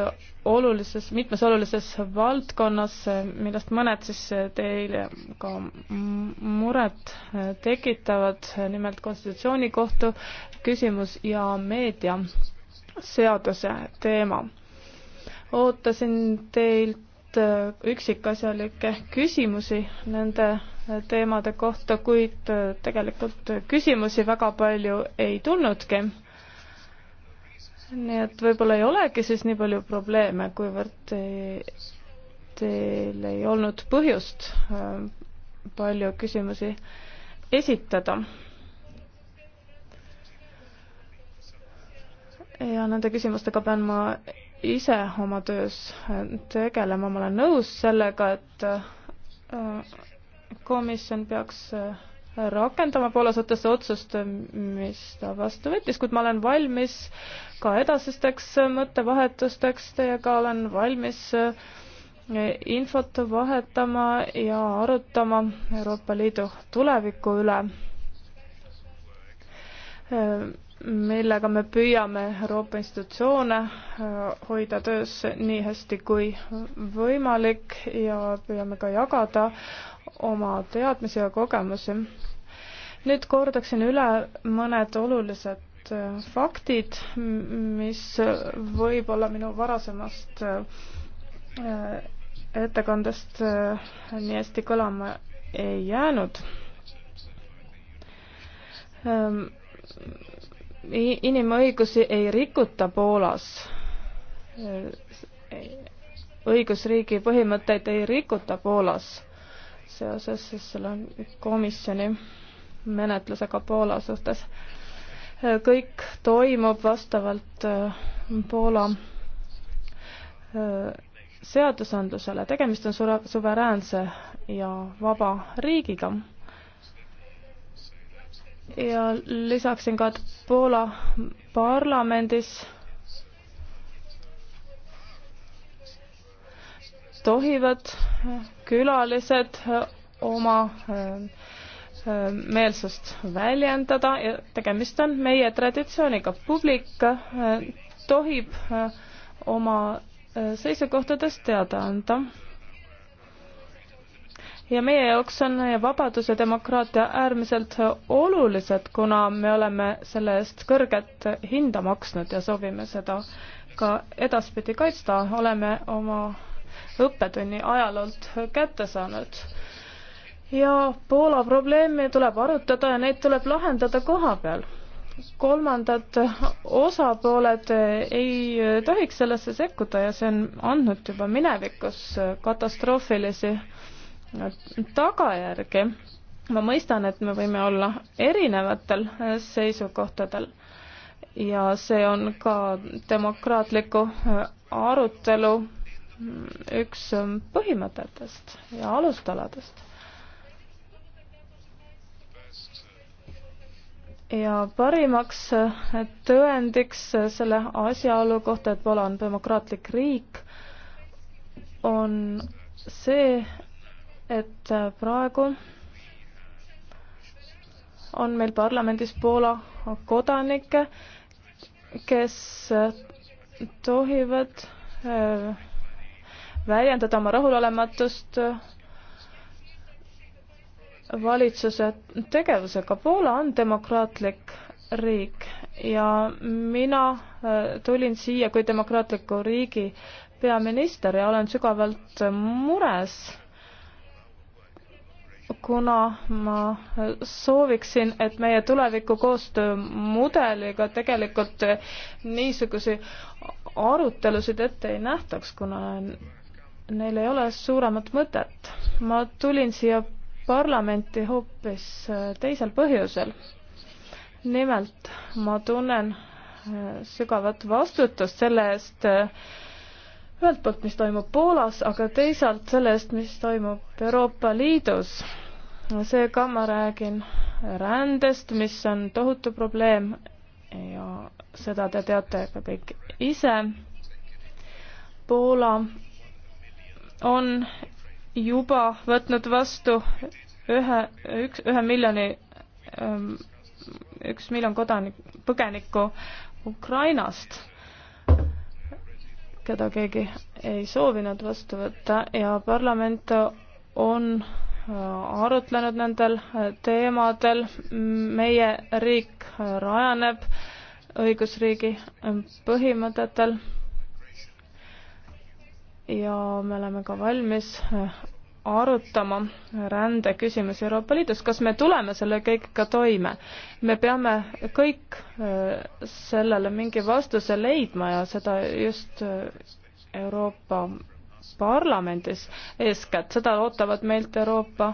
olulises, mitmes olulises valdkonnas, millest mõned siis teile ka muret tekitavad, nimelt konstitutsioonikohtu küsimus ja meediaseaduse teema. ootasin teilt üksikasjalikke küsimusi nende teemade kohta, kuid tegelikult küsimusi väga palju ei tulnudki nii et võib-olla ei olegi siis nii palju probleeme, kuivõrd te, teil ei olnud põhjust äh, palju küsimusi esitada. ja nende küsimustega pean ma ise oma töös äh, tegelema, ma olen nõus sellega, et äh, komisjon peaks äh, rakendama Poola suhtes otsust, mis ta vastu võttis, kuid ma olen valmis ka edasisteks mõttevahetusteks teiega, olen valmis e, infot vahetama ja arutama Euroopa Liidu tuleviku üle e, millega me püüame Euroopa institutsioone äh, hoida töös nii hästi kui võimalik ja püüame ka jagada oma teadmisi ja kogemusi. nüüd kordaksin üle mõned olulised äh, faktid, mis võib-olla minu varasemast äh, ettekandest nii hästi kõlama ei jäänud inimõigusi ei rikuta Poolas, õigusriigi põhimõtteid ei rikuta Poolas seoses siis selle komisjoni menetlusega Poola suhtes. kõik toimub vastavalt äh, Poola äh, seadusandlusele, tegemist on suveräänse ja vaba riigiga ja lisaksin ka, et Poola parlamendis tohivad külalised oma äh, äh, meelsust väljendada ja tegemist on meie traditsiooniga. publik äh, tohib oma seisukohtadest teada anda ja meie jaoks on vabadus ja demokraatia äärmiselt olulised, kuna me oleme selle eest kõrget hinda maksnud ja soovime seda ka edaspidi kaitsta, oleme oma õppetunni ajaloolt kätte saanud. ja Poola probleemi tuleb arutada ja neid tuleb lahendada koha peal. kolmandad osapooled ei tohiks sellesse sekkuda ja see on andnud juba minevikus katastroofilisi tagajärgi. ma mõistan, et me võime olla erinevatel eh, seisukohtadel ja see on ka demokraatliku eh, arutelu mm, üks eh, põhimõtetest ja alustaladest. ja parimaks tõendiks selle asjaolu kohta, et Poola on demokraatlik riik, on see, et äh, praegu on meil parlamendis Poola kodanikke, kes äh, tohivad äh, väljendada oma rahulolematust valitsuse tegevusega. Poola on demokraatlik riik ja mina tulin siia kui demokraatliku riigi peaminister ja olen sügavalt mures kuna ma sooviksin, et meie tuleviku koostöömudeliga tegelikult niisugusi arutelusid ette ei nähtaks, kuna neil ei ole suuremat mõtet. ma tulin siia parlamenti hoopis teisel põhjusel. nimelt ma tunnen sügavat vastutust selle eest, ühelt poolt, mis toimub Poolas, aga teisalt selle eest, mis toimub Euroopa Liidus. seega ma räägin rändest, mis on tohutu probleem ja seda te teate ka kõik ise. Poola on juba võtnud vastu ühe, üks, ühe miljoni, ähm, üks miljon kodanik, põgenikku Ukrainast keda keegi ei soovinud vastu võtta ja parlament on äh, arutlenud nendel äh, teemadel. meie riik rajaneb õigusriigi äh, põhimõtetel ja me oleme ka valmis arutama rändeküsimusi Euroopa Liidus, kas me tuleme selle kõigega toime? me peame kõik äh, sellele mingi vastuse leidma ja seda just äh, Euroopa Parlamendis eeskätt, seda ootavad meilt Euroopa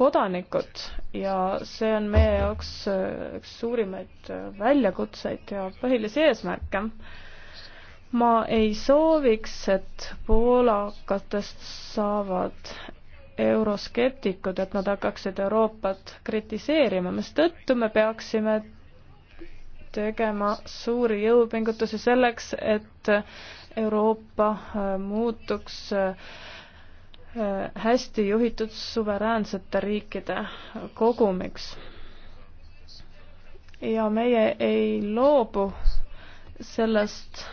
kodanikud ja see on meie jaoks äh, üks suurimaid väljakutseid ja põhilisi eesmärke ma ei sooviks, et poolakatest saavad euroskeptikud, et nad hakkaksid Euroopat kritiseerima, mistõttu me peaksime tegema suuri jõupingutusi selleks, et Euroopa äh, muutuks äh, hästi juhitud suveräänsete riikide kogumiks. ja meie ei loobu sellest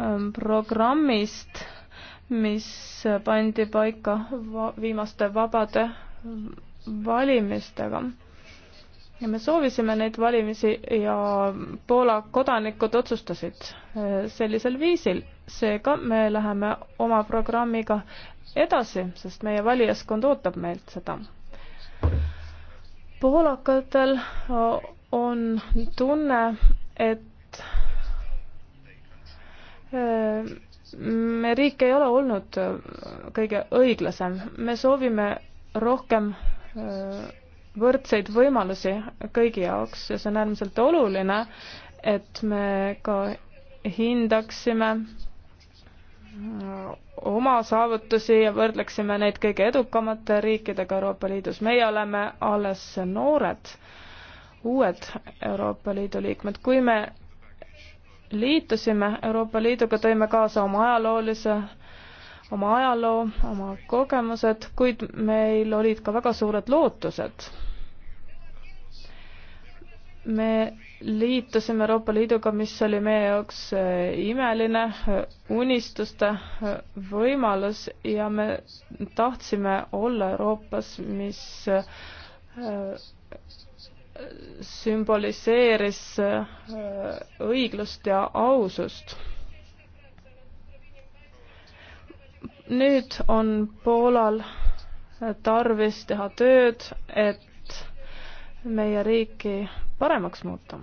ähm, programmist mis pandi paika va viimaste vabade valimistega. ja me soovisime neid valimisi ja Poola kodanikud otsustasid äh, sellisel viisil. seega me läheme oma programmiga edasi, sest meie valijaskond ootab meilt seda. poolakatel äh, on tunne, et äh, riik ei ole olnud äh, kõige õiglasem. me soovime rohkem äh, võrdseid võimalusi kõigi jaoks ja see on äärmiselt oluline, et me ka hindaksime äh, oma saavutusi ja võrdleksime neid kõige edukamate riikidega Euroopa Liidus. meie oleme alles noored, uued Euroopa Liidu liikmed. kui me liitusime Euroopa Liiduga, tõime kaasa oma ajaloolise, oma ajaloo, oma kogemused, kuid meil olid ka väga suured lootused. me liitusime Euroopa Liiduga, mis oli meie jaoks eh, imeline eh, unistuste eh, võimalus ja me tahtsime olla Euroopas, mis sümboliseeris äh, õiglust ja ausust. nüüd on Poolal tarvis teha tööd, et meie riiki paremaks muuta.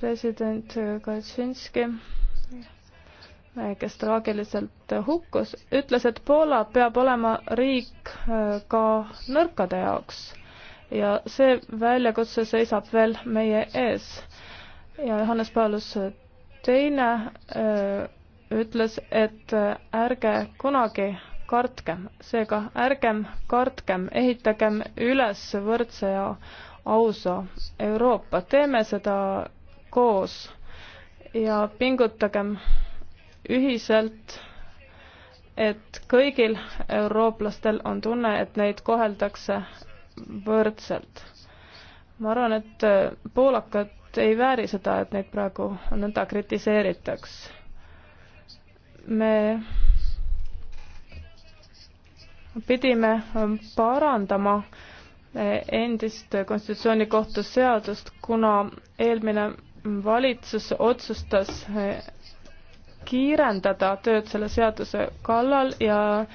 president Kaczynski, kes traagiliselt hukkus, ütles, et Poola peab olema riik äh, ka nõrkade jaoks ja see väljakutse seisab veel meie ees. ja Johannes Paulus teine öö, äh, ütles, et äh, ärge kunagi kartkem, seega ärgem kartkem, ehitagem üles võrdse ja ausa Euroopa, teeme seda koos ja pingutagem ühiselt et kõigil eurooplastel on tunne, et neid koheldakse võrdselt. ma arvan, et äh, poolakad ei vääri seda, et neid praegu nõnda kritiseeritaks. me pidime ähm, parandama äh, endist konstitutsioonikohtu seadust, kuna eelmine valitsus otsustas äh, kiirendada tööd selle seaduse kallal ja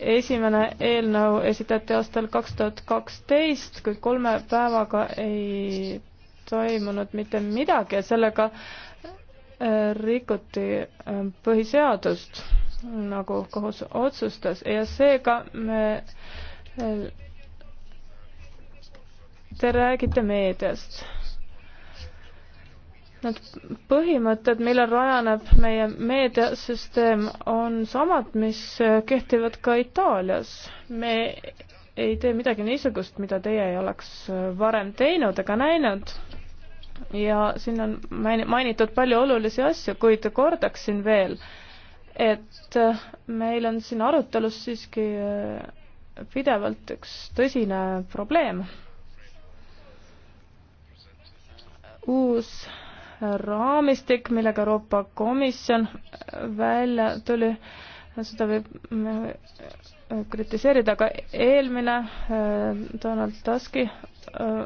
esimene eelnõu esitati aastal kaks tuhat kaksteist, kuid kolme päevaga ei toimunud mitte midagi ja sellega äh, rikuti äh, põhiseadust, nagu kohus otsustas ja seega me äh, Te räägite meediast Need põhimõtted, millel rajaneb meie meediasüsteem, on samad, mis kehtivad ka Itaalias. me ei tee midagi niisugust, mida teie ei oleks varem teinud ega näinud. ja siin on mainitud palju olulisi asju, kuid kordaksin veel, et meil on siin arutelus siiski äh, pidevalt üks tõsine probleem. uus raamistik, millega Euroopa Komisjon välja tuli, seda võib äh, kritiseerida, aga eelmine äh, Donald Tuski äh,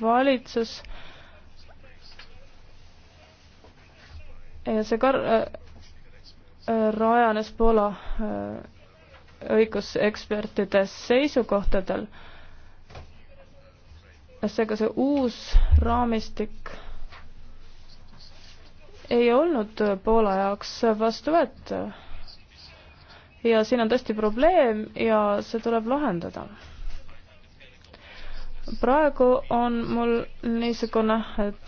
valitsus ja see ka rajanes Poola õigusekspertide seisukohtadel. seega see uus raamistik ei olnud Poola jaoks vastu võtta. ja siin on tõesti probleem ja see tuleb lahendada. praegu on mul niisugune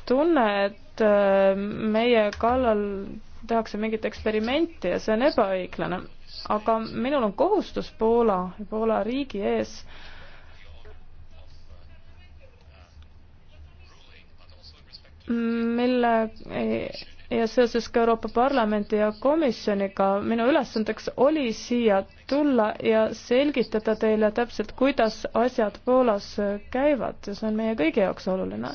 tunne, et äh, meie kallal tehakse mingit eksperimenti ja see on ebaõiglane. aga minul on kohustus Poola ja Poola riigi ees mille ja seoses ka Euroopa Parlamendi ja komisjoniga minu ülesandeks oli siia tulla ja selgitada teile täpselt, kuidas asjad Poolas käivad ja see on meie kõigi jaoks oluline.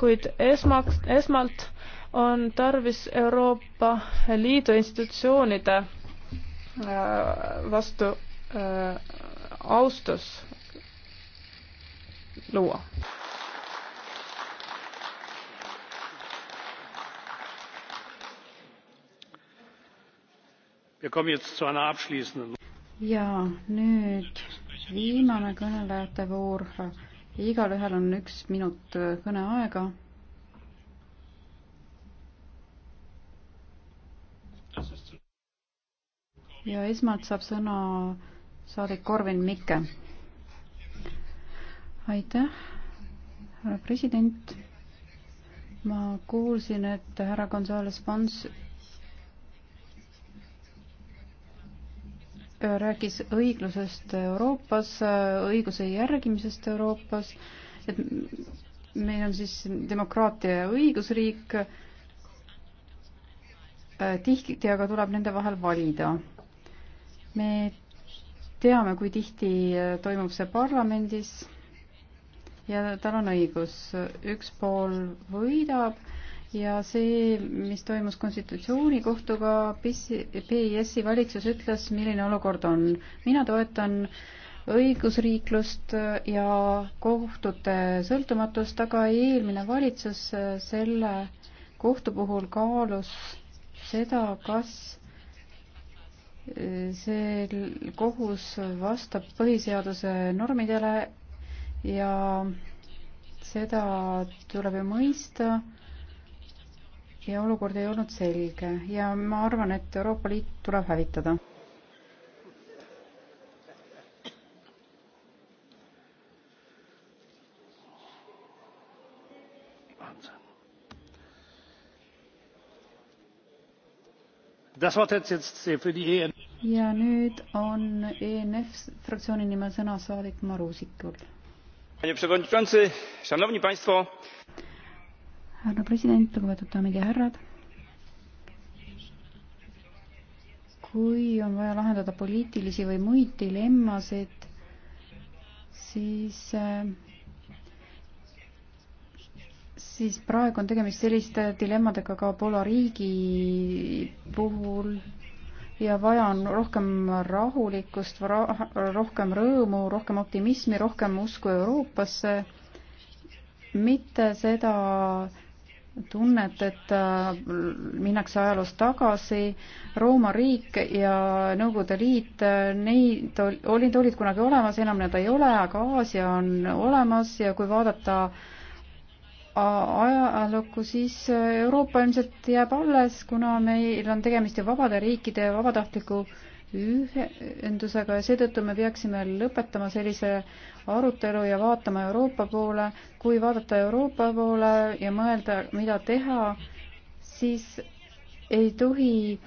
kuid esmaks, esmalt on tarvis Euroopa Liidu institutsioonide äh, vastu äh, austus luua. ja nüüd viimane kõnelejate voor. igalühel on üks minut kõneaega. ja esmalt saab sõna saadik Korvin Mikke. aitäh, härra president. ma kuulsin, et härra Gonzales Pons rääkis õiglusest Euroopas, õiguse järgimisest Euroopas, et meil on siis demokraatia ja õigusriik, tihti aga tuleb nende vahel valida. me teame, kui tihti toimub see parlamendis ja tal on õigus, üks pool võidab ja see, mis toimus konstitutsioonikohtuga, PIS-i valitsus ütles, milline olukord on. mina toetan õigusriiklust ja kohtute sõltumatust, aga eelmine valitsus selle kohtu puhul kaalus seda, kas see kohus vastab põhiseaduse normidele ja seda tuleb ju mõista ja olukord ei olnud selge ja ma arvan, et Euroopa Liit tuleb hävitada. E ja nüüd on ENF fraktsiooni nimel sõna saadik Marusikul härra president, lugupeetud daamid ja härrad. kui on vaja lahendada poliitilisi või muid dilemmasid, siis äh, siis praegu on tegemist selliste dilemmadega ka Poola riigi puhul ja vaja on rohkem rahulikkust, rohkem rõõmu, rohkem optimismi, rohkem usku Euroopasse, mitte seda tunnet, et äh, minnakse ajaloos tagasi, Rooma riik ja Nõukogude Liit, äh, neid olid, olid kunagi olemas, enam need ei ole, aga Aasia on olemas ja kui vaadata ajalukku, siis äh, Euroopa ilmselt jääb alles, kuna meil on tegemist ju vabade riikide vabatahtliku ühendusega ja seetõttu me peaksime lõpetama sellise arutelu ja vaatama Euroopa poole. kui vaadata Euroopa poole ja mõelda, mida teha, siis ei tohi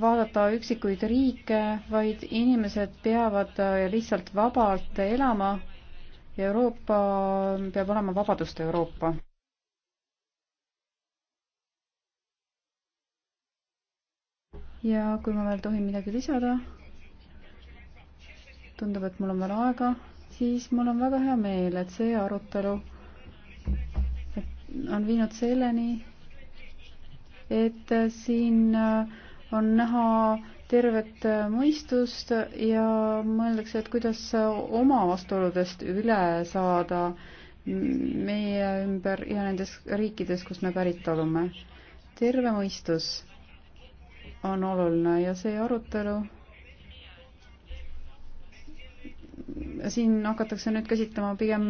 vaadata üksikuid riike, vaid inimesed peavad lihtsalt vabalt elama. Euroopa peab olema vabaduste Euroopa. ja kui ma veel tohin midagi lisada, tundub, et mul on veel aega, siis mul on väga hea meel, et see arutelu on viinud selleni, et siin äh, on näha tervet äh, mõistust ja mõeldakse, et kuidas äh, oma vastuoludest üle saada meie ümber ja nendes riikides, kust me pärit oleme. terve mõistus on oluline ja see arutelu siin hakatakse nüüd käsitlema pigem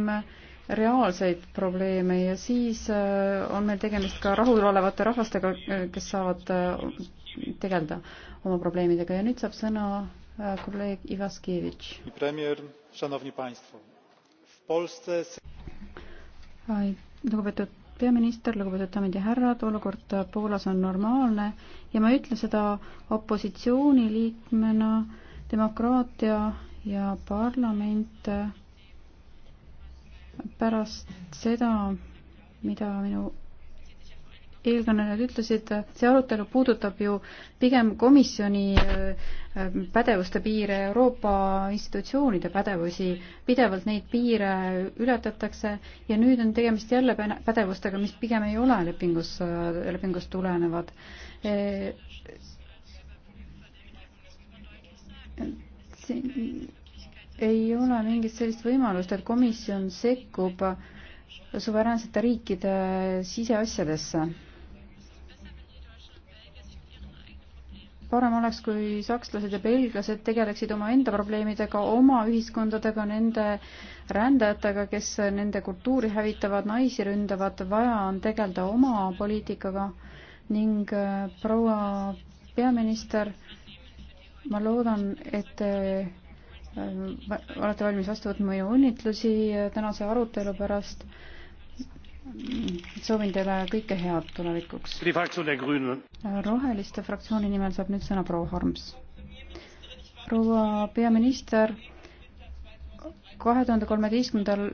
reaalseid probleeme ja siis äh, on meil tegemist ka rahulolevate rahvastega, äh, kes saavad äh, tegeleda oma probleemidega ja nüüd saab sõna kolleeg Ivaskevitš. lugupeetud peaminister, lugupeetud daamid ja härrad, olukord Poolas on normaalne ja ma ei ütle seda opositsiooniliikmena, demokraatia ja parlament pärast seda, mida minu eelkõnelejad ütlesid, see arutelu puudutab ju pigem komisjoni äh, pädevuste piire, Euroopa institutsioonide pädevusi, pidevalt neid piire ületatakse ja nüüd on tegemist jälle pädevustega, mis pigem ei ole lepingus, äh, lepingust tulenevad e ei ole mingit sellist võimalust, et komisjon sekkub suveräänsete riikide siseasjadesse parem oleks, kui sakslased ja belglased tegeleksid omaenda probleemidega, oma ühiskondadega, nende rändajatega, kes nende kultuuri hävitavad, naisi ründavad, vaja on tegeleda oma poliitikaga ning äh, proua peaminister, ma loodan, et te äh, olete valmis vastu võtma minu õnnitlusi äh, tänase arutelu pärast soovin teile kõike head tulevikuks. roheliste fraktsiooni nimel saab nüüd sõna proua Harms. proua peaminister, kahe tuhande kolmeteistkümnendal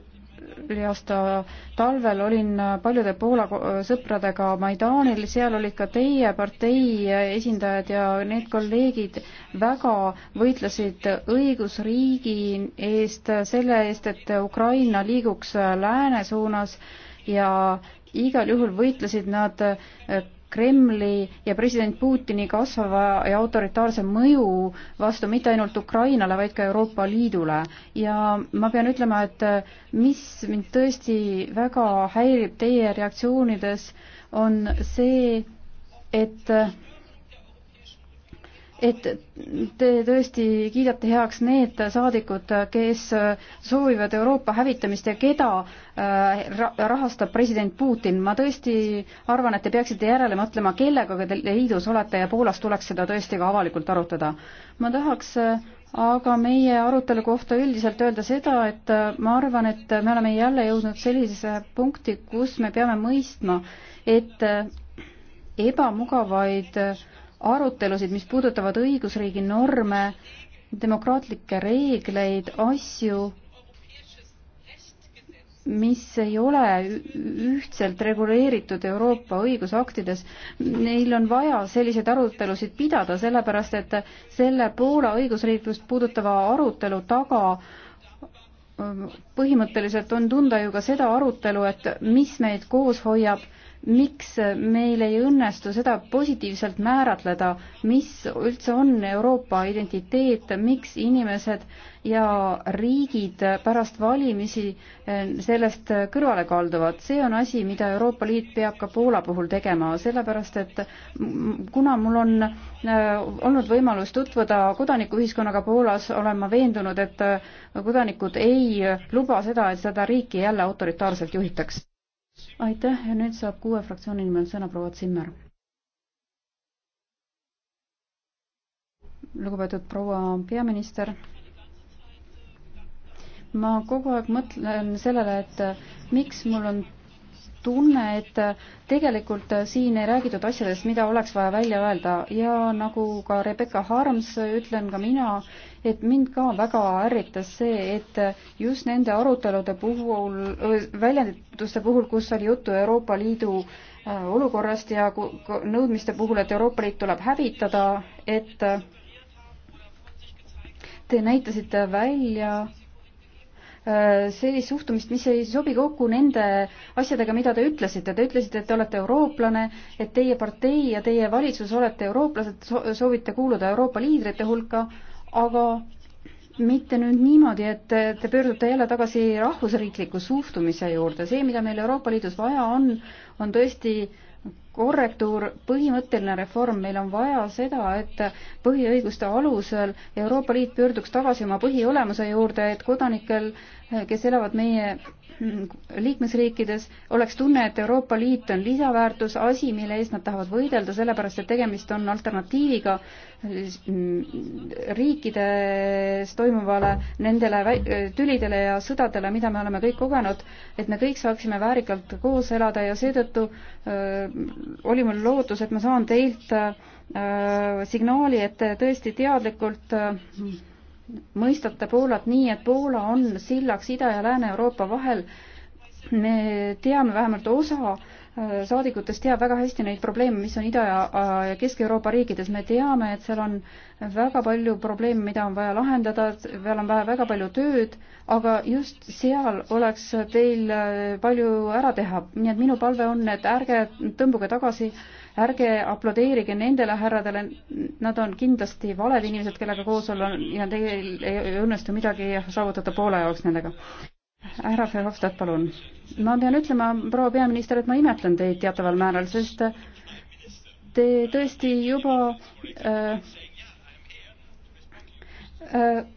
aasta talvel olin paljude Poola sõpradega Maidanil, seal olid ka teie partei esindajad ja need kolleegid väga võitlesid õigusriigi eest, selle eest, et Ukraina liiguks lääne suunas ja igal juhul võitlesid nad äh, Kremli ja president Putini kasvava ja autoritaarse mõju vastu mitte ainult Ukrainale, vaid ka Euroopa Liidule. ja ma pean ütlema, et äh, mis mind tõesti väga häirib teie reaktsioonides, on see, et äh, et te tõesti kiidate heaks need saadikud, kes soovivad Euroopa hävitamist ja keda äh, rahastab president Putin. ma tõesti arvan, et te peaksite järele mõtlema, kellega te liidus olete ja Poolas tuleks seda tõesti ka avalikult arutada. ma tahaks äh, aga meie arutelu kohta üldiselt öelda seda, et äh, ma arvan, et me oleme jälle jõudnud sellisesse punkti, kus me peame mõistma, et ebamugavaid äh, arutelusid, mis puudutavad õigusriigi norme, demokraatlikke reegleid, asju, mis ei ole ühtselt reguleeritud Euroopa õigusaktides. Neil on vaja selliseid arutelusid pidada, sellepärast et selle Poola õigusriiklust puudutava arutelu taga ähm, põhimõtteliselt on tunda ju ka seda arutelu, et mis meid koos hoiab miks meil ei õnnestu seda positiivselt määratleda, mis üldse on Euroopa identiteet, miks inimesed ja riigid pärast valimisi eh, sellest kõrvale kalduvad, see on asi, mida Euroopa Liit peab ka Poola puhul tegema, sellepärast et kuna mul on eh, olnud võimalus tutvuda kodanikuühiskonnaga Poolas, olen ma veendunud, et eh, kodanikud ei luba seda, et seda riiki jälle autoritaarselt juhitaks aitäh ja nüüd saab kuue fraktsiooni nimel sõna proua Zimmer. lugupeetud proua peaminister ma kogu aeg mõtlen sellele, et miks mul on tunne, et tegelikult siin ei räägitud asjadest, mida oleks vaja välja öelda ja nagu ka Rebecca Harms, ütlen ka mina, et mind ka väga ärritas see, et just nende arutelude puhul, väljenduste puhul, kus oli juttu Euroopa Liidu äh, olukorrast ja nõudmiste puhul, et Euroopa Liit tuleb hävitada, et te näitasite välja Äh, sellist suhtumist, mis ei sobi kokku nende asjadega, mida te ütlesite. Te ütlesite, et te olete eurooplane, et teie partei ja teie valitsus olete eurooplased, soovite kuuluda Euroopa liidrite hulka, aga mitte nüüd niimoodi, et te pöördute jälle tagasi rahvusriikliku suhtumise juurde. see, mida meil Euroopa Liidus vaja on, on tõesti äh, korrektuur, põhimõtteline reform, meil on vaja seda, et põhiõiguste alusel Euroopa Liit pöörduks tagasi oma põhiolemuse juurde, et kodanikel, kes elavad meie liikmesriikides oleks tunne, et Euroopa Liit on lisaväärtus, asi, mille eest nad tahavad võidelda, sellepärast et tegemist on alternatiiviga mm, riikides toimuvale nendele tülidele ja sõdadele, mida me oleme kõik kogenud, et me kõik saaksime väärikalt koos elada ja seetõttu öö, äh, oli mul lootus, et ma saan teilt öö, äh, signaali, et te tõesti teadlikult öö, äh, mõistate Poolat nii, et Poola on sillaks Ida- ja Lääne-Euroopa vahel. me teame vähemalt osa äh, saadikutest teab väga hästi neid probleeme, mis on Ida- äh, ja Kesk-Euroopa riikides. me teame, et seal on väga palju probleeme, mida on vaja lahendada, seal on vaja väga palju tööd, aga just seal oleks teil äh, palju ära teha. nii et minu palve on, et ärge tõmbuge tagasi äh, ärge aplodeerige nendele härradele, nad on kindlasti valed inimesed, kellega koos olla ja teil ei õnnestu midagi saavutada poole jaoks nendega. härra Verhofstadt, palun. ma pean ütlema, proua peaminister, et ma imetlen teid teataval määral, sest te tõesti juba äh, äh,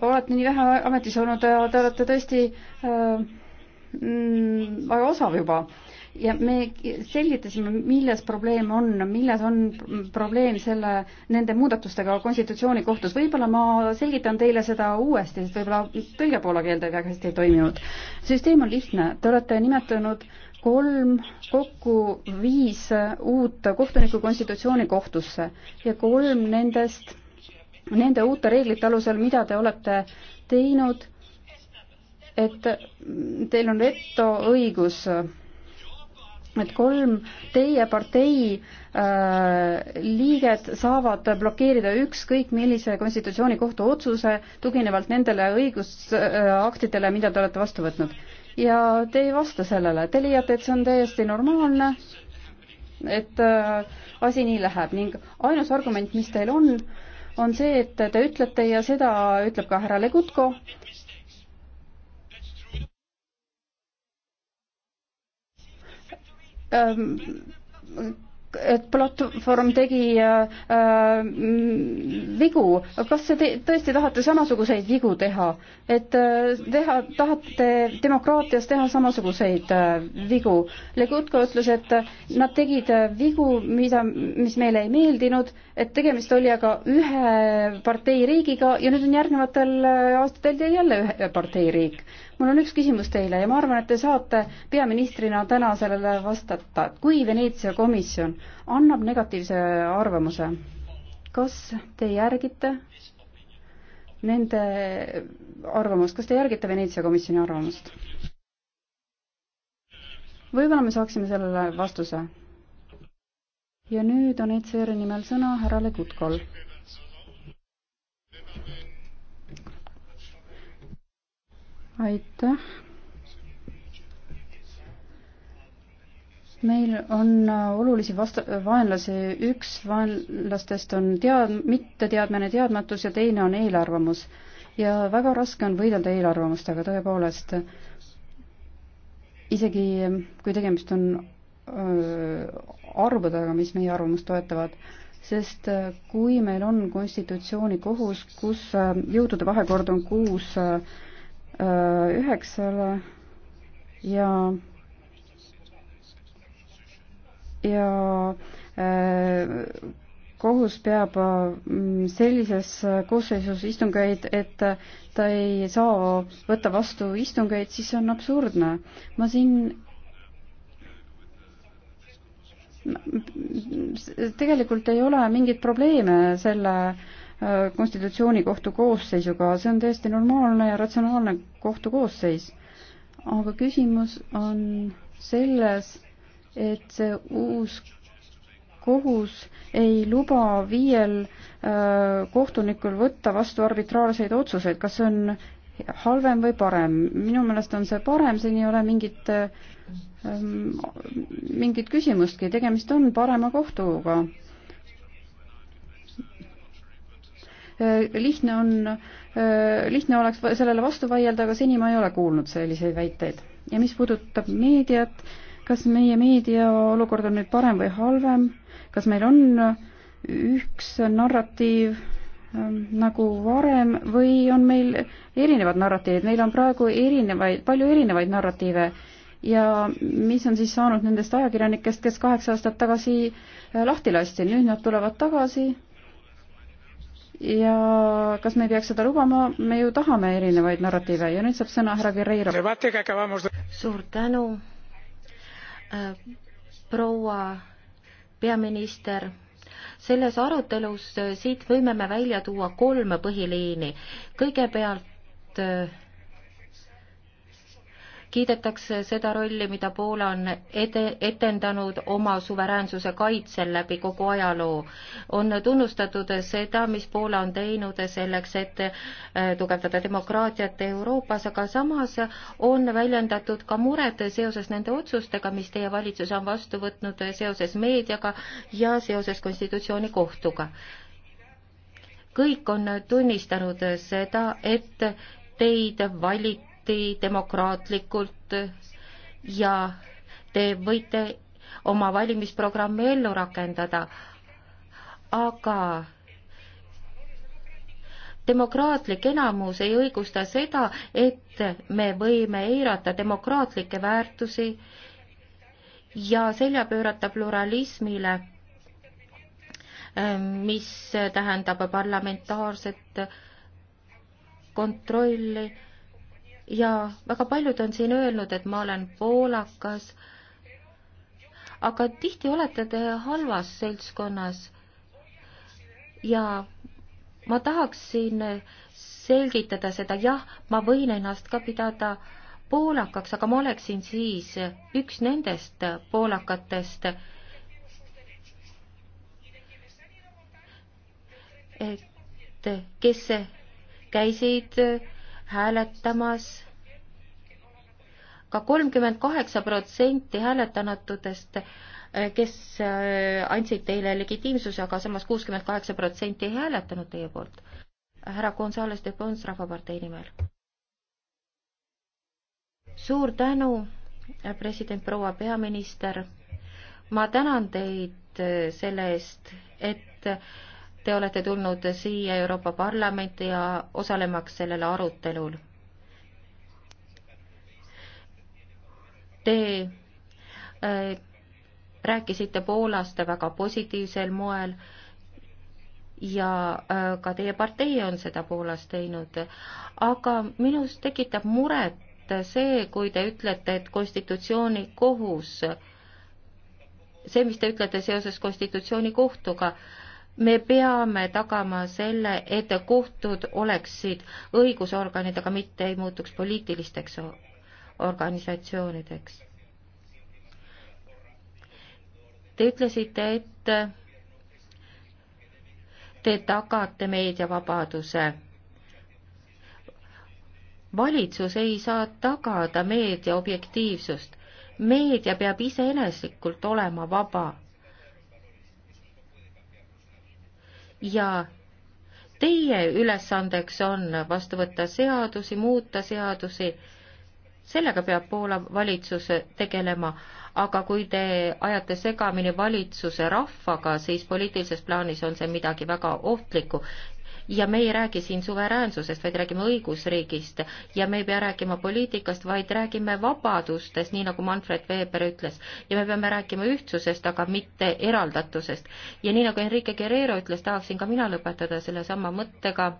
olete nii vähe ametis olnud ja te olete tõesti öö, äh, Mm, väga osav juba ja me selgitasime, milles probleem on, milles on probleem selle, nende muudatustega konstitutsioonikohtus. võib-olla ma selgitan teile seda uuesti, sest võib-olla tõlge poola keelde väga hästi ei toiminud. süsteem on lihtne, te olete nimetanud kolm, kokku viis uut kohtunikku konstitutsioonikohtusse ja kolm nendest, nende uute reeglite alusel, mida te olete teinud et teil on vetoõigus et kolm teie partei äh, liiget saavad blokeerida ükskõik millise konstitutsioonikohtu otsuse tuginevalt nendele õigusaktidele äh,, mida te olete vastu võtnud. ja te ei vasta sellele, te leiate, et see on täiesti normaalne, et äh, asi nii läheb ning ainus argument, mis teil on, on see, et te ütlete ja seda ütleb ka härra Legutko, Ähm, et platvorm tegi äh, äh vigu, kas te tõesti tahate samasuguseid vigu teha, et äh, teha, tahate demokraatias teha samasuguseid äh, vigu? Legutko ütles, et nad tegid äh, vigu, mida, mis meile ei meeldinud, et tegemist oli aga ühe partei riigiga ja nüüd on järgnevatel äh, aastatel jälle ühe partei riik mul on üks küsimus teile ja ma arvan, et te saate peaministrina täna sellele vastata. kui Veneetsia komisjon annab negatiivse arvamuse, kas te järgite nende arvamust, kas te järgite Veneetsia komisjoni arvamust? võib-olla me saaksime sellele vastuse. ja nüüd on ECR-i nimel sõna härra Legutkol aitäh. meil on äh, olulisi vasta-, vaenlasi, üks vaenlastest on tead-, mitteteadmine, teadmatus ja teine on eelarvamus. ja väga raske on võidelda eelarvamustega, tõepoolest. isegi äh, kui tegemist on öö, äh, arvudega, mis meie arvamust toetavad, sest kui meil on konstitutsioonikohus, kus jõudude vahekord on kuus öö, Äh, üheksale ja ja äh, kohus peab mm, sellises koosseisus istungeid, et ta ei saa võtta vastu istungeid, siis see on absurdne. ma siin tegelikult ei ole mingeid probleeme selle Äh, konstitutsioonikohtu koosseisuga, see on täiesti normaalne ja ratsionaalne kohtu koosseis. aga küsimus on selles, et see uus kohus ei luba viiel äh, kohtunikul võtta vastu arbitraarseid otsuseid, kas see on halvem või parem. minu meelest on see parem, siin ei ole mingit, äh, mingit küsimustki, tegemist on parema kohtuga Äh, lihtne on, äh, lihtne oleks sellele vastu vaielda, aga seni ma ei ole kuulnud selliseid väiteid. ja mis puudutab meediat, kas meie meedia olukord on nüüd parem või halvem, kas meil on üks narratiiv ähm, nagu varem või on meil erinevad narratiivid, meil on praegu erinevaid, palju erinevaid narratiive ja mis on siis saanud nendest ajakirjanikest, kes kaheksa aastat tagasi äh, lahti lasti, nüüd nad tulevad tagasi ja kas me ei peaks seda lubama, me ju tahame erinevaid narratiive ja nüüd saab sõna härra Guerreiro. suur tänu, äh, proua peaminister. selles arutelus äh, siit võime me välja tuua kolm põhiliini. kõigepealt äh, kiidetakse seda rolli, mida Poola on ede, etendanud oma suveräänsuse kaitsel läbi kogu ajaloo. on tunnustatud seda, mis Poola on teinud selleks, et äh, tugevdada demokraatiat Euroopas, aga samas on väljendatud ka mured seoses nende otsustega, mis teie valitsus on vastu võtnud seoses meediaga ja seoses konstitutsioonikohtuga. kõik on tunnistanud seda, et teid valiti lahti demokraatlikult ja te võite oma valimisprogrammi ellu rakendada, aga demokraatlik enamus ei õigusta seda, et me võime eirata demokraatlikke väärtusi ja selja pöörata pluralismile, mis tähendab parlamentaarset kontrolli ja väga paljud on siin öelnud, et ma olen poolakas, aga tihti olete te halvas seltskonnas ja ma tahaksin selgitada seda, jah, ma võin ennast ka pidada poolakaks, aga ma oleksin siis üks nendest poolakatest, et kes käisid hääletamas ka kolmkümmend kaheksa protsenti hääletanutudest, eh, kes eh, andsid teile legitiimsuse, aga samas kuuskümmend kaheksa protsenti ei hääletanud teie poolt. härra Gonzales de Pons Rahvapartei nimel. suur tänu, eh, president, proua peaminister. ma tänan teid selle eest, et Te olete tulnud siia Euroopa Parlamenti ja osalemaks sellel arutelul. Te äh, rääkisite Poolast väga positiivsel moel ja äh, ka teie partei on seda Poolas teinud. aga minus tekitab muret see, kui te ütlete, et konstitutsioonikohus, see, mis te ütlete seoses konstitutsioonikohtuga, me peame tagama selle, et kohtud oleksid õigusorganid, aga mitte ei muutuks poliitilisteks organisatsioonideks. Te ütlesite, et te tagate meediavabaduse. valitsus ei saa tagada meedia objektiivsust. meedia peab iseeneslikult olema vaba ja teie ülesandeks on vastu võtta seadusi, muuta seadusi, sellega peab Poola valitsus tegelema, aga kui te ajate segamini valitsuse rahvaga, siis poliitilises plaanis on see midagi väga ohtlikku ja me ei räägi siin suveräänsusest, vaid räägime õigusriigist ja me ei pea rääkima poliitikast, vaid räägime vabadustest, nii nagu Manfred Weber ütles. ja me peame rääkima ühtsusest, aga mitte eraldatusest. ja nii nagu Enrique Guerrero ütles, tahaksin ka mina lõpetada sellesama mõttega,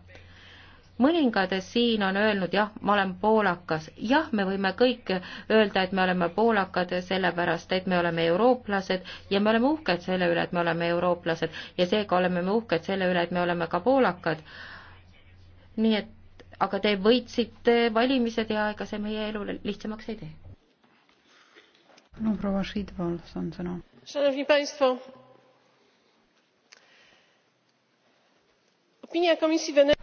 mõningad siin on öelnud, jah, ma olen poolakas. jah, me võime kõik öelda, et me oleme poolakad sellepärast, et me oleme eurooplased ja me oleme uhked selle üle, et me oleme eurooplased ja seega oleme me uhked selle üle, et me oleme ka poolakad. nii et, aga te võitsite valimised ja ega see meie elu lihtsamaks ei tee. no proua Šidval, saan sõna. Szanowni Państwo, opinia Komisji Wenecji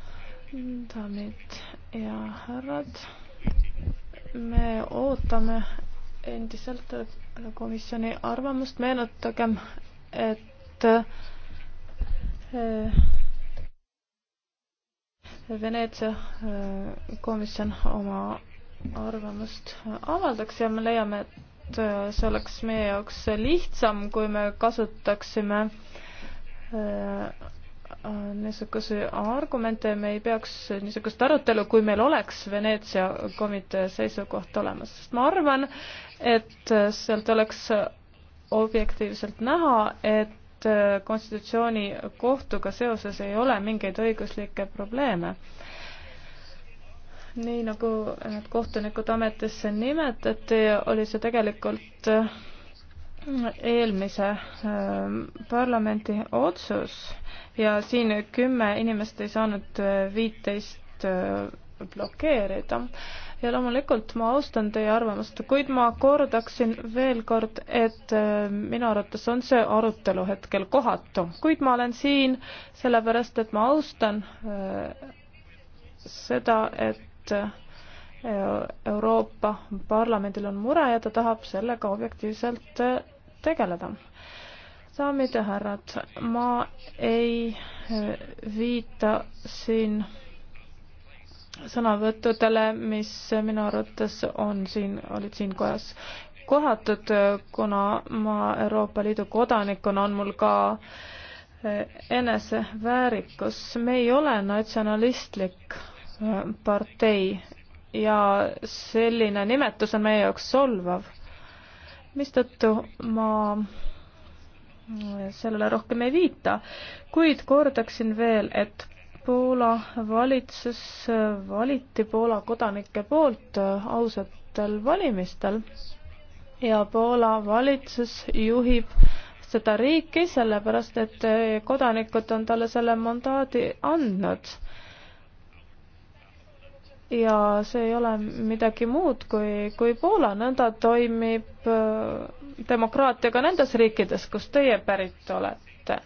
daamid ja härrad, me ootame endiselt komisjoni arvamust, meenutagem, et eh, Veneetsia eh, komisjon oma arvamust avaldaks ja me leiame, et eh, see oleks meie jaoks lihtsam, kui me kasutaksime niisuguseid argumente, me ei peaks niisugust arutelu, kui meil oleks Veneetsia komitee seisukoht olemas, sest ma arvan, et sealt oleks objektiivselt näha, et konstitutsioonikohtuga seoses ei ole mingeid õiguslikke probleeme. nii nagu need kohtunikud ametisse nimetati, oli see tegelikult eelmise äh, parlamendi otsus ja siin kümme inimest ei saanud äh, viiteist äh, blokeerida ja loomulikult ma austan teie arvamust, kuid ma kordaksin veel kord, et äh, minu arvates on see arutelu hetkel kohatu, kuid ma olen siin sellepärast, et ma austan seda, et Euroopa Parlamendil on mure ja ta tahab sellega objektiivselt tegeleda daamid ja härrad, ma ei eh, viita siin sõnavõttudele, mis minu arvates on siin, olid siin kojas kohatud, kuna ma Euroopa Liidu kodanikuna on mul ka eh, eneseväärikus. me ei ole natsionalistlik eh, partei ja selline nimetus on meie jaoks solvav, mistõttu ma sellele rohkem ei viita, kuid kordaksin veel, et Poola valitsus valiti Poola kodanike poolt ausatel valimistel ja Poola valitsus juhib seda riiki sellepärast, et kodanikud on talle selle mandaadi andnud. ja see ei ole midagi muud kui, kui Poola, nõnda toimib demokraatiaga nendes riikides, kust teie pärit olete.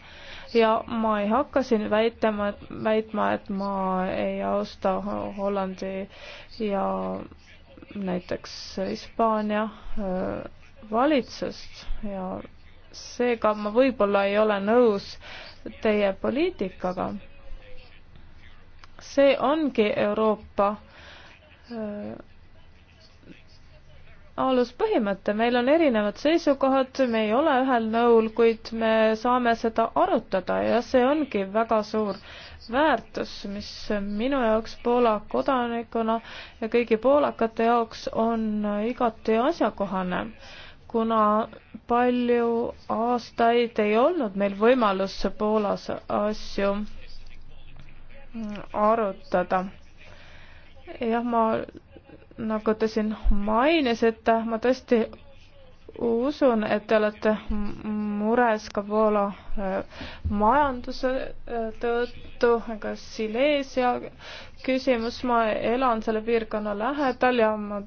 ja ma ei hakka siin väitama, väitma, et ma ei austa Hollandi ja näiteks Hispaania valitsust ja seega ma võib-olla ei ole nõus teie poliitikaga. see ongi Euroopa öö, aluspõhimõte, meil on erinevad seisukohad, me ei ole ühel nõul, kuid me saame seda arutada ja see ongi väga suur väärtus, mis minu jaoks Poola kodanikuna ja kõigi poolakate jaoks on igati asjakohane, kuna palju aastaid ei olnud meil võimalus Poolas asju arutada. jah, ma nagu ta siin mainis, et ma tõesti usun, et te olete mures ka Poola äh, majanduse äh, tõttu, aga Silesia küsimus, ma elan selle piirkonna lähedal ja ma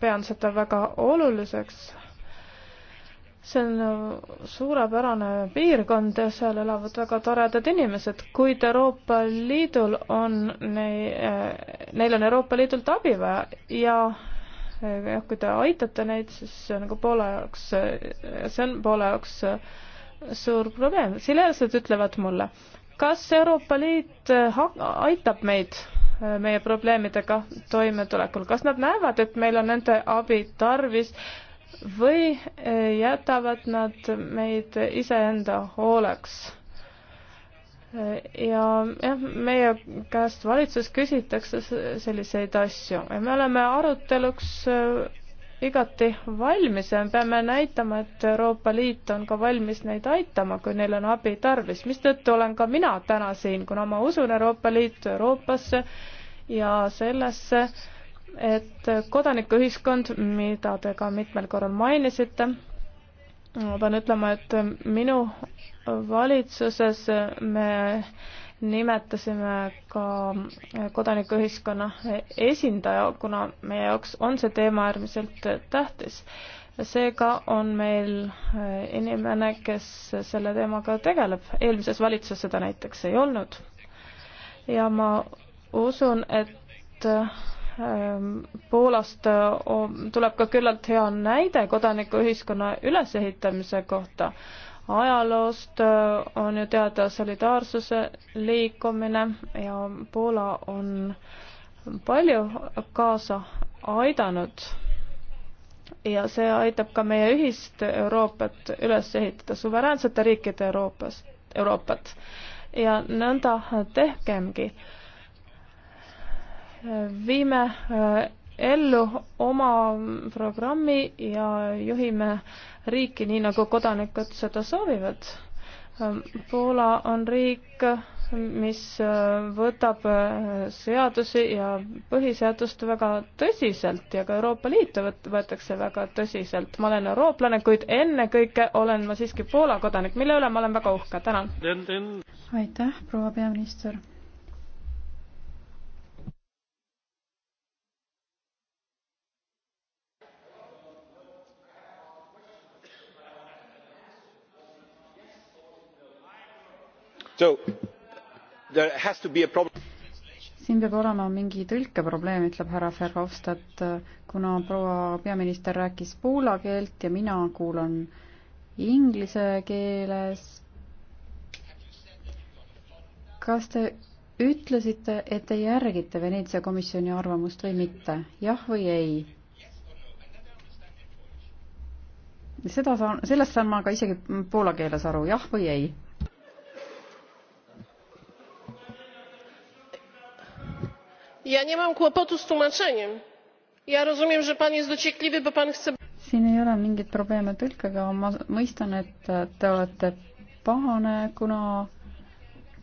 pean seda väga oluliseks see on äh, suurepärane piirkond ja seal elavad väga toredad inimesed, kuid Euroopa Liidul on nei-, äh, neil on Euroopa Liidult abi vaja ja äh, jah, kui te aitate neid, siis see on nagu Poola jaoks, see on Poola jaoks suur probleem. silelased ütlevad mulle, kas Euroopa Liit aitab meid meie probleemidega toimetulekul, kas nad näevad, et meil on nende abi tarvis või e, jätavad nad meid iseenda hooleks. E, ja jah, meie käest valitsus küsitakse selliseid asju ja me oleme aruteluks e, igati valmis ja me peame näitama, et Euroopa Liit on ka valmis neid aitama, kui neil on abi tarvis, mistõttu olen ka mina täna siin, kuna ma usun Euroopa Liitu, Euroopasse ja sellesse, et kodanikuühiskond, mida te ka mitmel korral mainisite, ma pean ütlema, et minu valitsuses me nimetasime ka kodanikuühiskonna esindaja, kuna meie jaoks on see teema äärmiselt tähtis. seega on meil inimene, kes selle teemaga tegeleb, eelmises valitsuses seda näiteks ei olnud. ja ma usun, et Ehm, Poolast tuleb ka küllalt hea näide kodanikuühiskonna ülesehitamise kohta. ajaloost on ju teada solidaarsuse liikumine ja Poola on palju kaasa aidanud ja see aitab ka meie ühist Euroopat üles ehitada, suveräänsete riikide Euroopas, Euroopat. ja nõnda tehkemgi äh, viime äh, ellu oma programmi ja juhime riiki nii, nagu kodanikud seda soovivad. Ähm, Poola on riik, mis äh, võtab äh, seadusi ja põhiseadust väga tõsiselt ja ka Euroopa Liitu võetakse väga tõsiselt. ma olen eurooplane, kuid ennekõike olen ma siiski Poola kodanik, mille üle ma olen väga uhke, tänan. aitäh, proua peaminister. siin peab olema mingi tõlkeprobleem, ütleb härra Verhofstadt, kuna proua peaminister rääkis poola keelt ja mina kuulan inglise keeles. kas te ütlesite, et te järgite Veneetsia komisjoni arvamust või mitte, jah või ei? seda saan, sellest saan ma ka isegi poola keeles aru, jah või ei ja nie mam kłopotu z tłumaczeniem ja rozumiem że pan jest dociekliwy bo pan chce siin ei ole mingeid probleeme tõlkega ma mõistan et te olete pahane kuna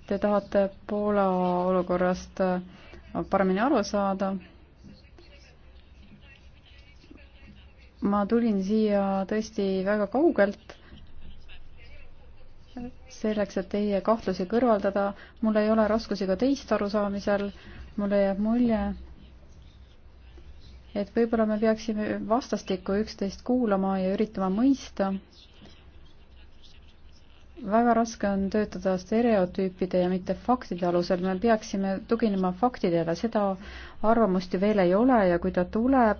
te tahate Poola olukorrast äh, paremini aru saada ma tulin siia tõesti väga kaugelt selleks, et teie kahtlusi kõrvaldada. mul ei ole raskusi ka teist arusaamisel mulle jääb mulje, et võib-olla me peaksime vastastikku üksteist kuulama ja üritama mõista. väga raske on töötada stereotüüpide ja mitte faktide alusel, me peaksime tuginema faktidele, seda arvamust ju veel ei ole ja kui ta tuleb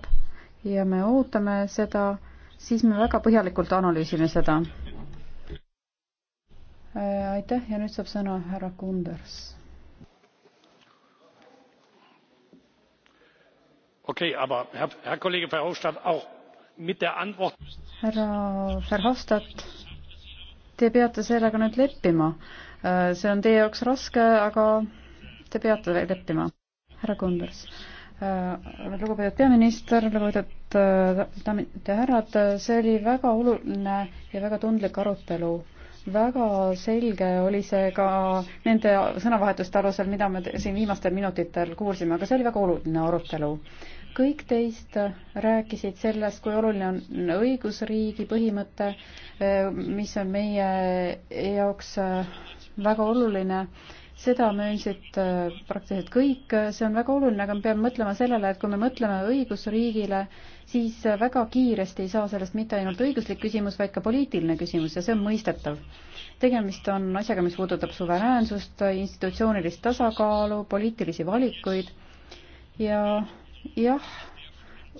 ja me ootame seda, siis me väga põhjalikult analüüsime seda. Äh, aitäh ja nüüd saab sõna härra Kunders okay, aber herr, herr kollege verhofstadt auch mit der antwort. härra verhofstadt te peate sellega nüüd leppima äh, see on teie jaoks raske aga te peate leppima härra Kunders äh, lugupeetud peaminister lugupeetud äh, daamid ja härrad see oli väga oluline ja väga tundlik arutelu väga selge oli see ka nende sõnavahetuste alusel, mida me siin viimastel minutitel kuulsime, aga see oli väga oluline arutelu. kõik teist rääkisid sellest, kui oluline on õigusriigi põhimõte, mis on meie jaoks väga oluline seda möönsid praktiliselt kõik, see on väga oluline, aga me peame mõtlema sellele, et kui me mõtleme õigusriigile, siis väga kiiresti ei saa sellest mitte ainult õiguslik küsimus, vaid ka poliitiline küsimus ja see on mõistetav. tegemist on asjaga, mis puudutab suveräänsust, institutsioonilist tasakaalu, poliitilisi valikuid ja jah,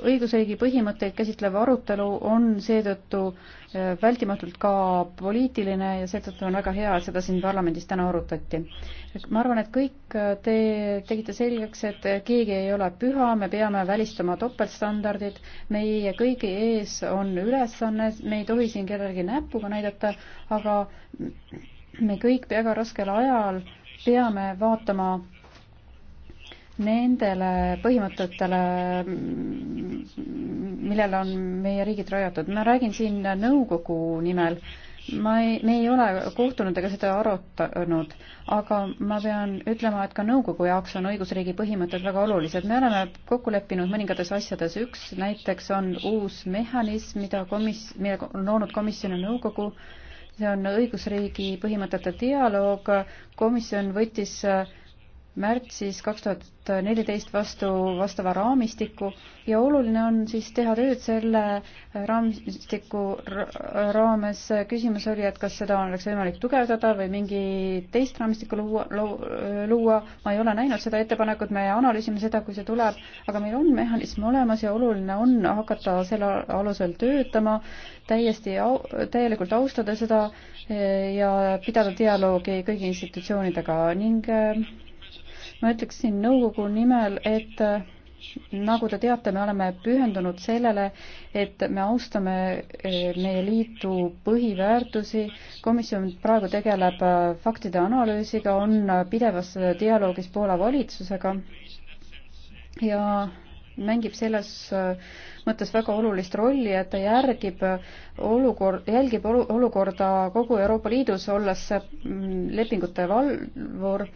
õigusriigi põhimõtteid käsitlev arutelu on seetõttu äh, vältimatult ka poliitiline ja seetõttu on väga hea, et seda siin parlamendis täna arutati. ma arvan, et kõik äh, te tegite selgeks, et keegi ei ole püha, me peame välistama topeltstandardid, meie kõigi ees on ülesanne, me ei tohi siin kellelegi näpuga näidata, aga me kõik väga raskel ajal peame vaatama nendele põhimõtetele, millele on meie riigid rajatud. ma räägin siin nõukogu nimel. ma ei, me ei ole kohtunud ega seda arutanud, aga ma pean ütlema, et ka nõukogu jaoks on õigusriigi põhimõtted väga olulised. me oleme kokku leppinud mõningates asjades. üks näiteks on uus mehhanism, mida komis-, mille on loonud komisjon ja nõukogu see on õigusriigi põhimõtete dialoog. komisjon võttis märtsis kaks tuhat neliteist vastu vastava raamistiku ja oluline on siis teha tööd selle raamistiku raames. küsimus oli, et kas seda oleks võimalik tugevdada või mingi teist raamistikku luua, luua. ma ei ole näinud seda ettepanekut, me analüüsime seda, kui see tuleb, aga meil on mehhanism olemas ja oluline on hakata selle alusel töötama täiesti au,, täielikult austada seda eh, ja pidada dialoogi kõigi institutsioonidega ning eh, ma ütleksin nõukogu nimel, et äh, nagu te teate, me oleme pühendunud sellele, et me austame äh, meie liidu põhiväärtusi. komisjon praegu tegeleb äh, faktide analüüsiga, on pidevas dialoogis Poola valitsusega ja mängib selles mõttes väga olulist rolli, et ta järgib olukord, jälgib olukorda kogu Euroopa Liidus, olles mm, lepingute valvur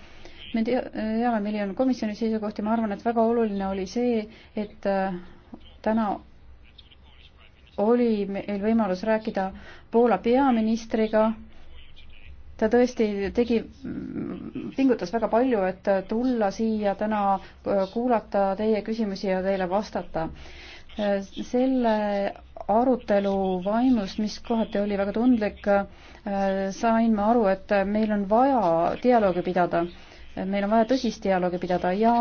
me teame, milline on komisjoni seisukoht ja ma arvan, et väga oluline oli see, et äh, täna oli meil võimalus rääkida Poola peaministriga. ta tõesti tegi, pingutas väga palju, et tulla siia täna, äh, kuulata teie küsimusi ja teile vastata. Äh, selle arutelu vaimust, mis kohati oli väga tundlik, sain ma aru, et meil on vaja dialoogi pidada meil on vaja tõsist dialoogi pidada ja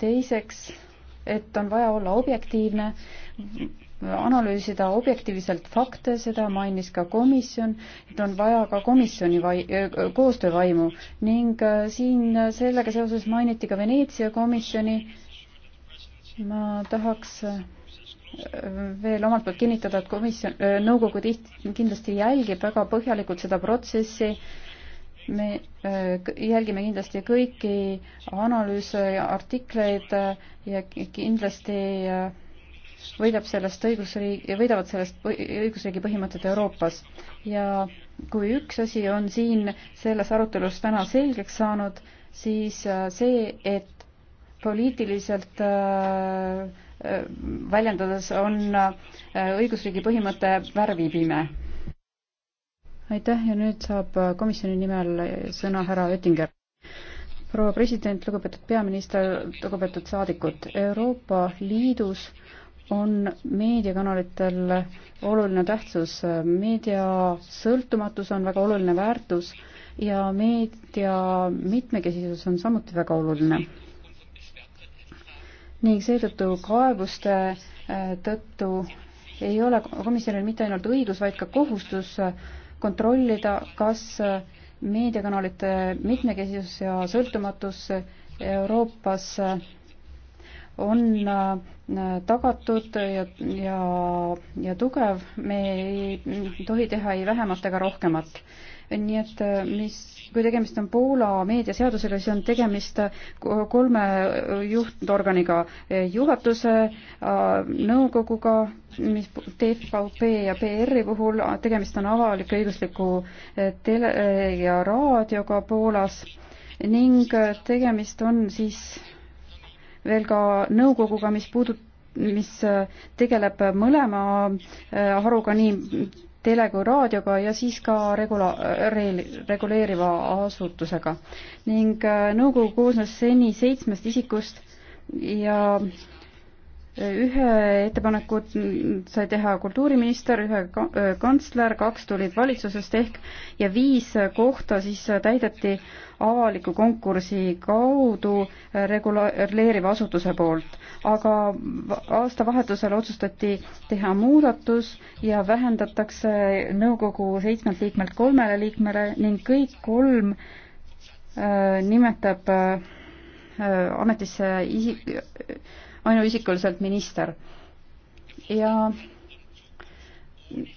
teiseks, et on vaja olla objektiivne, analüüsida objektiivselt fakte, seda mainis ka komisjon, et on vaja ka komisjoni vai-, koostöövaimu ning äh, siin sellega seoses mainiti ka Veneetsia komisjoni. ma tahaks äh, veel omalt poolt kinnitada, et komisjon, nõukogu tiht-, kindlasti jälgib väga põhjalikult seda protsessi äh, me äh, jälgime kindlasti kõiki analüüse ja artikleid äh, ja kindlasti äh, võidab sellest õigusriigi, võidavad sellest õigusriigi põhimõtted Euroopas. ja kui üks asi on siin selles arutelus täna selgeks saanud, siis see, et poliitiliselt väljendades on õigusriigi põhimõte värvipime aitäh ja nüüd saab äh, komisjoni nimel sõna härra Oettinger. proua president, lugupeetud peaminister, lugupeetud saadikud, Euroopa Liidus on meediakanalitel oluline tähtsus, meedia sõltumatus on väga oluline väärtus ja meedia mitmekesisus on samuti väga oluline. ning seetõttu kaebuste äh, tõttu ei ole komisjonil mitte ainult õigus, vaid ka kohustus äh, kontrollida, kas meediakanalite mitmekesisus ja sõltumatus Euroopas on äh, tagatud ja, ja, ja tugev, me ei tohi teha ei vähemat ega rohkemat nii et äh, mis, kui tegemist on Poola meediaseadusega, siis on tegemist äh, kolme äh, juhtorganiga, juhatuse, nõukoguga, mis TVP ja PR-i puhul, tegemist on avalik-õigusliku tele- ja raadioga Poolas ning tegemist on siis veel ka nõukoguga, mis puudut-, mis tegeleb mõlema haruga, nii telega raadioga ja siis ka regula-, reel-, reguleeriva asutusega. ning äh, nõukogu koosnes seni seitsmest isikust ja ühe ettepaneku sai teha kultuuriminister, ühe kantsler, kaks tulid valitsusest ehk ja viis kohta siis täideti avaliku konkursi kaudu reguleeriva asutuse poolt. aga aastavahetusel otsustati teha muudatus ja vähendatakse nõukogu seitsmelt liikmelt kolmele liikmele ning kõik kolm äh, nimetab äh, ametisse isik- äh,, ainuisikuliselt minister. ja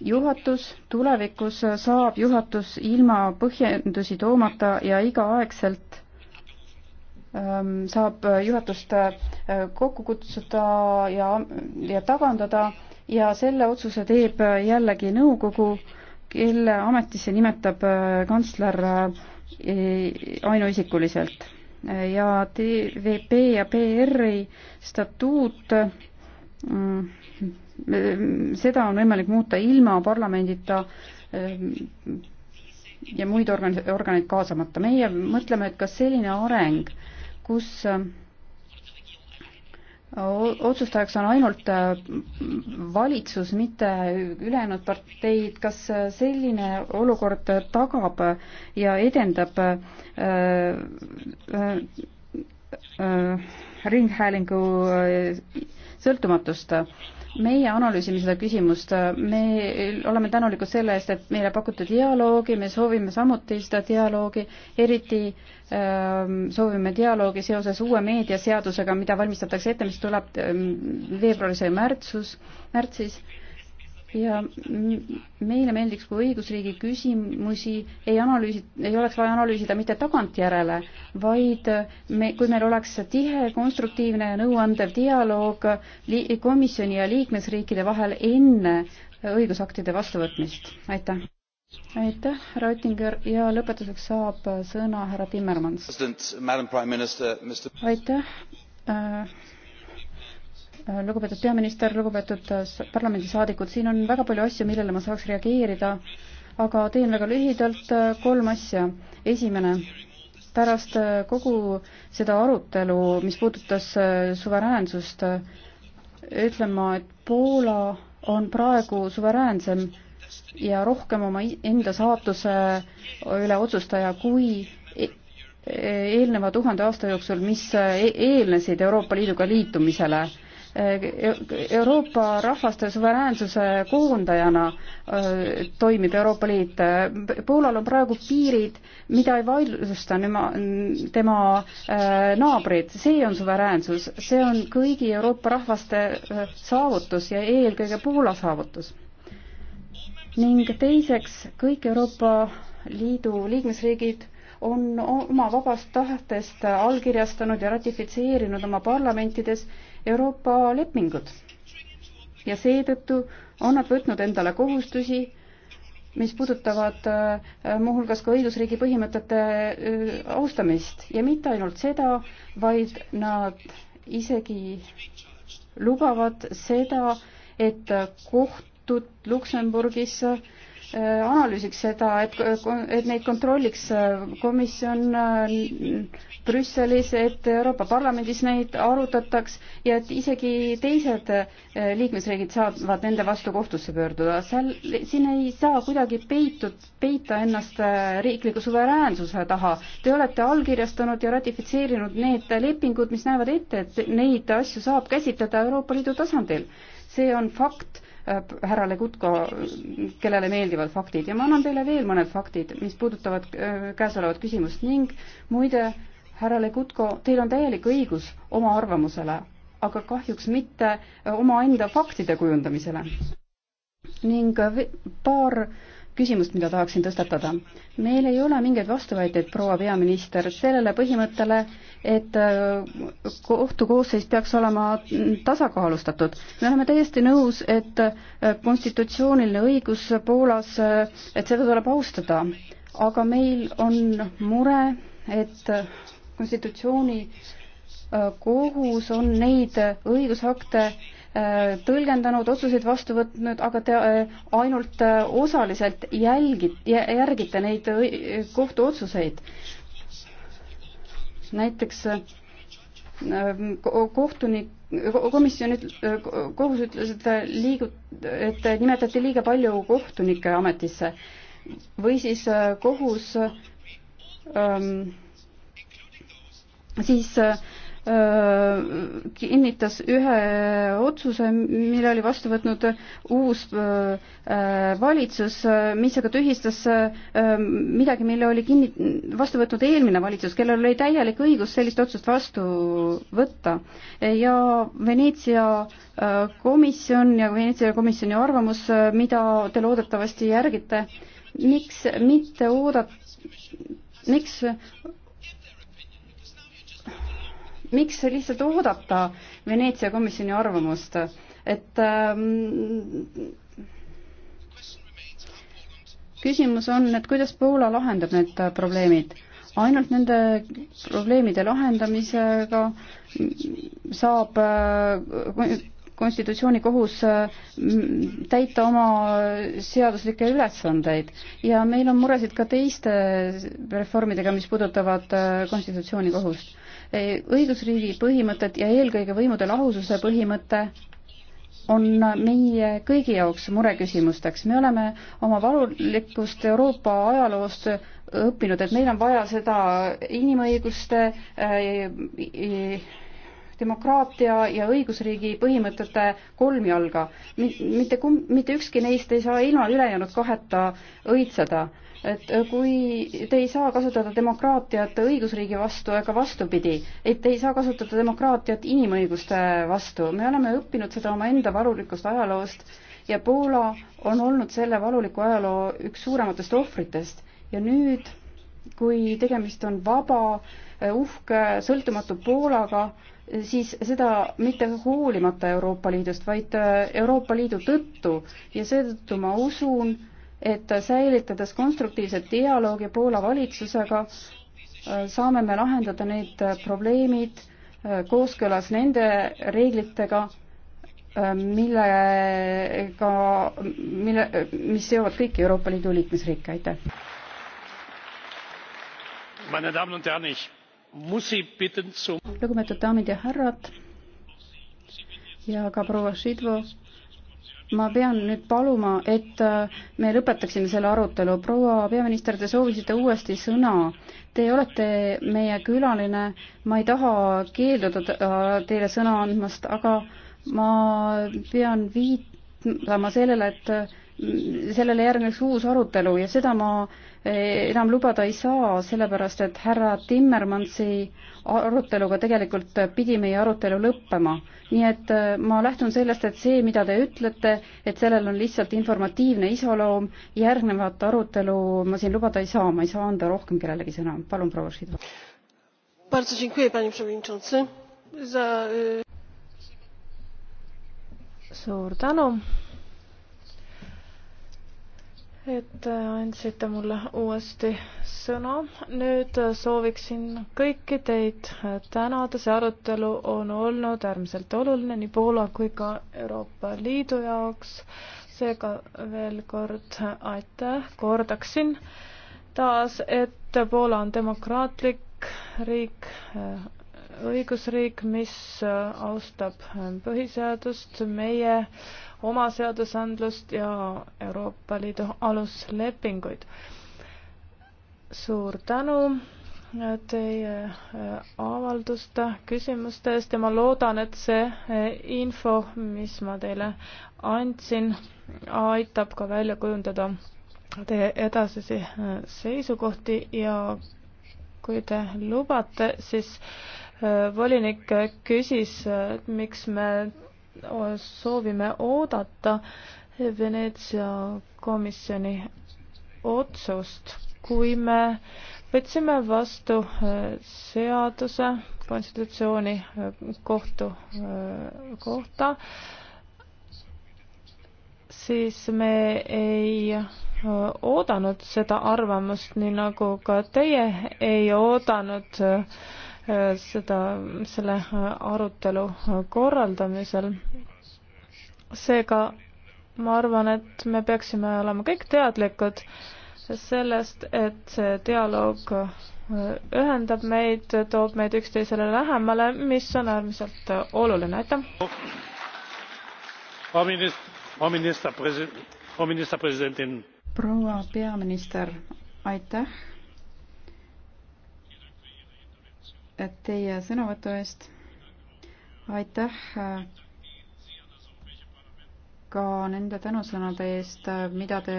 juhatus tulevikus saab juhatus ilma põhjendusi toomata ja igaaegselt ähm, saab juhatust äh, kokku kutsuda ja, ja tagandada ja selle otsuse teeb jällegi nõukogu, kelle ametisse nimetab äh, kantsler äh, ainuisikuliselt ja DVP ja PR-i statuut, mm, seda on võimalik muuta ilma parlamendita mm, ja muid organ-, organeid kaasamata. meie mõtleme, et kas selline areng, kus otsustajaks on ainult äh, valitsus, mitte ülejäänud parteid, kas äh, selline olukord tagab ja edendab äh, äh, äh ringhäälingu sõltumatust? meie analüüsime seda küsimust, me oleme tänulikud selle eest, et meile pakuti dialoogi, me soovime samuti seda dialoogi, eriti äh, Ehm, soovime dialoogi seoses uue meediaseadusega, mida valmistatakse ette, mis tuleb ehm, veebruaris või märtsus, märtsis. ja meile meeldiks, kui õigusriigi küsimusi ei analüüsi, ei oleks vaja analüüsida mitte tagantjärele, vaid me, kui meil oleks tihe, konstruktiivne ja nõuandev dialoog komisjoni ja liikmesriikide vahel enne õigusaktide vastuvõtmist. aitäh! aitäh, härra Oettinger ja lõpetuseks saab sõna härra Timmermans. aitäh äh, lugupeetud peaminister, lugupeetud äh, parlamendisaadikud, siin on väga palju asju, millele ma saaks reageerida, aga teen väga lühidalt äh, kolm asja. esimene, pärast äh, kogu seda arutelu, mis puudutas suveräänsust, ütlen ma, et Poola on praegu suveräänsem ja rohkem oma enda saatuse üle otsustaja kui e-, eelneva tuhande aasta jooksul, mis e-, eelnesid Euroopa Liiduga liitumisele. E-, Euroopa rahvaste suveräänsuse koondajana toimib Euroopa Liit. Poolal on praegu piirid, mida ei vaidlusta nema, tema naabrid, see on suveräänsus, see on kõigi Euroopa rahvaste saavutus ja eelkõige Poola saavutus ning teiseks, kõik Euroopa Liidu liikmesriigid on oma vabast tahtest allkirjastanud ja ratifitseerinud oma parlamentides Euroopa lepingud. ja seetõttu on nad võtnud endale kohustusi, mis puudutavad äh, muuhulgas ka õigusriigi põhimõtete äh, austamist ja mitte ainult seda, vaid nad isegi lubavad seda, et koht Liidut Luksemburgis äh, analüüsiks seda, et, et neid kontrolliks äh, komisjon äh, Brüsselis, et Euroopa Parlamendis neid arutataks ja et isegi teised liikmesriigid saavad nende vastu kohtusse pöörduda. seal, siin ei saa kuidagi peitud, peita ennast riikliku suveräänsuse taha. Te olete allkirjastanud ja ratifitseerinud need lepingud, mis näevad ette, et neid asju saab käsitleda Euroopa Liidu tasandil. see on fakt Äh, härra Legutko, kellele meeldivad faktid ja ma annan teile veel mõned faktid, mis puudutavad äh, käesolevat küsimust ning muide, härra Legutko, teil on täielik õigus oma arvamusele, aga kahjuks mitte äh, omaenda faktide kujundamisele. ning paar küsimust, mida tahaksin tõstatada. meil ei ole mingeid vastuväiteid, proua peaminister, sellele põhimõttele, et äh, kohtukoosseis peaks olema tasakaalustatud. me oleme täiesti nõus, et äh, konstitutsiooniline õigus Poolas, äh, et seda tuleb austada, aga meil on mure, et konstitutsiooni kohus on neid õigusakte Äh, tõlgendanud, otsuseid vastu võtnud, aga te äh, ainult äh, osaliselt jälgid, järgite neid kohtuotsuseid. näiteks kohtunik, komisjon, kohus ütles, et liigu-, et nimetati liiga palju kohtunikke ametisse või siis kohus ähm, siis äh, kinnitas ühe otsuse, mille oli vastu võtnud uus valitsus, mis aga tühistas midagi, mille oli kinni, vastu võtnud eelmine valitsus, kellel oli täielik õigus sellist otsust vastu võtta. ja Veneetsia komisjon ja Veneetsia komisjoni arvamus, mida te loodetavasti järgite, miks mitte oodata, miks miks lihtsalt oodata Veneetsia komisjoni arvamust, et ähm, küsimus on, et kuidas Poola lahendab need probleemid? ainult nende probleemide lahendamisega saab äh, konstitutsioonikohus äh, täita oma seaduslikke ülesandeid ja meil on muresid ka teiste reformidega, mis puudutavad äh, konstitutsioonikohust. Äh, õigusriigi põhimõtted ja eelkõige võimude lahususe põhimõte on meie kõigi jaoks mureküsimusteks. me oleme oma valulikust Euroopa ajaloost õppinud, et meil on vaja seda inimõiguste demokraatia ja õigusriigi põhimõtete kolmjalga. mitte kumb, mitte ükski neist ei saa ilma ülejäänud kaheta õitseda. et äh, kui te ei saa kasutada demokraatiat õigusriigi vastu ega vastupidi, et te ei saa kasutada demokraatiat inimõiguste vastu, me oleme õppinud seda omaenda valulikust ajaloost ja Poola on olnud selle valuliku ajaloo üks suurematest ohvritest ja nüüd kui tegemist on vaba, äh, uhke, sõltumatu Poolaga, siis seda mitte hoolimata Euroopa Liidust, vaid äh, Euroopa Liidu tõttu ja seetõttu ma usun, et säilitades konstruktiivset dialoogi Poola valitsusega, äh, saame me lahendada need äh, probleemid kooskõlas nende reeglitega, millega, mille, mis seovad kõiki Euroopa Liidu liikmesriike, aitäh! lugupeetud daamid ja härrad ja ka proua Šidvo, ma pean nüüd paluma, et äh, me lõpetaksime selle arutelu. proua peaminister, te soovisite uuesti sõna. Te olete meie külaline, ma ei taha keelduda äh, teile sõna andmast, aga ma pean viitama sellele, et äh, sellele järgneks uus arutelu ja seda ma enam lubada ei saa, sellepärast et härra Timmermansi aruteluga tegelikult pidi meie arutelu lõppema. nii et äh, ma lähtun sellest, et see, mida te ütlete, et sellel on lihtsalt informatiivne iseloom, järgnevat arutelu ma siin lubada ei saa, ma ei saa anda rohkem kellelegi sõna. palun, proua Šidlo. suur tänu et äh, andsite mulle uuesti sõna. nüüd äh, sooviksin kõiki teid äh, tänada, see arutelu on olnud äärmiselt oluline nii Poola kui ka Euroopa Liidu jaoks. seega veel kord aitäh, kordaksin taas, et Poola on demokraatlik riik, õigusriik, mis austab põhiseadust, meie oma seadusandlust ja Euroopa Liidu aluslepinguid. suur tänu äh, teie äh, avalduste, küsimuste eest ja ma loodan, et see äh, info, mis ma teile andsin, aitab ka välja kujundada teie edasisi seisukohti ja kui te lubate, siis volinik küsis, et miks me soovime oodata Veneetsia komisjoni otsust, kui me võtsime vastu äh, seaduse konstitutsiooni äh, kohtu äh, kohta, siis me ei oodanud seda arvamust, nii nagu ka teie ei oodanud äh, seda, selle arutelu korraldamisel. seega ma arvan, et me peaksime olema kõik teadlikud sellest, et see dialoog ühendab meid, toob meid üksteisele lähemale, mis on äärmiselt oluline, aitäh. proua peaminister, aitäh teie sõnavõtu eest. aitäh äh, ka nende tänusõnade eest, äh, mida te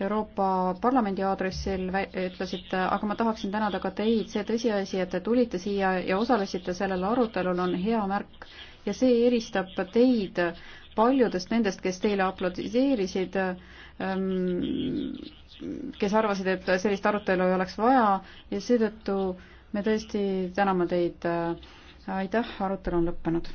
Euroopa Parlamendi aadressil ütlesite, aga ma tahaksin tänada ka teid, see tõsiasi, et te tulite siia ja osalesite sellel arutelul, on hea märk ja see eristab teid paljudest nendest, kes teile aplodiseerisid, ähm, kes arvasid, et sellist arutelu ei oleks vaja ja seetõttu äh, me tõesti täname teid. aitäh, arutelu on lõppenud.